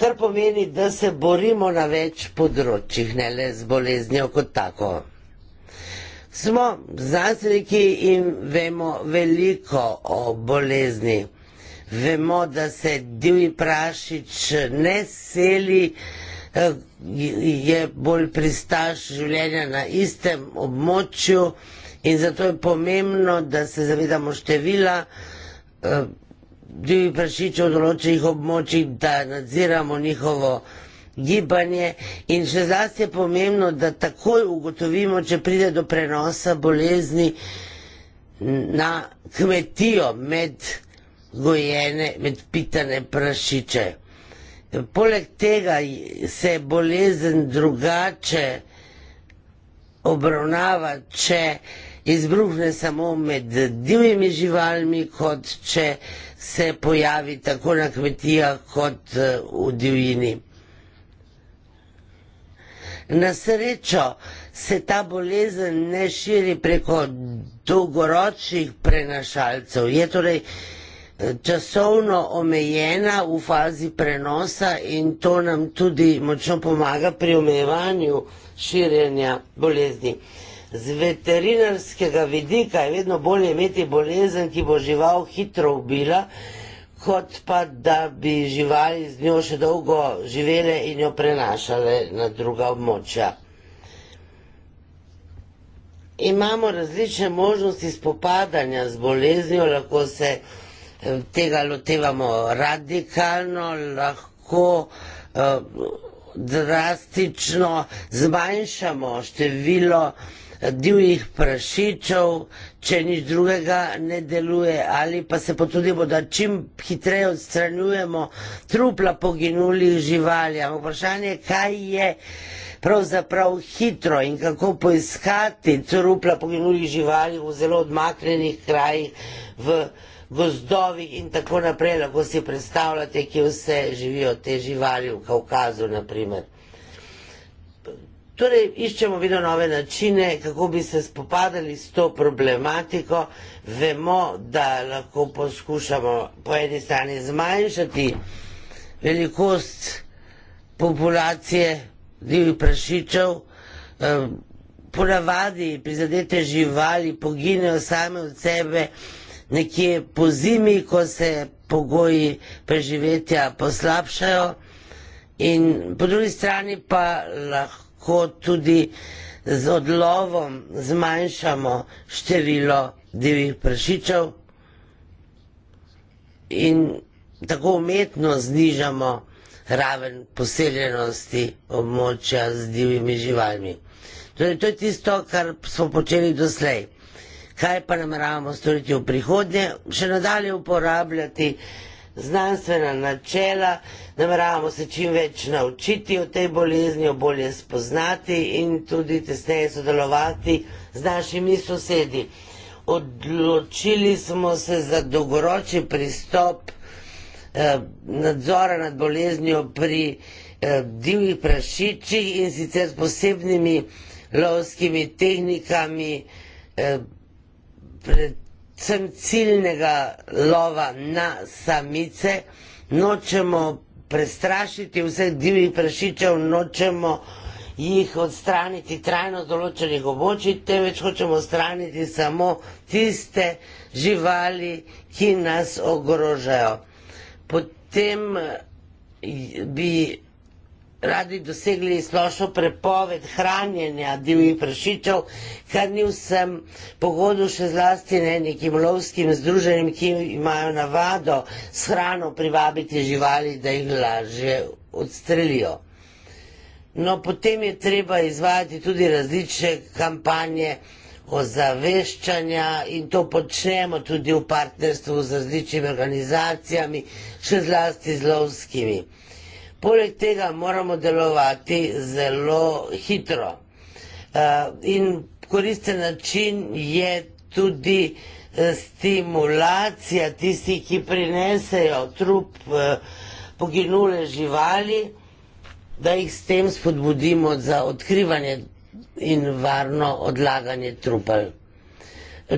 S5: kar pomeni, da se borimo na več področjih, ne le z boleznjo kot tako. Smo znanstveniki in vemo veliko o bolezni. Vemo, da se divji prašič ne seli, Eh, je bolj pristaš življenja na istem območju in zato je pomembno, da se zavedamo števila eh, divjih prašičev v določenih območjih, da nadziramo njihovo gibanje in še zlasti je pomembno, da takoj ugotovimo, če pride do prenosa bolezni na kmetijo med gojene, med pitane prašiče. Poleg tega se bolezen drugače obravnava, če izbruhne samo med divjimi živalmi, kot če se pojavi tako na kmetijah kot eh, v divjini. Na srečo se ta bolezen ne širi preko dolgoročnih prenašalcev. Je torej, časovno omejena v fazi prenosa in to nam tudi močno pomaga pri omejevanju širjenja bolezni. Z veterinarskega vidika je vedno bolje imeti bolezen, ki bo žival hitro ubila, kot pa da bi živali z njo še dolgo živele in jo prenašale na druga območja. Imamo različne možnosti spopadanja z boleznjo, lahko se tega lotevamo radikalno, lahko eh, drastično zmanjšamo število eh, divjih prašičev, če nič drugega ne deluje, ali pa se potrudimo, da čim hitreje odstranjujemo trupla poginulih živali. Ampak vprašanje, kaj je pravzaprav hitro in kako poiskati trupla poginulih živali v zelo odmaknenih krajih v gozdovi in tako naprej, lahko si predstavljate, kje vse živijo te živali, v Kaukazu naprimer. Torej, iščemo vedno nove načine, kako bi se spopadali s to problematiko. Vemo, da lahko poskušamo po eni strani zmanjšati velikost populacije divjih prašičev. Eh, ponavadi prizadete živali poginejo same od sebe nekje po zimi, ko se pogoji preživetja poslabšajo, in po drugi strani pa lahko tudi z odlovom zmanjšamo število divjih prašičev in tako umetno znižamo raven poseljenosti območja z divjimi živalmi. Torej, to je tisto, kar smo počeli doslej kaj pa nameravamo storiti v prihodnje, še nadalje uporabljati znanstvena načela, nameravamo se čim več naučiti o tej bolezni, jo bolje spoznati in tudi tesneje sodelovati z našimi sosedi. Odločili smo se za dolgoročen pristop eh, nadzora nad boleznjo pri eh, divjih prašičih in sicer s posebnimi lovskimi tehnikami, eh, predvsem ciljnega lova na samice, nočemo prestrašiti vseh divjih prašičev, nočemo jih odstraniti trajno določenih območij, temveč hočemo odstraniti samo tiste živali, ki nas ogrožajo. Potem bi radi dosegli splošno prepoved hranjenja divjih prašičev, kar ni vsem pogodu še zlasti ne nekim lovskim združenjem, ki imajo navado s hrano privabiti živali, da jih lažje odstrelijo. No, potem je treba izvajati tudi različne kampanje ozaveščanja in to počnemo tudi v partnerstvu z različnimi organizacijami, še zlasti z lovskimi. Poleg tega moramo delovati zelo hitro. Eh, in koristen način je tudi eh, stimulacija tistih, ki prinesejo trup eh, poginule živali, da jih s tem spodbudimo za odkrivanje in varno odlaganje trupel.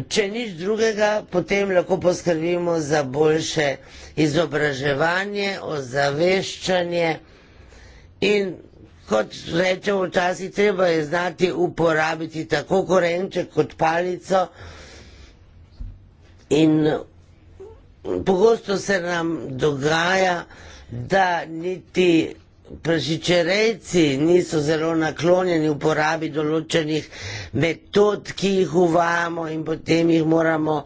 S5: Če nič drugega, potem lahko poskrbimo za boljše izobraževanje, ozaveščanje in kot rečemo včasih, treba je znati uporabiti tako korenček kot palico in pogosto se nam dogaja, da niti Prašičerejci niso zelo naklonjeni uporabi določenih metod, ki jih uvajamo in potem jih moramo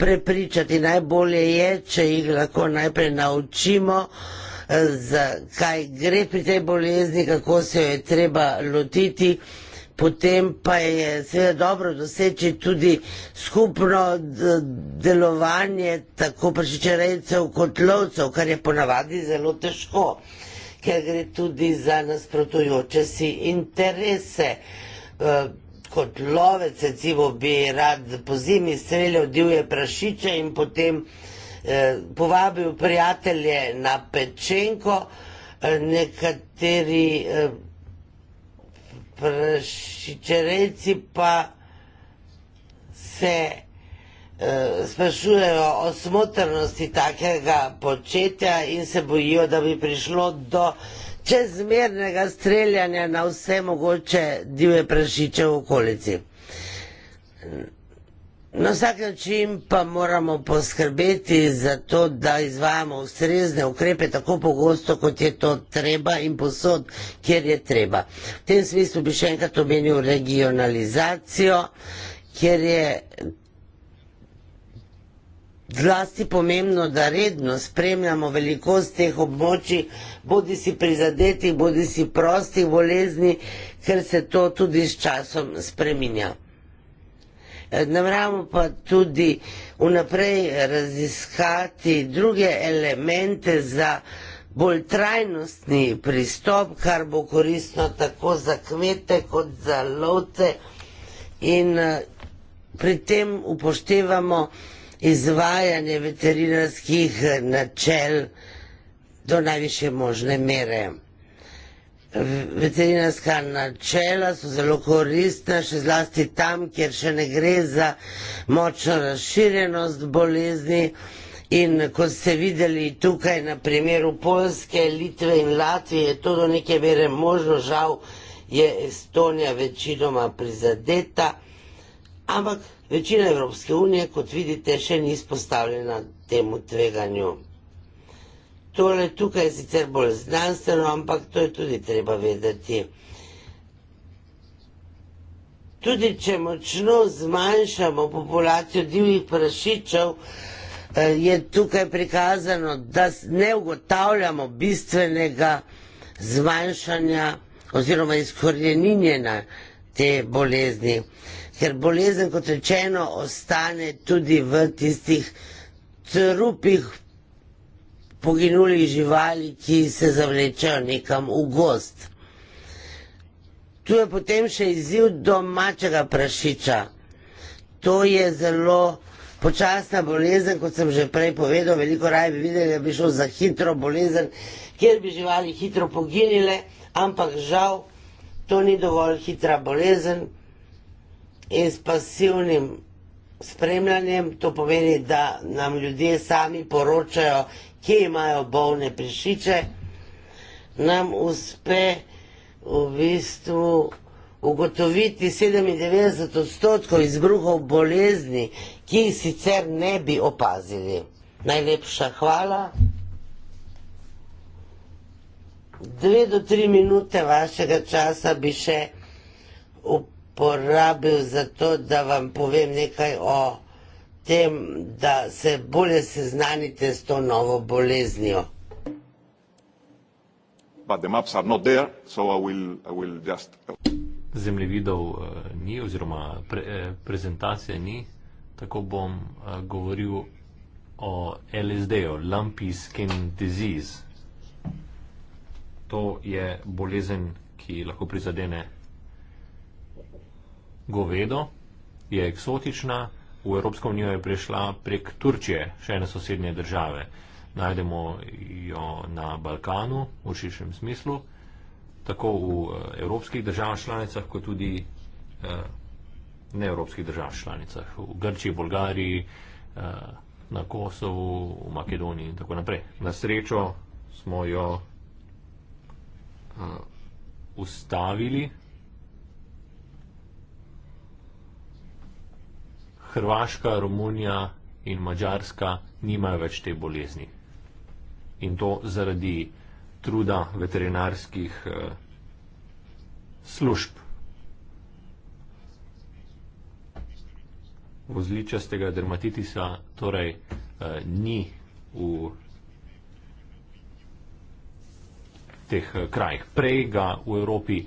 S5: prepričati. Najbolje je, če jih lahko najprej naučimo, eh, kaj gre pri tej bolezni, kako se jo je treba lotiti. Potem pa je seveda dobro doseči tudi skupno delovanje tako prašičerejcev kot lovcev, kar je ponavadi zelo težko ker gre tudi za nasprotujoče si interese. Eh, kot lovec, recimo, bi rad po zimi streljal divje prašiče in potem eh, povabil prijatelje na pečenko, eh, nekateri prašičereci pa se Eh, sprašujejo o smotrnosti takega početja in se bojijo, da bi prišlo do čezmernega streljanja na vse mogoče divje prašiče v okolici. Na vsak način pa moramo poskrbeti za to, da izvajamo ustrezne ukrepe tako pogosto, kot je to treba in posod, kjer je treba. V tem smislu bi še enkrat omenil regionalizacijo, kjer je zlasti pomembno, da redno spremljamo velikost teh območij, bodi si prizadetih, bodi si prostih bolezni, ker se to tudi s časom spreminja. Eh, Namravamo pa tudi vnaprej raziskati druge elemente za bolj trajnostni pristop, kar bo koristno tako za kmete kot za lovce in eh, pri tem upoštevamo izvajanje veterinarskih eh, načel do najviše možne mere. Veterinarska načela so zelo koristna, še zlasti tam, kjer še ne gre za močno razširjenost bolezni. In kot ste videli tukaj na primeru Poljske, Litve in Latvije, je to do neke mere možno, žal je Estonija večinoma prizadeta, ampak Večina Evropske unije, kot vidite, še ni izpostavljena temu tveganju. Tole tukaj je sicer bolj znanstveno, ampak to je tudi treba vedeti. Tudi če močno zmanjšamo populacijo divjih prašičev, eh, je tukaj prikazano, da ne ugotavljamo bistvenega zmanjšanja oziroma izkorjeninjena te bolezni ker bolezen, kot rečeno, ostane tudi v tistih trupih poginulih živali, ki se zavlečejo nekam v gost. Tu je potem še izziv domačega prašiča. To je zelo počasna bolezen, kot sem že prej povedal, veliko raje bi videli, da bi šlo za hitro bolezen, kjer bi živali hitro poginile, ampak žal to ni dovolj hitra bolezen in s pasivnim spremljanjem, to pomeni, da nam ljudje sami poročajo, kje imajo bolne prišiče, nam uspe v bistvu ugotoviti 97 odstotkov izbruhov bolezni, ki jih sicer ne bi opazili. Najlepša hvala. Dve do tri minute vašega časa bi še uporabili porabil za to, da vam povem nekaj o tem, da se bolje seznanite s to novo boleznijo.
S2: Zemljevidov eh, ni oziroma pre, eh, prezentacije ni, tako bom eh, govoril o LSD-ju, Lumpy Skin Disease. To je bolezen, ki lahko prizadene govedo je eksotična, v Evropsko unijo je prišla prek Turčije, še ene sosednje države. Najdemo jo na Balkanu v širšem smislu, tako v eh, evropskih državah članicah, kot tudi eh, neevropskih državah članicah. V Grčiji, Bolgariji, eh, na Kosovu, v Makedoniji in tako naprej. Na srečo smo jo eh, ustavili, Hrvaška, Romunija in Mačarska nimajo več te bolezni. In to zaradi truda veterinarskih eh, služb. Vozličastega dermatitisa torej eh, ni v teh eh, krajih. Prej ga v Evropi eh,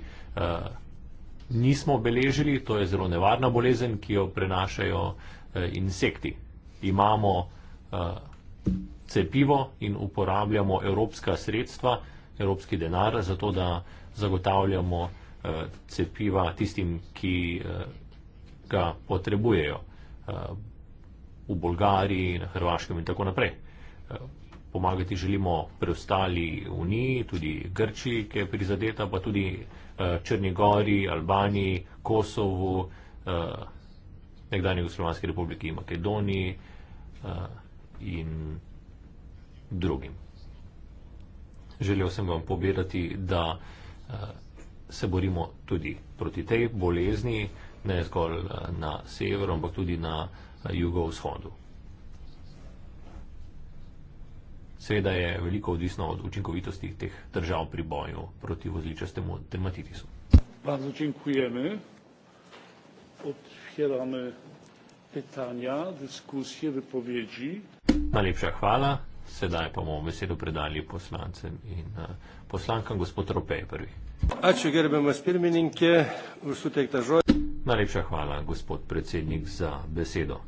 S2: nismo beležili, to je zelo nevarna bolezen, ki jo prenašajo eh, insekti. Imamo eh, cepivo in uporabljamo evropska sredstva, evropski denar, zato da zagotavljamo eh, cepiva tistim, ki ga potrebujejo v Bolgariji, na Hrvaškem in tako naprej. Pomagati želimo preostali Uniji, tudi Grčiji, ki je prizadeta, pa tudi Eh, Črni Gori, Albaniji, Kosovu, eh, nekdanji Jugoslovanski republiki Makedoniji eh, in drugim. Želel sem vam pobirati, da se borimo tudi proti tej bolezni, ne zgolj na severu, ampak tudi na jugovzhodu. seveda je veliko odvisno od učinkovitosti teh držav pri boju proti vozličastemu dermatitisu.
S1: Vam zadovoljujemo. Odpiramo vprašanja, diskusije, vypovedi.
S2: Najlepša hvala. Sedaj pa bomo besedo predali poslancem in e, poslankam, gospod Ropej prvi.
S1: Ačiū gerbiamas pirmininkė už suteiktą
S2: žodį. Najlepša hvala, gospod predsednik, za besedo.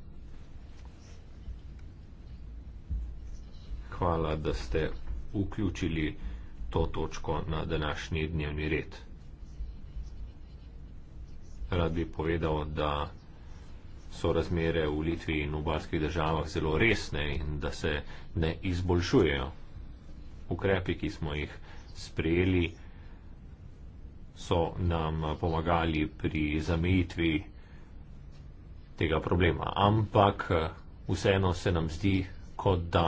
S2: hvala, da ste vključili to točko na današnji dnevni red. Rad bi povedal, da so razmere v Litvi in v balskih državah zelo resne in da se ne izboljšujejo. Ukrepi, ki smo jih sprejeli, so nam pomagali pri zamejitvi tega problema. Ampak vseeno se nam zdi, kot da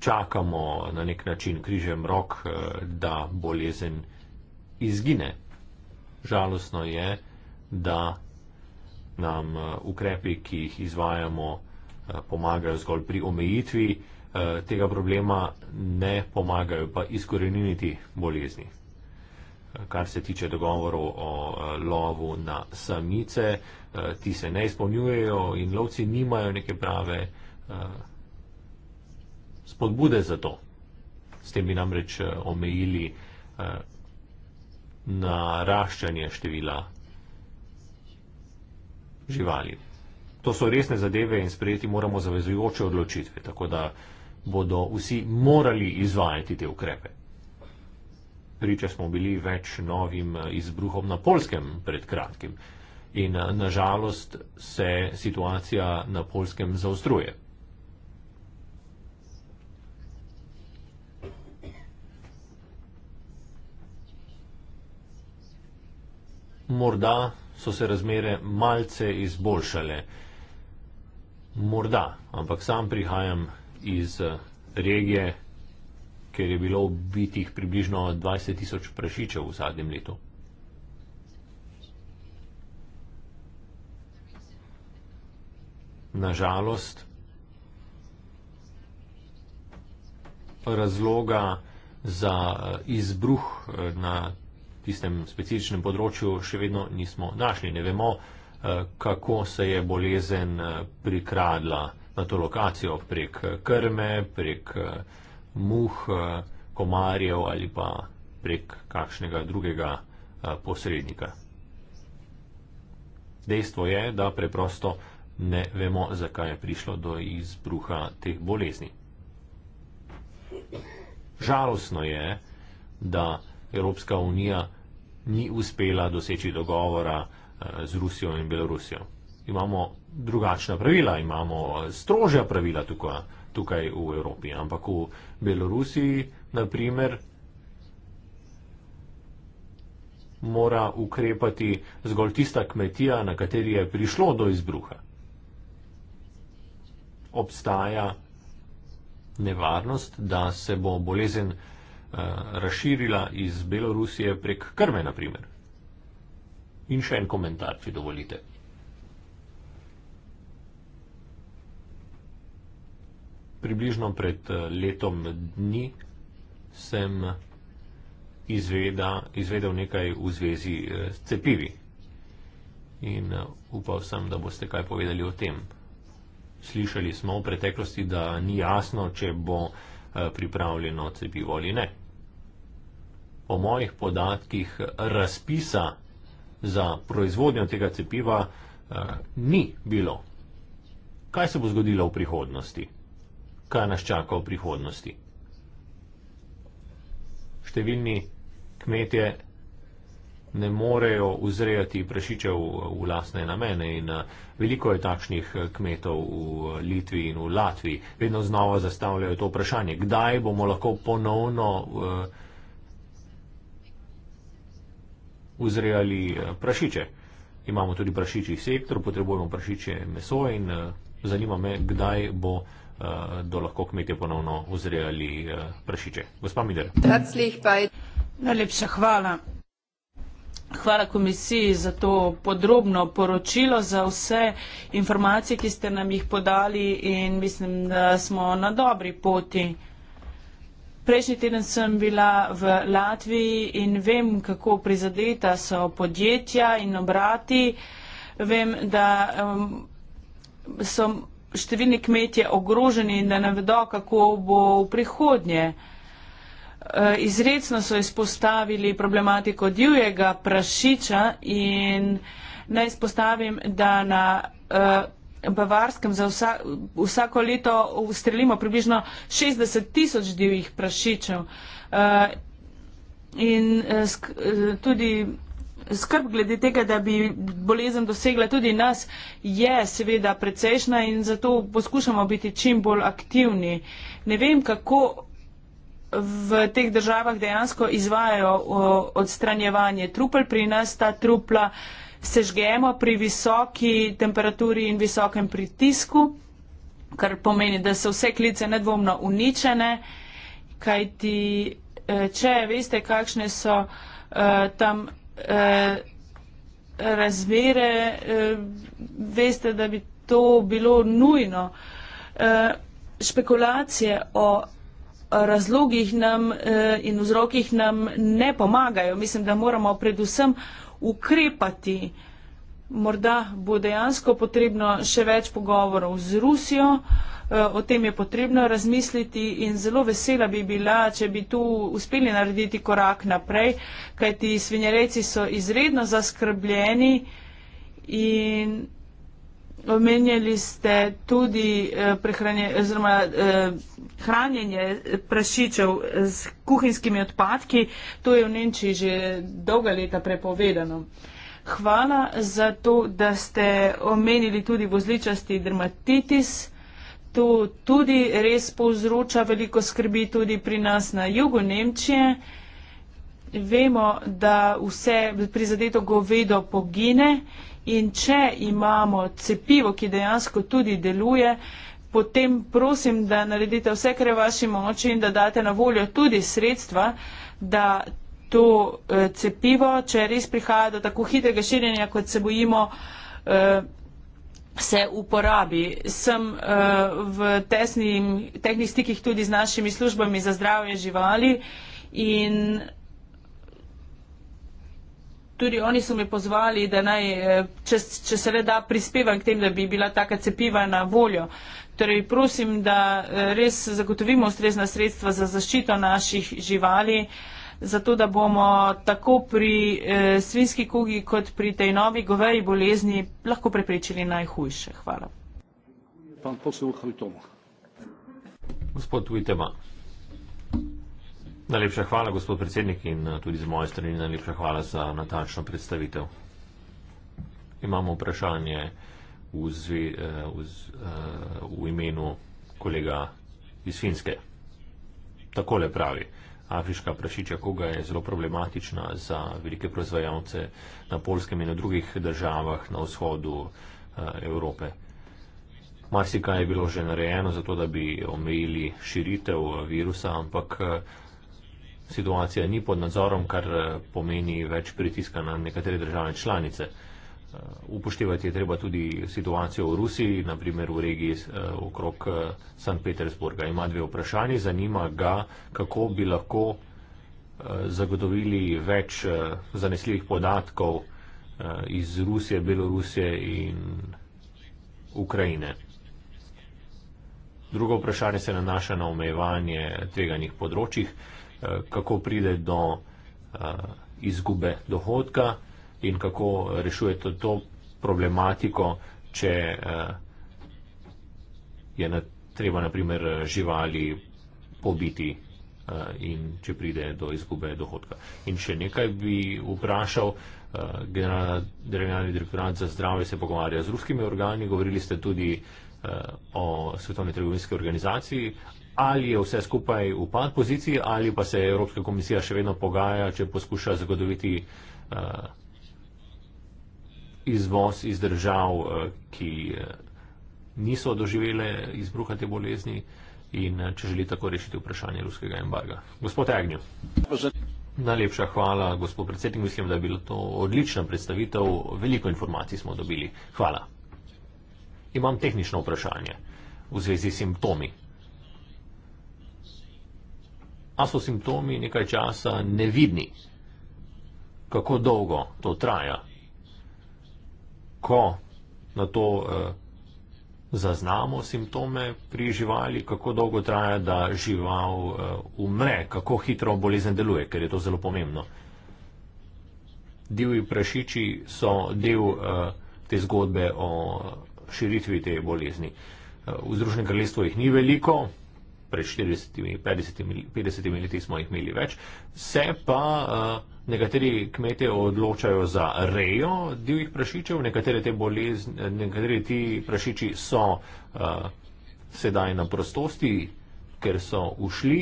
S2: čakamo na nek način križem rok, eh, da bolezen izgine. Žalostno je, da nam eh, ukrepi, ki jih izvajamo, eh, pomagajo zgolj pri omejitvi tega problema, ne pomagajo pa izkoreniniti bolezni. Kar se tiče dogovorov o lovu na samice, ti se ne izpolnjujejo in lovci nimajo neke prave spodbude za to. S tem bi namreč eh, omejili eh, naraščanje števila živali. To so resne zadeve in sprejeti moramo zavezujoče odločitve, tako da bodo vsi morali izvajati te ukrepe. Priča smo bili več novim eh, izbruhom na polskem pred kratkim in nažalost se situacija na polskem zaostruje. morda so se razmere malce izboljšale. Morda, ampak sam prihajam iz eh, regije, kjer je bilo ubitih približno 20 tisoč prašičev v zadnjem letu. Nažalost, razloga za eh, izbruh eh, na tistem specifičnem področju še vedno nismo našli. Ne vemo, eh, kako se je bolezen eh, prikradla na to lokacijo prek eh, krme, prek muh, komarjev ali pa prek kakšnega drugega posrednika. Dejstvo je, da preprosto ne vemo, zakaj je prišlo do izbruha teh bolezni. Žalostno je, da Evropska unija ni uspela doseči dogovora eh, z Rusijo in Belorusijo. Imamo drugačna pravila, imamo eh, strožja pravila tukaj, tukaj v Evropi, ampak v Belorusiji, na primer, mora ukrepati zgolj tista kmetija, na kateri je prišlo do izbruha. Obstaja nevarnost, da se bo bolezen Eh, razširila iz Belorusije prek Krme, naprimer. In še en komentar, če dovolite. Približno pred eh, letom dni sem izveda, izvedel nekaj v zvezi eh, s cepivi. In upal sem, da boste kaj povedali o tem. Slišali smo v preteklosti, da ni jasno, če bo Eh, pripravljeno cepivo ali ne. Po mojih podatkih razpisa za proizvodnjo tega cepiva eh, ni bilo. Kaj se bo zgodilo v prihodnosti? Kaj nas čaka v prihodnosti? Številni kmetje ne morejo uzrejati prašičev v lasne namene in eh, veliko je takšnih eh, kmetov v eh, Litvi in v Latviji. Vedno znova zastavljajo to vprašanje, kdaj bomo lahko ponovno uzrejali prašiče. Imamo tudi prašiči sektor, potrebujemo prašiče meso in zanima me, kdaj bo do lahko kmetje ponovno uzrejali prašiče. Gospa Miller.
S4: Najlepša hvala. Hvala komisiji za to podrobno poročilo, za vse informacije, ki ste nam jih podali in mislim, da smo na dobri poti. Prejšnji teden sem bila v Latviji in vem, kako prizadeta so podjetja in obrati. Vem, da um, so številni kmetje ogroženi in da ne vedo, kako bo v prihodnje. Eh, izredno so izpostavili problematiko divjega prašiča in naj izpostavim, da na eh, Bavarskem za vsa, vsako leto ustrelimo približno 60 tisoč divjih prašičev. Eh, in tudi skrb glede tega, da bi bolezen dosegla tudi nas, je seveda precejšna in zato poskušamo biti čim bolj aktivni. Ne vem, kako v teh državah dejansko izvajajo odstranjevanje trupel, pri nas ta trupla sežgemo pri visoki temperaturi in visokem pritisku, kar pomeni, da so vse klice nedvomno uničene, kajti e, če veste, kakšne so e, tam e, razmere, veste, da bi to bilo nujno. Špekulacije o razlogih nam eh, in vzrokih nam ne pomagajo. Mislim, da moramo predvsem ukrepati. Morda bo dejansko potrebno še več pogovorov z Rusijo, eh, o tem je potrebno razmisliti in zelo vesela bi bila, če bi tu uspeli narediti korak naprej, kajti svinjereci so izredno zaskrbljeni in omenjali ste tudi eh, oziroma, eh, hranjenje prašičev s kuhinskimi odpadki. To je v Nemčiji že dolga leta prepovedano. Hvala za to, da ste omenili tudi vozličasti dermatitis. To tudi res povzroča veliko skrbi tudi pri nas na jugu Nemčije. Vemo, da vse prizadeto govedo pogine In če imamo cepivo, ki dejansko tudi deluje, potem prosim, da naredite vse, kar je v vaši moči in da date na voljo tudi sredstva, da to eh, cepivo, če res prihaja do tako hitrega širjenja, kot se bojimo, eh, se uporabi. Sem eh, v tesnih stikih tudi z našimi službami za zdravje živali in tudi oni so me pozvali, da naj, eh, če, če se le da, prispevam k tem, da bi bila taka cepiva na voljo. Torej, prosim, da eh, res zagotovimo ustrezna sredstva za zaščito naših živali, zato da bomo tako pri eh, svinski kugi kot pri tej novi goveji bolezni lahko preprečili najhujše. Hvala.
S2: Gospod Vitema. Najlepša hvala, gospod predsednik, in eh, tudi z moje strani najlepša hvala za natančno predstavitev. Imamo vprašanje v, zvi, eh, v, z, eh, v imenu kolega iz Finske. Takole pravi, afriška prašiča koga je zelo problematična za velike proizvajalce na polskem in na drugih državah na vzhodu Evrope. Marsika je bilo že narejeno za to, da bi omejili širitev virusa, ampak situacija ni pod nadzorom, kar eh, pomeni več pritiska na nekatere države članice. Eh, upoštevati je treba tudi situacijo v Rusiji, naprimer v regiji eh, okrog St. Petersburga. Ima dve vprašanje, zanima ga, kako bi lahko zagotovili več zanesljivih podatkov iz Rusije, Belorusije in Ukrajine. Drugo vprašanje se nanaša na omejevanje tveganih področjih. Eh, kako pride do eh, izgube dohodka in kako rešujete to problematiko, če eh, je treba naprimer živali pobiti in če pride do izgube dohodka. In še nekaj bi vprašal, generalni direktorat za zdrave se pogovarja z ruskimi organi, govorili ste tudi o svetovni trgovinski organizaciji, ali je vse skupaj v pad poziciji ali pa se Evropska komisija še vedno pogaja, če poskuša zagotoviti uh, izvoz iz držav, uh, ki uh, niso doživele izbruha te bolezni in uh, če želi tako rešiti vprašanje ruskega embarga. Gospod Agnjo. Najlepša hvala, gospod predsednik. Mislim, da je bila to odlična predstavitev. Veliko informacij smo dobili. Hvala. Imam tehnično vprašanje v zvezi s simptomi a so simptomi nekaj časa nevidni. Kako dolgo to traja? Ko na to eh, zaznamo simptome pri živali, kako dolgo traja, da žival eh, umre, kako hitro bolezen deluje, ker je to zelo pomembno. Divji prašiči so del eh, te zgodbe o širitvi te bolezni. Eh, v Združenem kraljestvu jih ni veliko, pred 40, 50, 50 leti smo jih imeli več. Se pa uh, nekateri kmete odločajo za rejo divjih prašičev, nekatere te bolezni, eh, nekateri ti prašiči so uh, sedaj na prostosti, ker so ušli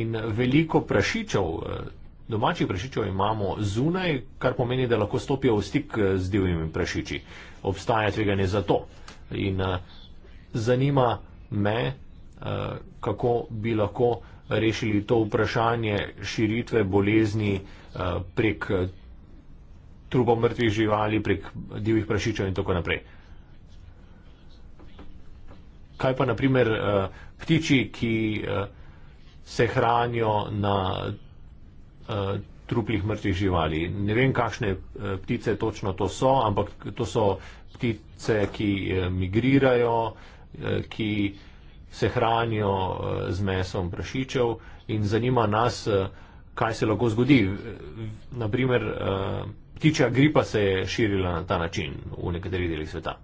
S2: in veliko prašičev. Uh, Domačih prašičev imamo zunaj, kar pomeni, da lahko stopijo v stik z divjimi prašiči. Obstaja tveganje za to. In uh, zanima me, Eh, kako bi lahko rešili to vprašanje širitve bolezni eh, prek eh, trupo mrtvih živali, prek divjih prašičev in tako naprej. Kaj pa naprimer ptiči, ki se hranijo na truplih mrtvih živali. Ne vem, kakšne ptice točno to so, ampak to so ptice, ki migrirajo, ki se hranijo eh, z mesom prašičev in zanima nas, eh, kaj se lahko zgodi. Naprimer, eh, ptičja gripa se je širila na ta način v nekaterih delih sveta.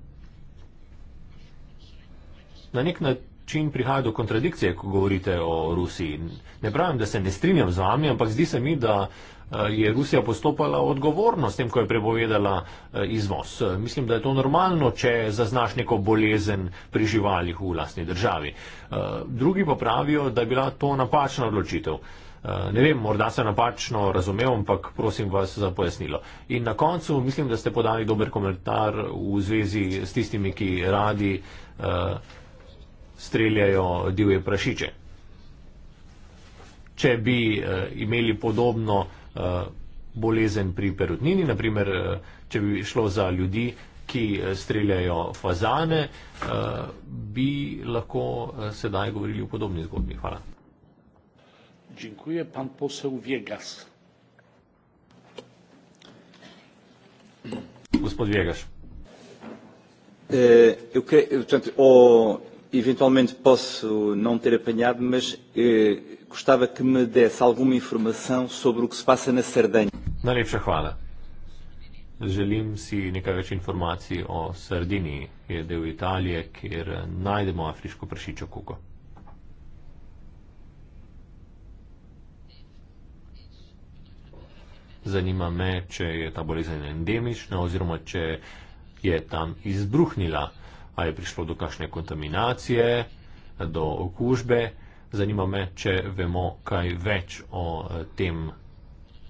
S2: Na nek način način prihaja do kontradikcije, ko govorite o Rusiji. Ne pravim, da se ne strinjam z vami, ampak zdi se mi, da eh, je Rusija postopala odgovorno s tem, ko je prepovedala eh, izvoz. Mislim, da je to normalno, če zaznaš neko bolezen pri živalih v lastni državi. Eh, drugi pa pravijo, da je bila to napačna odločitev. Ne vem, morda se napačno razumev, ampak prosim vas za pojasnilo. In na koncu mislim, da ste podali dober komentar v zvezi s tistimi, ki radi. Uh, streljajo divje prašiče. Če bi eh, imeli podobno eh, bolezen pri perutnini, naprimer, eh, če bi šlo za ljudi, ki streljajo fazane, bi lahko sedaj govorili o podobni zgodbi. Hvala.
S1: Dziękuję pan poseł Wiegas.
S2: Gospod Wiegas.
S1: E, okay, o eventualmente posso não ter apanhado, mas eh, gostava que me desse alguma informação sobre o que se passa na Sardenha.
S2: Najlepša hvala. Želim si nekaj več informacij o Sardini, ki je del Italije, kjer najdemo afriško pršičo kuko. Zanima me, če je ta bolezen endemična oziroma če je tam izbruhnila ali je prišlo do kakšne kontaminacije, do okužbe. Zanima me, če vemo kaj več o eh, tem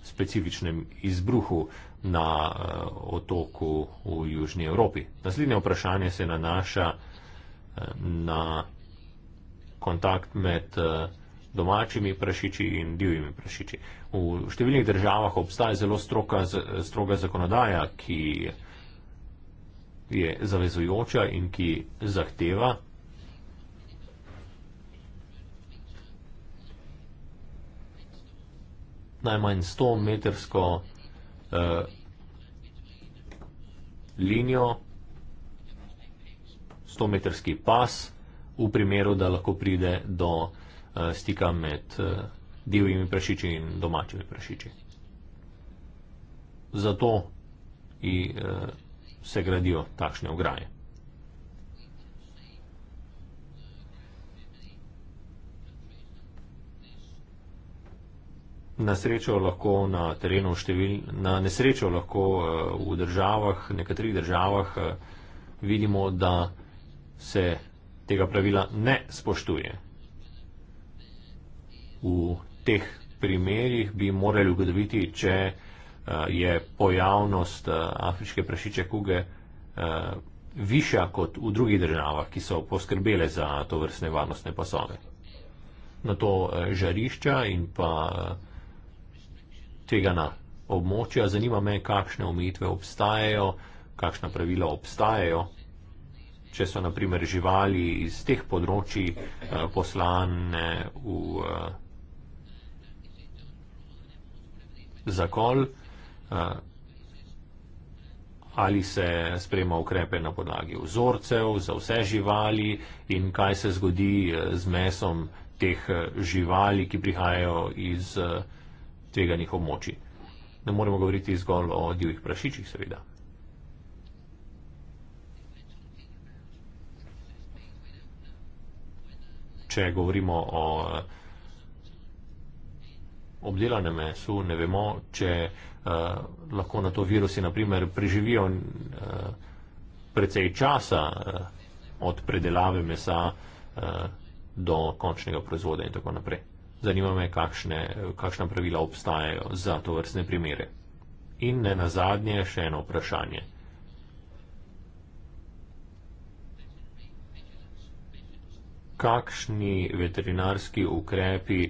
S2: specifičnem izbruhu na eh, otoku v Južni Evropi. Naslednje vprašanje se nanaša eh, na kontakt med domačimi prašiči in divjimi prašiči. V številnih državah obstaja zelo stroga, stroga zakonodaja, ki je zavezujoča in ki zahteva najmanj 100 metrsko eh, linijo, 100 metrski pas v primeru, da lahko pride do eh, stika med eh, divjimi prašiči in domačimi prašiči. Zato i eh, se gradijo takšne ograje. Na srečo lahko na terenu števil, na nesrečo lahko eh, v državah, nekaterih državah eh, vidimo, da se tega pravila ne spoštuje. V teh primerjih bi morali ugotoviti, če Eh, je pojavnost eh, afriške prašiče kuge eh, višja kot v drugih državah, ki so poskrbele za to vrstne varnostne pasove. Na to žarišča in pa tega na območja zanima me, kakšne omejitve obstajajo, kakšna pravila obstajajo, če so naprimer živali iz teh področji poslane v zakol ali se sprema ukrepe na podlagi vzorcev za vse živali in kaj se zgodi e, z mesom teh e, živali, ki prihajajo iz e, tveganih območi. Ne moremo govoriti zgolj o divjih prašičih, seveda. Če govorimo o obdelanem mesu, ne vemo, če Eh, lahko na to virusi naprimer preživijo eh, precej časa eh, od predelave mesa do končnega proizvoda in tako naprej. Zanima me, kakšne, kakšna pravila obstajajo za to vrstne primere. In ne na zadnje še eno vprašanje. Kakšni veterinarski ukrepi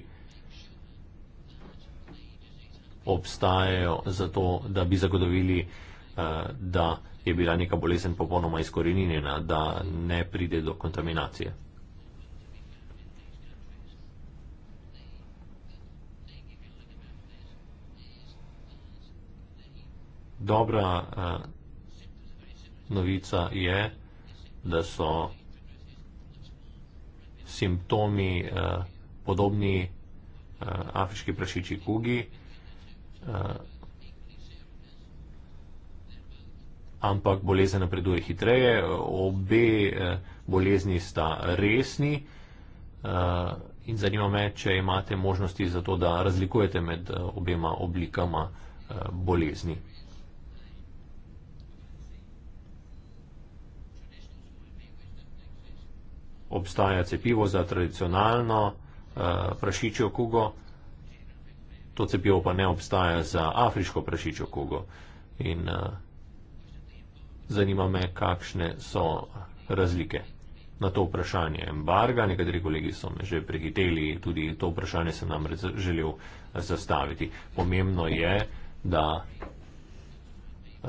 S2: obstajajo zato, da bi zagotovili, eh, da je bila neka bolezen popolnoma izkoreninjena, da ne pride do kontaminacije. Dobra uh, novica je, da so simptomi uh, podobni uh, afriški prašiči kugi. Eh, ampak bolezen napreduje hitreje, obe eh, bolezni sta resni eh, in zanima me, če imate možnosti za to, da razlikujete med obema oblikama bolezni. Obstaja cepivo za tradicionalno prašičjo kugo to cepivo pa ne obstaja za afriško prašičjo kugo. In eh, zanima me, kakšne so razlike. Na to vprašanje embarga, nekateri kolegi so me že prehiteli, tudi to vprašanje sem namreč želel zastaviti. Pomembno je, da eh,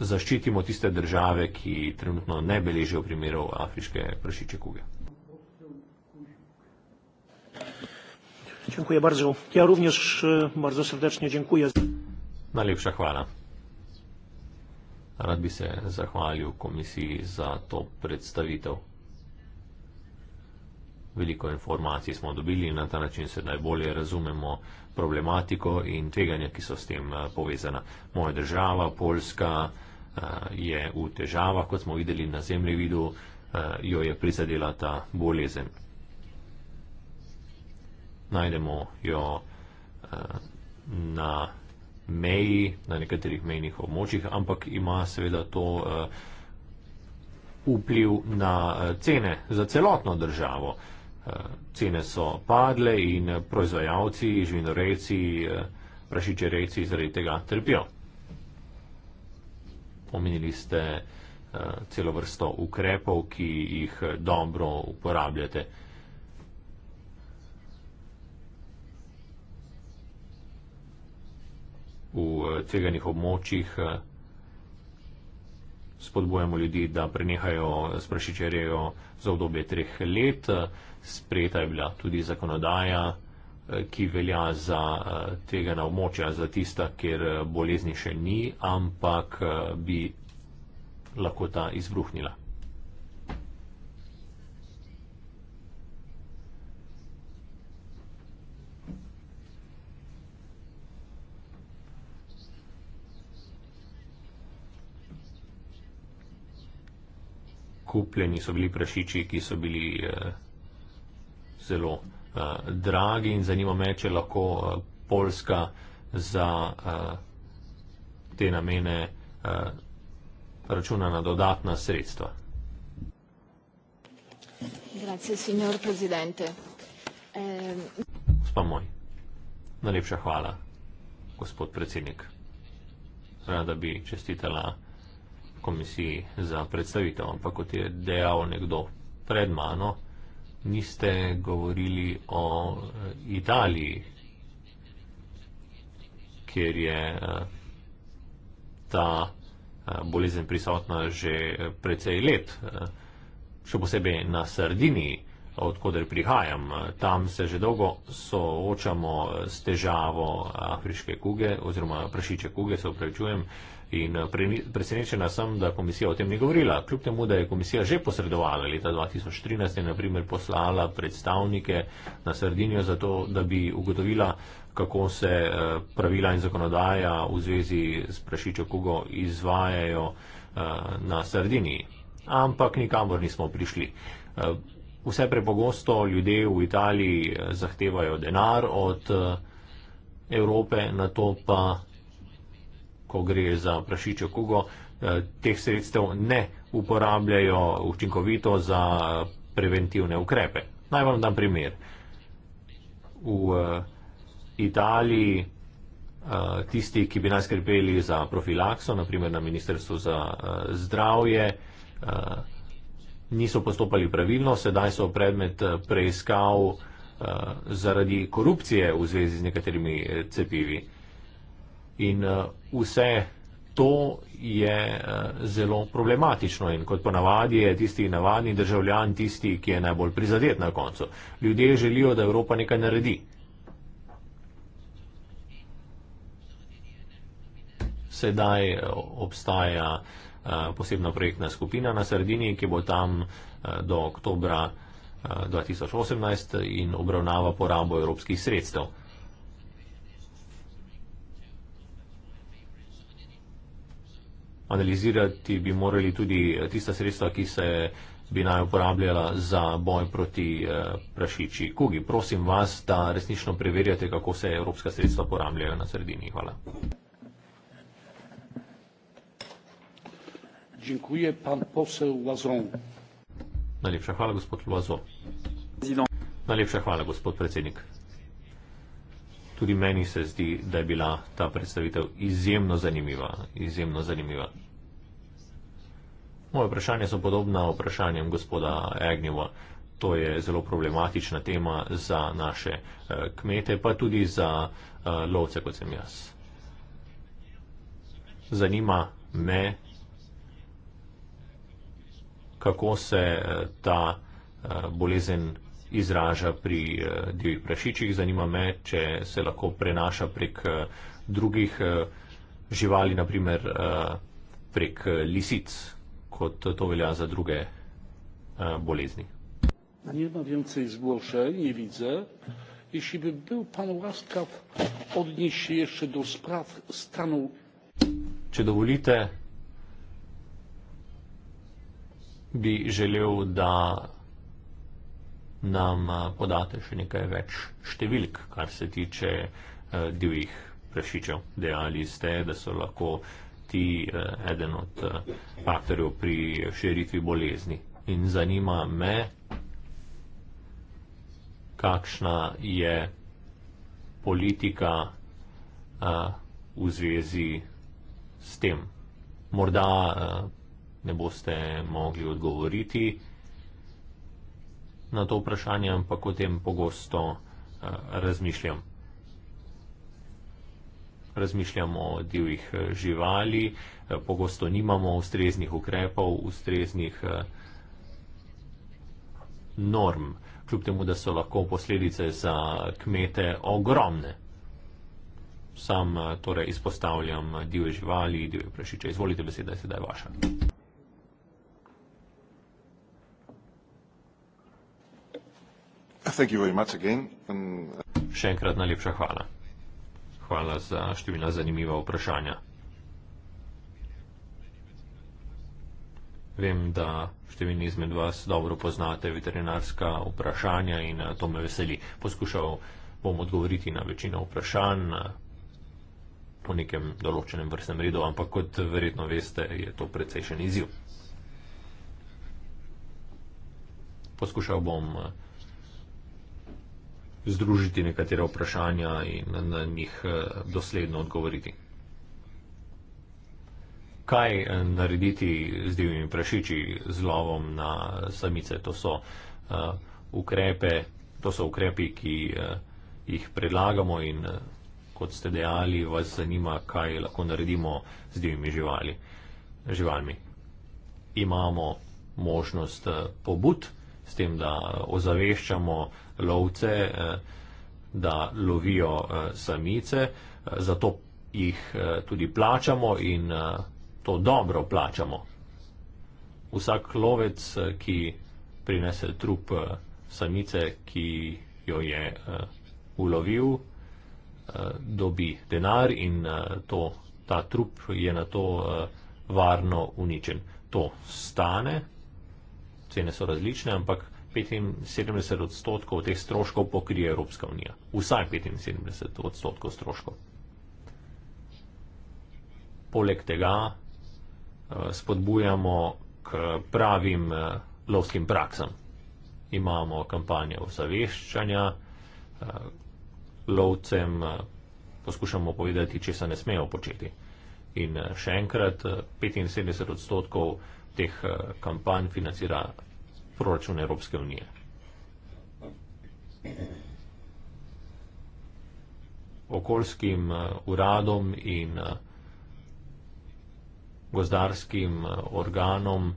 S2: zaščitimo tiste države, ki trenutno ne beležijo primerov afriške prašiče kuge.
S1: Dziękuję bardzo. Ja również e, bardzo serdecznie dziękuję.
S2: Najlepsza chwała. Rad bi se zahvalil komisiji za to predstavitev. Veliko informacij smo dobili in na ta način se najbolje razumemo problematiko in tveganja, ki so s tem e, povezana. Moja država, Poljska, e, je v težavah, kot smo videli na zemljevidu, jo je prizadela ta bolezen najdemo jo eh, na meji, na nekaterih mejnih območjih, ampak ima seveda to eh, vpliv na eh, cene za celotno državo. Cene so padle in proizvajalci, živinorejci, prašičerejci zaradi tega trpijo. Pomenili ste celo vrsto ukrepov, ki jih dobro uporabljate. v eh, tveganih območjih, eh, spodbujamo ljudi, da prenehajo eh, s prašičerjejo za obdobje treh let. Sprejeta je bila tudi zakonodaja, ki velja za tvegana območja, za tista, kjer bolezni še ni, ampak bi lahko ta izbruhnila. kupljeni so bili prašiči, ki so bili uh, zelo uh, dragi in zanima me, če lahko uh, Poljska za uh, te namene uh, računa na dodatna sredstva.
S3: Grazie, signor
S4: presidente. Ehm,
S2: Gospa moj, najlepša hvala, gospod predsednik. Rada bi čestitala komisiji za predstavitev, ampak kot je dejal nekdo pred mano, niste govorili o eh, Italiji, kjer je eh, ta eh, bolezen prisotna že precej let, še posebej na Sardiniji, odkuder prihajam. Tam se že dolgo soočamo s težavo afriške kuge oziroma prašiče kuge, se upravičujem. In eh, presenečena sem, da komisija o tem ni govorila. Kljub temu, da je komisija že posredovala leta 2013 in naprimer poslala predstavnike na Sardinijo za to, da bi ugotovila, kako se eh, pravila in zakonodaja v zvezi s prašičjo kugo izvajajo eh, na Sardiniji. Ampak nikamor nismo prišli. Vse prepogosto ljudje v Italiji zahtevajo denar od Evrope, na to pa ko gre za prašičjo kugo, eh, teh sredstev ne uporabljajo učinkovito za preventivne ukrepe. Naj vam dam primer. V eh, Italiji eh, tisti, ki bi najskrbeli za profilakso, naprimer na Ministrstvu za zdravje, niso postopali pravilno, sedaj so predmet preiskav zaradi korupcije v zvezi z nekaterimi cepivi. In uh, vse to je uh, zelo problematično in kot ponavadi je tisti navadni državljan tisti, ki je najbolj prizadet na koncu. Ljudje želijo, da Evropa nekaj naredi. Sedaj eh, obstaja posebna projektna skupina na Sardini, ki bo tam do oktobra 2018 in obravnava porabo evropskih sredstev. analizirati bi morali tudi eh, tista sredstva, ki se bi naj uporabljala za boj proti eh, prašiči kugi. Prosim vas, da resnično preverjate, kako se evropska sredstva porabljajo na sredini. Hvala.
S1: Dziękuję, pan poseł Łazon.
S2: Najlepsza chwała, gospod Łazon. Najlepsza chwała, gospod prezydent. Tudi meni se zdi, da je bila ta predstavitev izjemno zanimiva. Izjemno zanimiva. Moje vprašanje so podobna vprašanjem gospoda Agnjeva. To je zelo problematična tema za naše eh, kmete, pa tudi za eh, lovce, kot sem jaz. Zanima me, kako se eh, ta bolezen izraža pri eh, divjih prašičih. Zanima me, če se lahko prenaša prek eh, drugih eh, živali, naprimer prek lisic, kot to velja za druge bolezni.
S1: Nie ma więcej zgłoszeń, nie widzę. Jeśli by był pan łaskaw odnieść się jeszcze do spraw stanu.
S2: Czy dowolite, by żelił, da. Że nam podate še nekaj več številk, kar se tiče divjih prašičev. Dejali ste, da so lahko ti eden od faktorjev pri širitvi bolezni. In zanima me, kakšna je politika v zvezi s tem. Morda ne boste mogli odgovoriti, na to vprašanje, ampak o tem pogosto eh, razmišljam. Razmišljamo o divjih eh, živali, eh, pogosto nimamo ustreznih ukrepov, ustreznih norm, kljub temu, da so lahko posledice za kmete ogromne. Sam torej izpostavljam divje živali, divje prašiče. Izvolite, beseda je sedaj vaša. Thank you very much again. Uh, Še enkrat najlepša hvala. Hvala za številna zanimiva vprašanja. Vem, da številni izmed vas dobro poznate veterinarska vprašanja in uh, to me veseli. Poskušal bom odgovoriti na večino vprašanj uh, po nekem določenem vrstnem redu, ampak kot verjetno veste, je to precejšen izziv. Poskušal bom odgovoriti na večino vprašanj združiti nekatera vprašanja in na, na njih eh, dosledno odgovoriti. Kaj eh, narediti z divjimi prašiči, z lovom na samice? To so, uh, ukrepe, to so ukrepi, ki uh, jih predlagamo in, uh, kot ste dejali, vas zanima, kaj lahko naredimo z divjimi živalmi. Imamo možnost uh, pobud, s tem, da ozaveščamo lovce, eh, da lovijo eh, samice, eh, zato jih tudi plačamo in to dobro plačamo. Vsak lovec, ki prinese trup samice, ki jo je ulovil, dobi denar in to, ta trup je na to varno uničen. To stane, cene so različne, ampak 75 odstotkov teh stroškov pokrije Evropska unija. Vsaj 75 odstotkov stroškov. Poleg tega eh, spodbujamo k pravim eh, lovskim praksam. Imamo kampanje osaveščanja, eh, lovcem poskušamo povedati, če se ne smejo početi. In še enkrat, 75 odstotkov teh eh, kampanj financira proračun Evropske unije. Okoljskim eh, uradom in eh, gozdarskim organom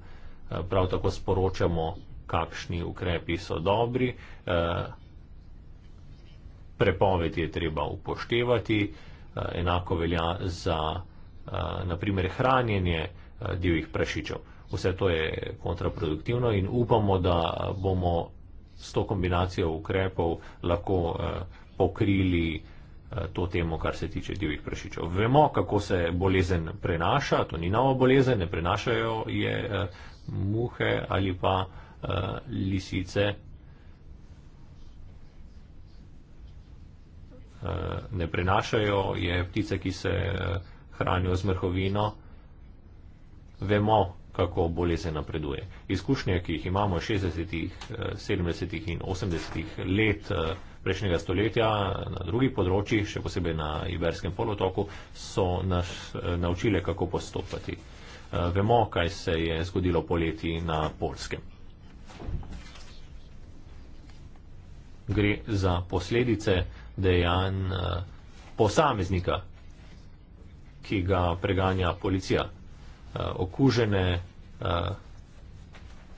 S2: prav tako sporočamo, kakšni ukrepi so dobri, prepoved je treba upoštevati, enako velja za naprimer hranjenje divjih prašičev vse to je kontraproduktivno in upamo, da bomo s to kombinacijo ukrepov lahko eh, pokrili eh, to temo, kar se tiče divjih prašičev. Vemo, kako se bolezen prenaša, to ni nova bolezen, ne prenašajo je eh, muhe ali pa lisice. Ne prenašajo je ptice, ki se hranijo z mrhovino. Vemo, kako bolezen napreduje. Izkušnje, ki jih imamo 60., 70. Eh, in 80. let eh, prejšnjega stoletja na drugih področjih, še posebej na Iberskem polotoku, so nas eh, naučile, kako postopati. Vemo, kaj se je zgodilo poleti na Polskem. Gre za posledice dejanj posameznika, ki ga preganja policija. Eh, okužene eh,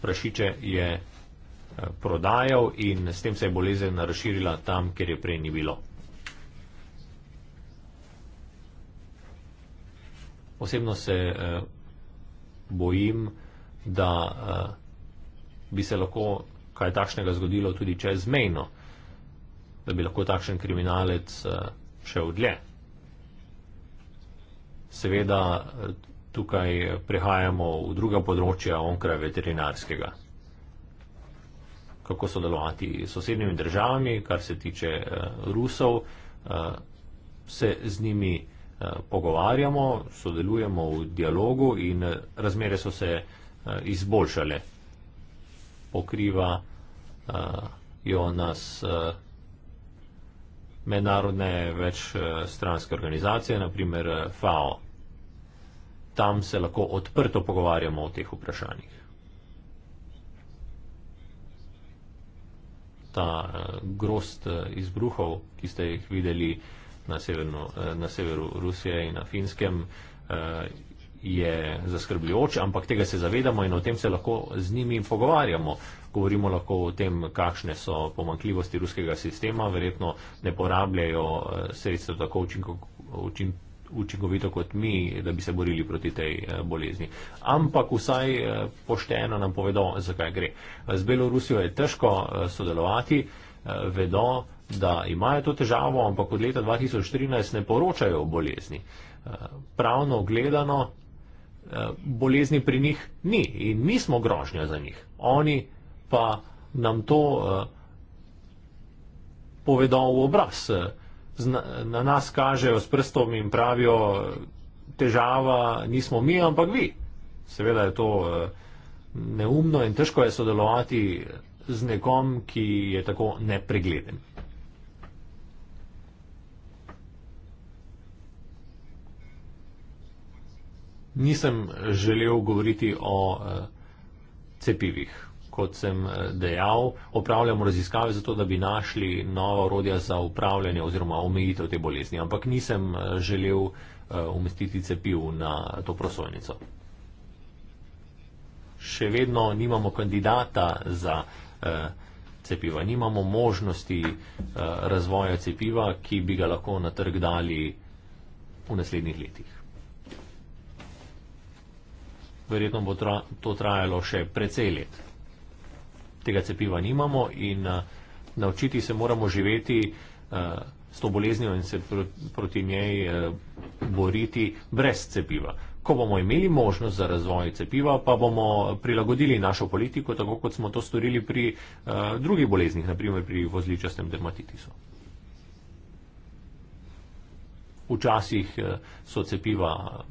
S2: prašiče je eh, prodajal in s tem se je bolezen razširila tam, kjer je prej ni bilo. Osebno se bojim, da bi se lahko kaj takšnega zgodilo tudi čezmejno, da bi lahko takšen kriminalec šel dlje. Seveda tukaj prihajamo v druga področja onkraj veterinarskega. Kako sodelovati s sosednjimi državami, kar se tiče eh, Rusov, eh, se z njimi eh, pogovarjamo, sodelujemo v dialogu in razmere so se izboljšale. Pokriva jo nas mednarodne večstranske organizacije, naprimer FAO tam se lahko odprto pogovarjamo o teh vprašanjih. Ta eh, grost eh, izbruhov, ki ste jih videli na, severno, eh, na severu Rusije in na Finskem, je zaskrbljujoč, ampak tega se zavedamo in o tem se lahko z njimi pogovarjamo. Govorimo lahko o tem, kakšne so pomankljivosti ruskega sistema, verjetno ne porabljajo sredstev tako učinkovito učinkovito kot mi, da bi se borili proti tej eh, bolezni. Ampak vsaj eh, pošteno nam povedo, zakaj gre. Z Belorusijo je težko eh, sodelovati, vedo, da imajo to težavo, ampak od leta 2013 ne poročajo o bolezni. Pravno gledano, bolezni pri njih ni in mi smo grožnja za njih. Oni pa nam to povedo v obraz na nas kažejo s prstom in pravijo, težava nismo mi, ampak vi. Seveda je to eh, neumno in težko je sodelovati z nekom, ki je tako nepregleden. Nisem želel govoriti o eh, cepivih kot sem eh, dejal, opravljamo raziskave zato, da bi našli nova orodja za upravljanje oziroma omejitev te bolezni. Ampak nisem eh, želel eh, umestiti cepiv na to prosojnico. Še vedno nimamo kandidata za cepiva, nimamo možnosti razvoja cepiva, ki bi ga lahko na trg dali v naslednjih letih. Verjetno bo to trajalo še precej let tega cepiva nimamo in uh, naučiti se moramo živeti uh, s to boleznjo in se pr proti njej uh, boriti brez cepiva. Ko bomo imeli možnost za razvoj cepiva, pa bomo prilagodili našo politiko, tako kot smo to storili pri uh, drugih boleznih, naprimer pri vozličastem dermatitisu. Včasih uh, so cepiva. Uh,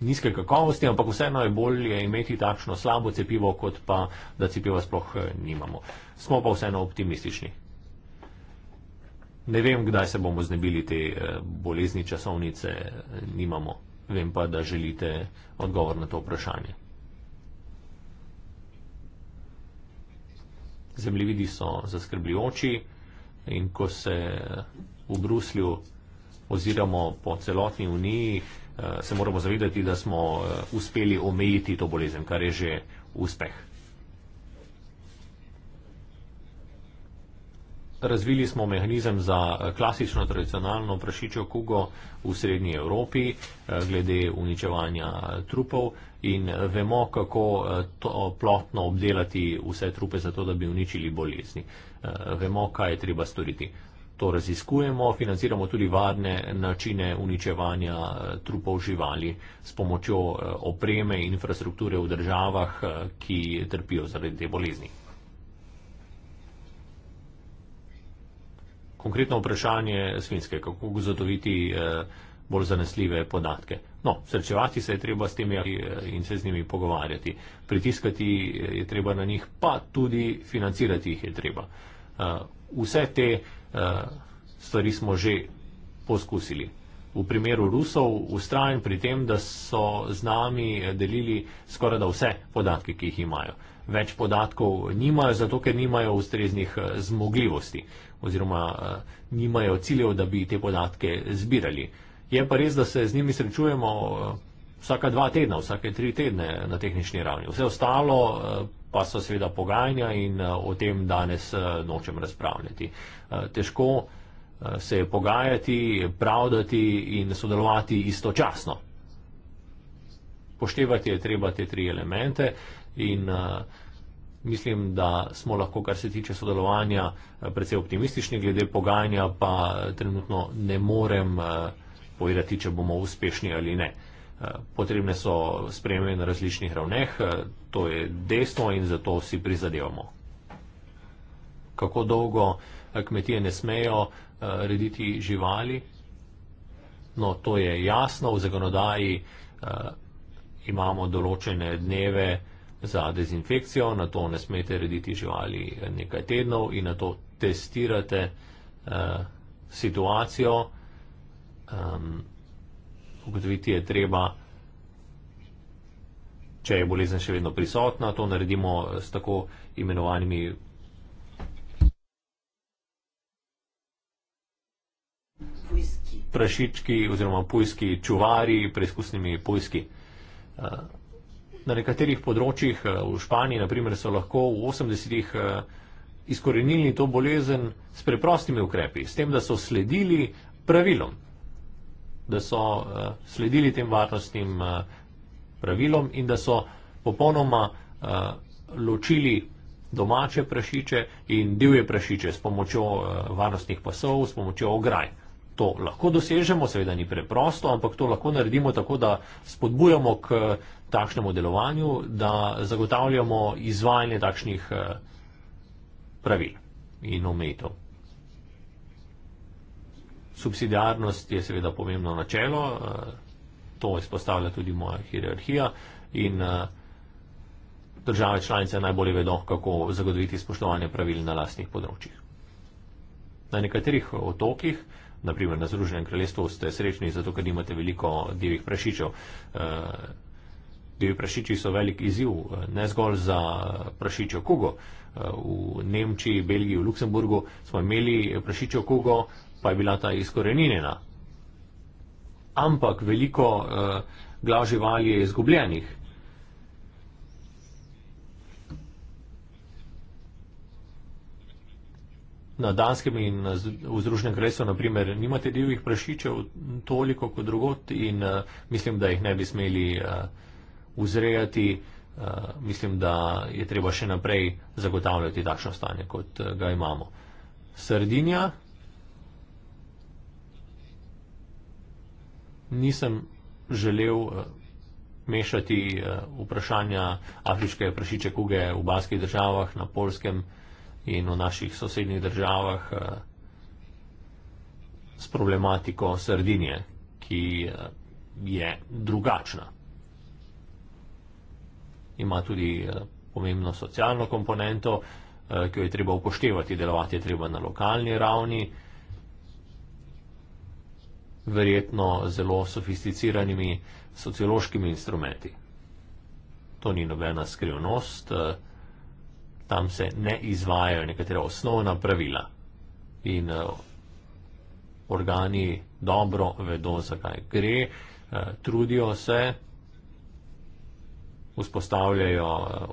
S2: nizke kakovosti, ampak vseeno je bolje imeti takšno slabo cepivo, kot pa da cepiva sploh eh, nimamo. Smo pa vseeno optimistični. Ne vem, kdaj se bomo znebili te eh, bolezni časovnice, eh, nimamo. Vem pa, da želite odgovor na to vprašanje. Zemljevidi so zaskrbljujoči in ko se v Bruslju oziramo po celotni uniji, Eh, se moramo zavedati, da smo eh, uspeli omejiti to bolezen, kar je že uspeh. Razvili smo mehanizem za eh, klasično tradicionalno prašičjo kugo v srednji Evropi glede uničevanja trupov in vemo, kako to plotno obdelati vse trupe, zato da bi uničili bolezni. Vemo, kaj je treba storiti to raziskujemo, financiramo tudi varne načine uničevanja eh, trupov živali s pomočjo eh, opreme in infrastrukture v državah, eh, ki trpijo zaradi te bolezni. Konkretno vprašanje svinske, kako zadoviti bolj zanesljive podatke. No, srečevati se je treba s temi in se z njimi pogovarjati. Pritiskati je treba na njih, pa tudi financirati jih je treba. Vse te Eh, stvari smo že poskusili. V primeru Rusov ustrajam pri tem, da so z nami delili skoraj da vse podatke, ki jih imajo. Več podatkov nimajo, zato ker nimajo ustreznih eh, zmogljivosti oziroma eh, nimajo ciljev, da bi te podatke zbirali. Je pa res, da se z njimi srečujemo vsaka dva tedna, vsake tri tedne na tehnični ravni. Vse ostalo pa so seveda pogajanja in eh, o tem danes eh, nočem razpravljati. Eh, težko se je pogajati, pravdati in sodelovati istočasno. Poštevati je treba te tri elemente in mislim, da smo lahko, kar se tiče sodelovanja, predvsej optimistični, glede pogajanja pa trenutno ne morem povedati, če bomo uspešni ali ne. Eh, potrebne so spremembe na različnih ravneh, eh, to je desno in zato vsi prizadevamo. Kako dolgo eh, kmetije ne smejo rediti živali? No, to je jasno, v zakonodaji imamo določene dneve za dezinfekcijo, na to ne smete rediti živali nekaj tednov in na to testirate situacijo ugotoviti je treba, če je bolezen še vedno prisotna, to naredimo s tako imenovanimi. Prašički oziroma pujski čuvari, preizkusnimi pujski. Eh, na nekaterih področjih eh, v Španiji, naprimer, so lahko v 80-ih eh, izkorenili to bolezen s preprostimi ukrepi, s tem, da so sledili pravilom da so uh, sledili tem varnostnim uh, pravilom in da so popolnoma uh, ločili domače prašiče in divje prašiče s pomočjo uh, varnostnih pasov, s pomočjo ograj. To lahko dosežemo, seveda ni preprosto, ampak to lahko naredimo tako, da spodbujamo k takšnemu delovanju, da zagotavljamo izvajanje takšnih pravil in omejitev subsidiarnost je seveda pomembno načelo, eh, to izpostavlja tudi moja hierarhija in eh, države članice najbolje vedo, kako zagotoviti spoštovanje pravil na lastnih področjih. Na nekaterih otokih, naprimer na Združenem kraljestvu, ste srečni zato, ker nimate veliko divjih prašičev. Eh, Divi prašiči so velik izziv, ne zgolj za prašičjo kugo. V Nemčiji, Belgiji, v Luksemburgu smo imeli prašičjo kugo, pa je bila ta izkoreninjena. Ampak veliko uh, glav živali je izgubljenih. Na Danskem in v Združenem kraljestvu, naprimer, nimate divjih prašičev toliko kot drugot in uh, mislim, da jih ne bi smeli uh, eh, vzrejati. Uh, mislim, da je treba še naprej zagotavljati takšno stanje, kot uh, ga imamo. Sardinja. nisem želel eh, mešati eh, vprašanja afriške prašiče kuge v baskih državah, na polskem in v naših sosednjih državah eh, s problematiko Sardinije, ki je drugačna. Ima tudi pomembno socialno komponento, ki jo je treba upoštevati, delovati je treba na lokalni ravni verjetno zelo sofisticiranimi sociološkimi instrumenti. To ni nobena skrivnost, eh, tam se ne izvajajo nekatera osnovna pravila in eh, organi dobro vedo, zakaj gre, eh, trudijo se, vzpostavljajo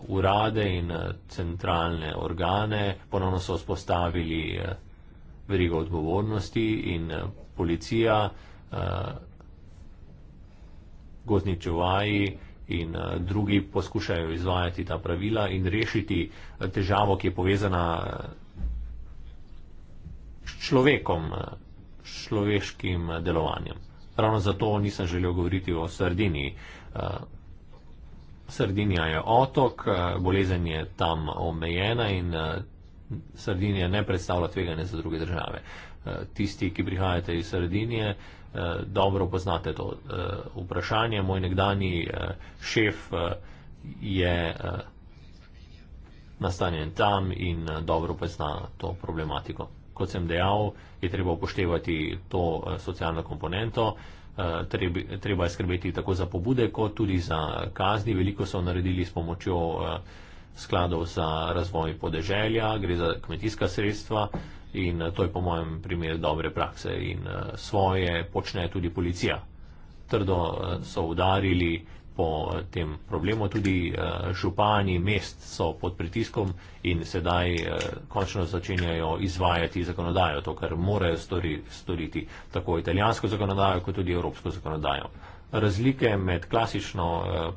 S2: urade in centralne organe, ponovno so vzpostavili verigo odgovornosti in eh, policija, eh, gozni čuvaji in eh, drugi poskušajo izvajati ta pravila in rešiti težavo, ki je povezana s človekom, človeškim delovanjem. Ravno zato nisem želel govoriti o Sardini. Sardinija je otok, bolezen je tam omejena in Sardinija ne predstavlja tveganja za druge države. Eh, tisti, ki prihajate iz Sardinije, eh, dobro poznate to eh, vprašanje. Moj nekdani šef je nastanjen tam in dobro pozna to problematiko. Kot sem dejal, je treba upoštevati to socialno komponento, treba je skrbeti tako za pobude, kot tudi za kazni. Veliko so naredili s pomočjo skladov za razvoj podeželja, gre za kmetijska sredstva in eh, to je po mojem primeru dobre prakse in eh, svoje počne tudi policija. Trdo eh, so udarili po tem problemu, tudi župani mest so pod pritiskom in sedaj končno začenjajo izvajati zakonodajo, to, kar morajo stori, storiti, tako italijansko zakonodajo, kot tudi evropsko zakonodajo. Razlike med klasično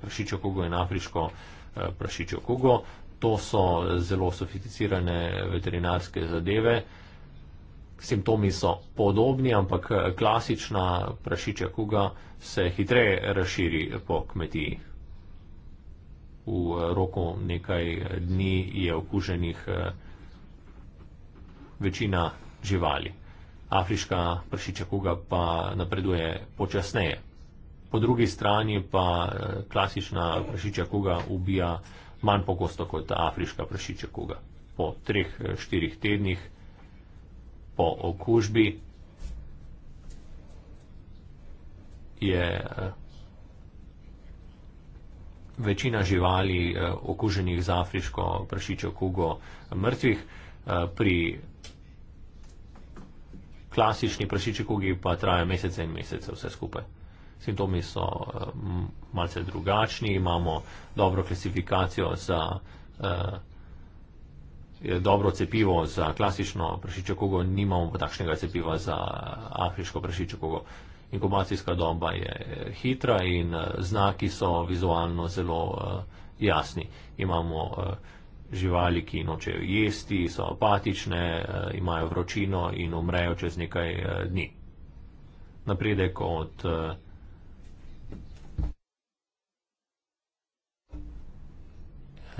S2: prašičjo kugo in afriško prašičjo kugo. To so zelo sofisticirane veterinarske zadeve. Simptomi so podobni, ampak klasična prašičja kuga se hitreje razširi po kmetiji. V roku nekaj dni je okuženih eh, večina živali. Afriška prašičja kuga pa napreduje počasneje po drugi strani pa eh, klasična prašičja kuga ubija manj pogosto kot ta afriška prašičja kuga. Po treh, eh, štirih tednih po okužbi je eh, večina živali okuženih z afriško prašičjo kugo mrtvih. Pri klasični prašičji kugi pa traja mesece in mesece vse skupaj simptomi so uh, malce drugačni, imamo dobro klasifikacijo za uh, dobro cepivo za klasično prašičjo kugo, nimamo takšnega cepiva za afriško prašičjo kugo. Inkubacijska doba je eh, hitra in uh, znaki so vizualno zelo uh, jasni. Imamo uh, živali, ki nočejo jesti, so apatične, uh, imajo vročino in umrejo čez nekaj uh, dni. Napredek od uh,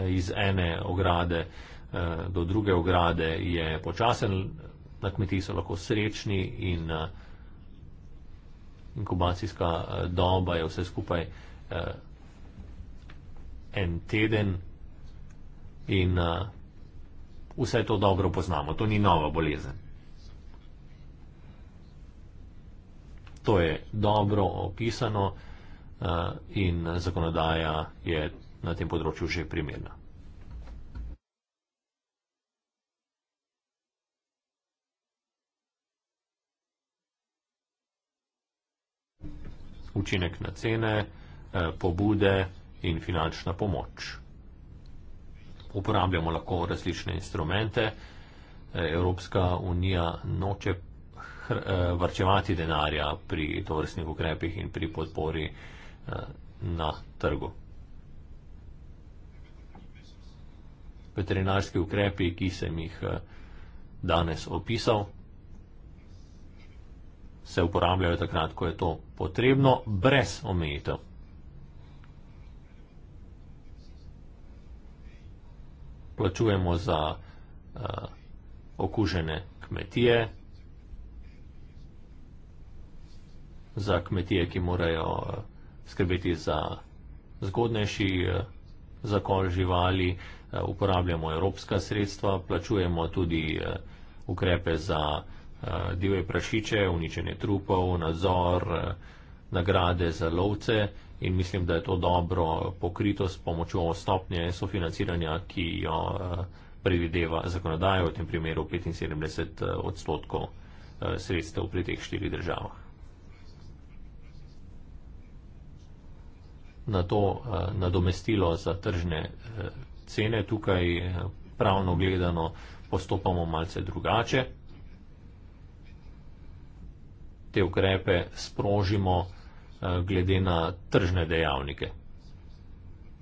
S2: iz ene ograde eh, do druge ograde je počasen, na kmetiji so lahko srečni in eh, inkubacijska eh, doba je vse skupaj en teden in vse to dobro poznamo. To ni nova bolezen. To je dobro opisano in zakonodaja je na tem področju že primerna. Učinek na cene, eh, pobude in finančna pomoč. Uporabljamo lahko različne instrumente. Eh, Evropska unija noče eh, varčevati denarja pri tovrstnih ukrepih in pri podpori na trgu. veterinarski ukrepi, ki sem jih eh, danes opisal, se uporabljajo takrat, ko je to potrebno, brez omejitev. Plačujemo za uh, okužene kmetije, za kmetije, ki morajo uh, skrbeti za zgodnejši. Uh, zakol živali, eh, uporabljamo evropska sredstva, plačujemo tudi eh, ukrepe za eh, divje prašiče, uničenje trupov, nadzor, nagrade za lovce in mislim, da je to dobro pokrito s pomočjo stopnje sofinanciranja, ki jo predvideva zakonodajo, v tem primeru 75 odstotkov sredstev pri teh štirih državah. na to eh, nadomestilo za tržne eh, cene. Tukaj eh, pravno gledano postopamo malce drugače. Te ukrepe sprožimo glede na tržne dejavnike,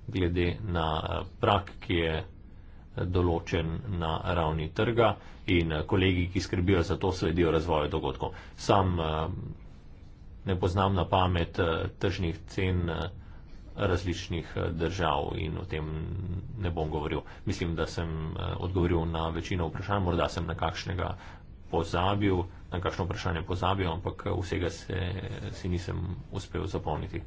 S2: glede na prak, ki je določen na ravni trga in kolegi, ki skrbijo za to, sledijo razvoju dogodkov. Sam ne poznam na pamet tržnih cen različnih eh, držav in o tem ne bom govoril. Mislim, da sem eh, odgovoril na večino vprašanj, morda sem na kakšnega pozabil, na kakšno vprašanje pozabil, ampak eh, vsega se, se nisem uspel zapolniti.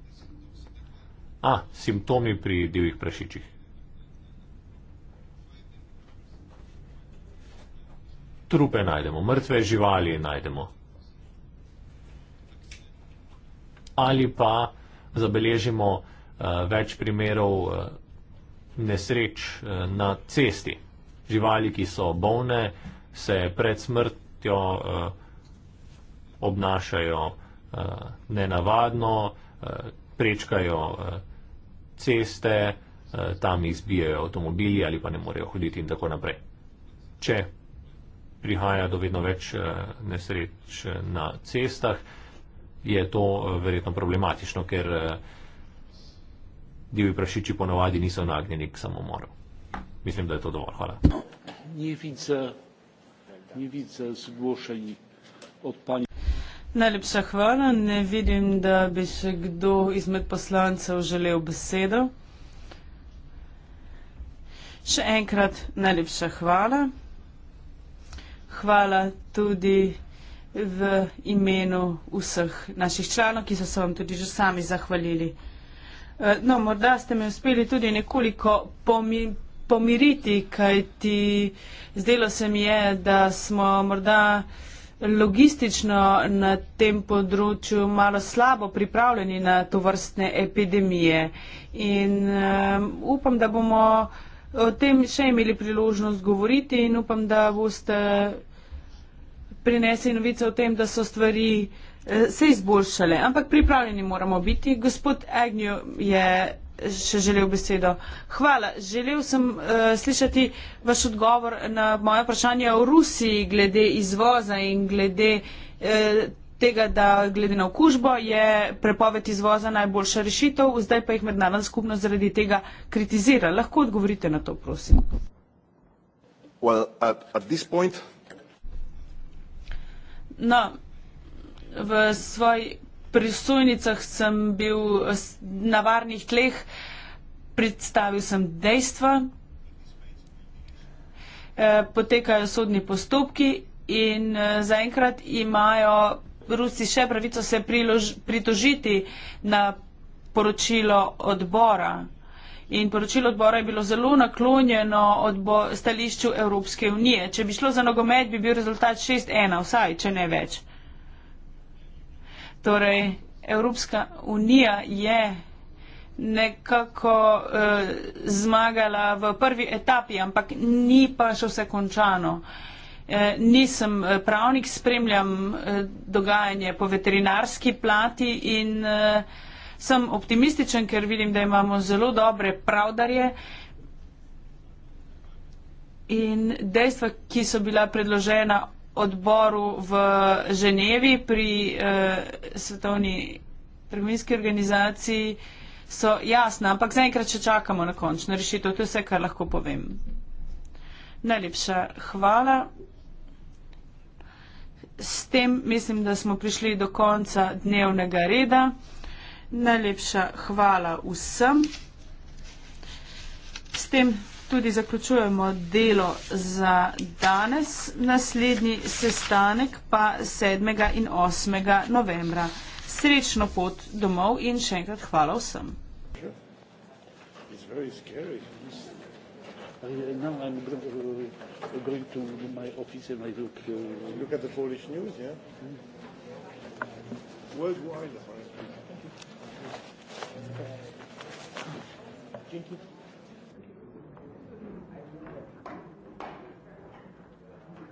S2: A, simptomi pri divjih prašičih. Trupe najdemo, mrtve živali najdemo. Ali pa zabeležimo, Eh, več primerov eh, nesreč eh, na cesti. Živali, ki so bolne, se pred smrtjo obnašajo nenavadno, prečkajo ceste, tam izbijajo avtomobili ali pa ne morejo hoditi in tako naprej. Če prihaja do vedno več nesreč na cestah, je to verjetno problematično, ker divji prašiči ponavadi niso nagnjeni k samomoru. Mislim, da je to dovolj. Hvala.
S4: Najlepša hvala. Ne vidim, da bi še kdo izmed poslancev želel besedo. Še enkrat najlepša hvala. Hvala tudi v imenu vseh naših članov, ki so se vam tudi že sami zahvalili. Eh, no, morda ste me uspeli tudi nekoliko pomi, pomiriti, kaj ti zdelo se mi je, da smo morda logistično na tem področju malo slabo pripravljeni na to vrstne epidemije. In uh, upam, da bomo o tem še imeli priložnost govoriti in upam, da boste prinesli novice o tem, da so stvari uh, Eh, se izboljšale, ampak pripravljeni moramo biti. Gospod Agnew je še želel besedo. Hvala. Želel sem uh, slišati vaš odgovor na moje vprašanje o Rusiji glede izvoza in glede uh, tega, da glede na okužbo je prepoved izvoza najboljša rešitev, zdaj pa jih mednarodna skupnost zaradi tega kritizira. Lahko odgovorite na to, prosim.
S3: Well, at, at this point...
S4: No, v svojih prisojnicah sem bil na varnih tleh, predstavil sem dejstva, e, potekajo sodni postopki in e, zaenkrat imajo Rusi še pravico se prilož, pritožiti na poročilo odbora. In poročilo odbora je bilo zelo naklonjeno odbo, stališču Evropske unije. Če bi šlo za nogomet, bi bil rezultat 6-1 vsaj, če ne več. Torej, Evropska unija je nekako uh, zmagala v prvi etapi, ampak ni pa še vse končano. E, nisem eh, pravnik, spremljam e, dogajanje po veterinarski plati in e, sem optimističen, ker vidim, da imamo zelo dobre pravdarje in dejstva, ki so bila predložena odboru v Ženevi pri eh, svetovni trgovinski organizaciji so jasna, ampak zaenkrat še čakamo na končno rešitev. To je vse, kar lahko povem. Najlepša hvala. S tem mislim, da smo prišli do konca dnevnega reda. Najlepša hvala vsem. S tem tudi zaključujemo delo za danes. Naslednji sestanek pa 7. in 8. novembra. Srečno pot domov in še enkrat hvala vsem.
S1: Uh,
S3: uh, uh, Thank you.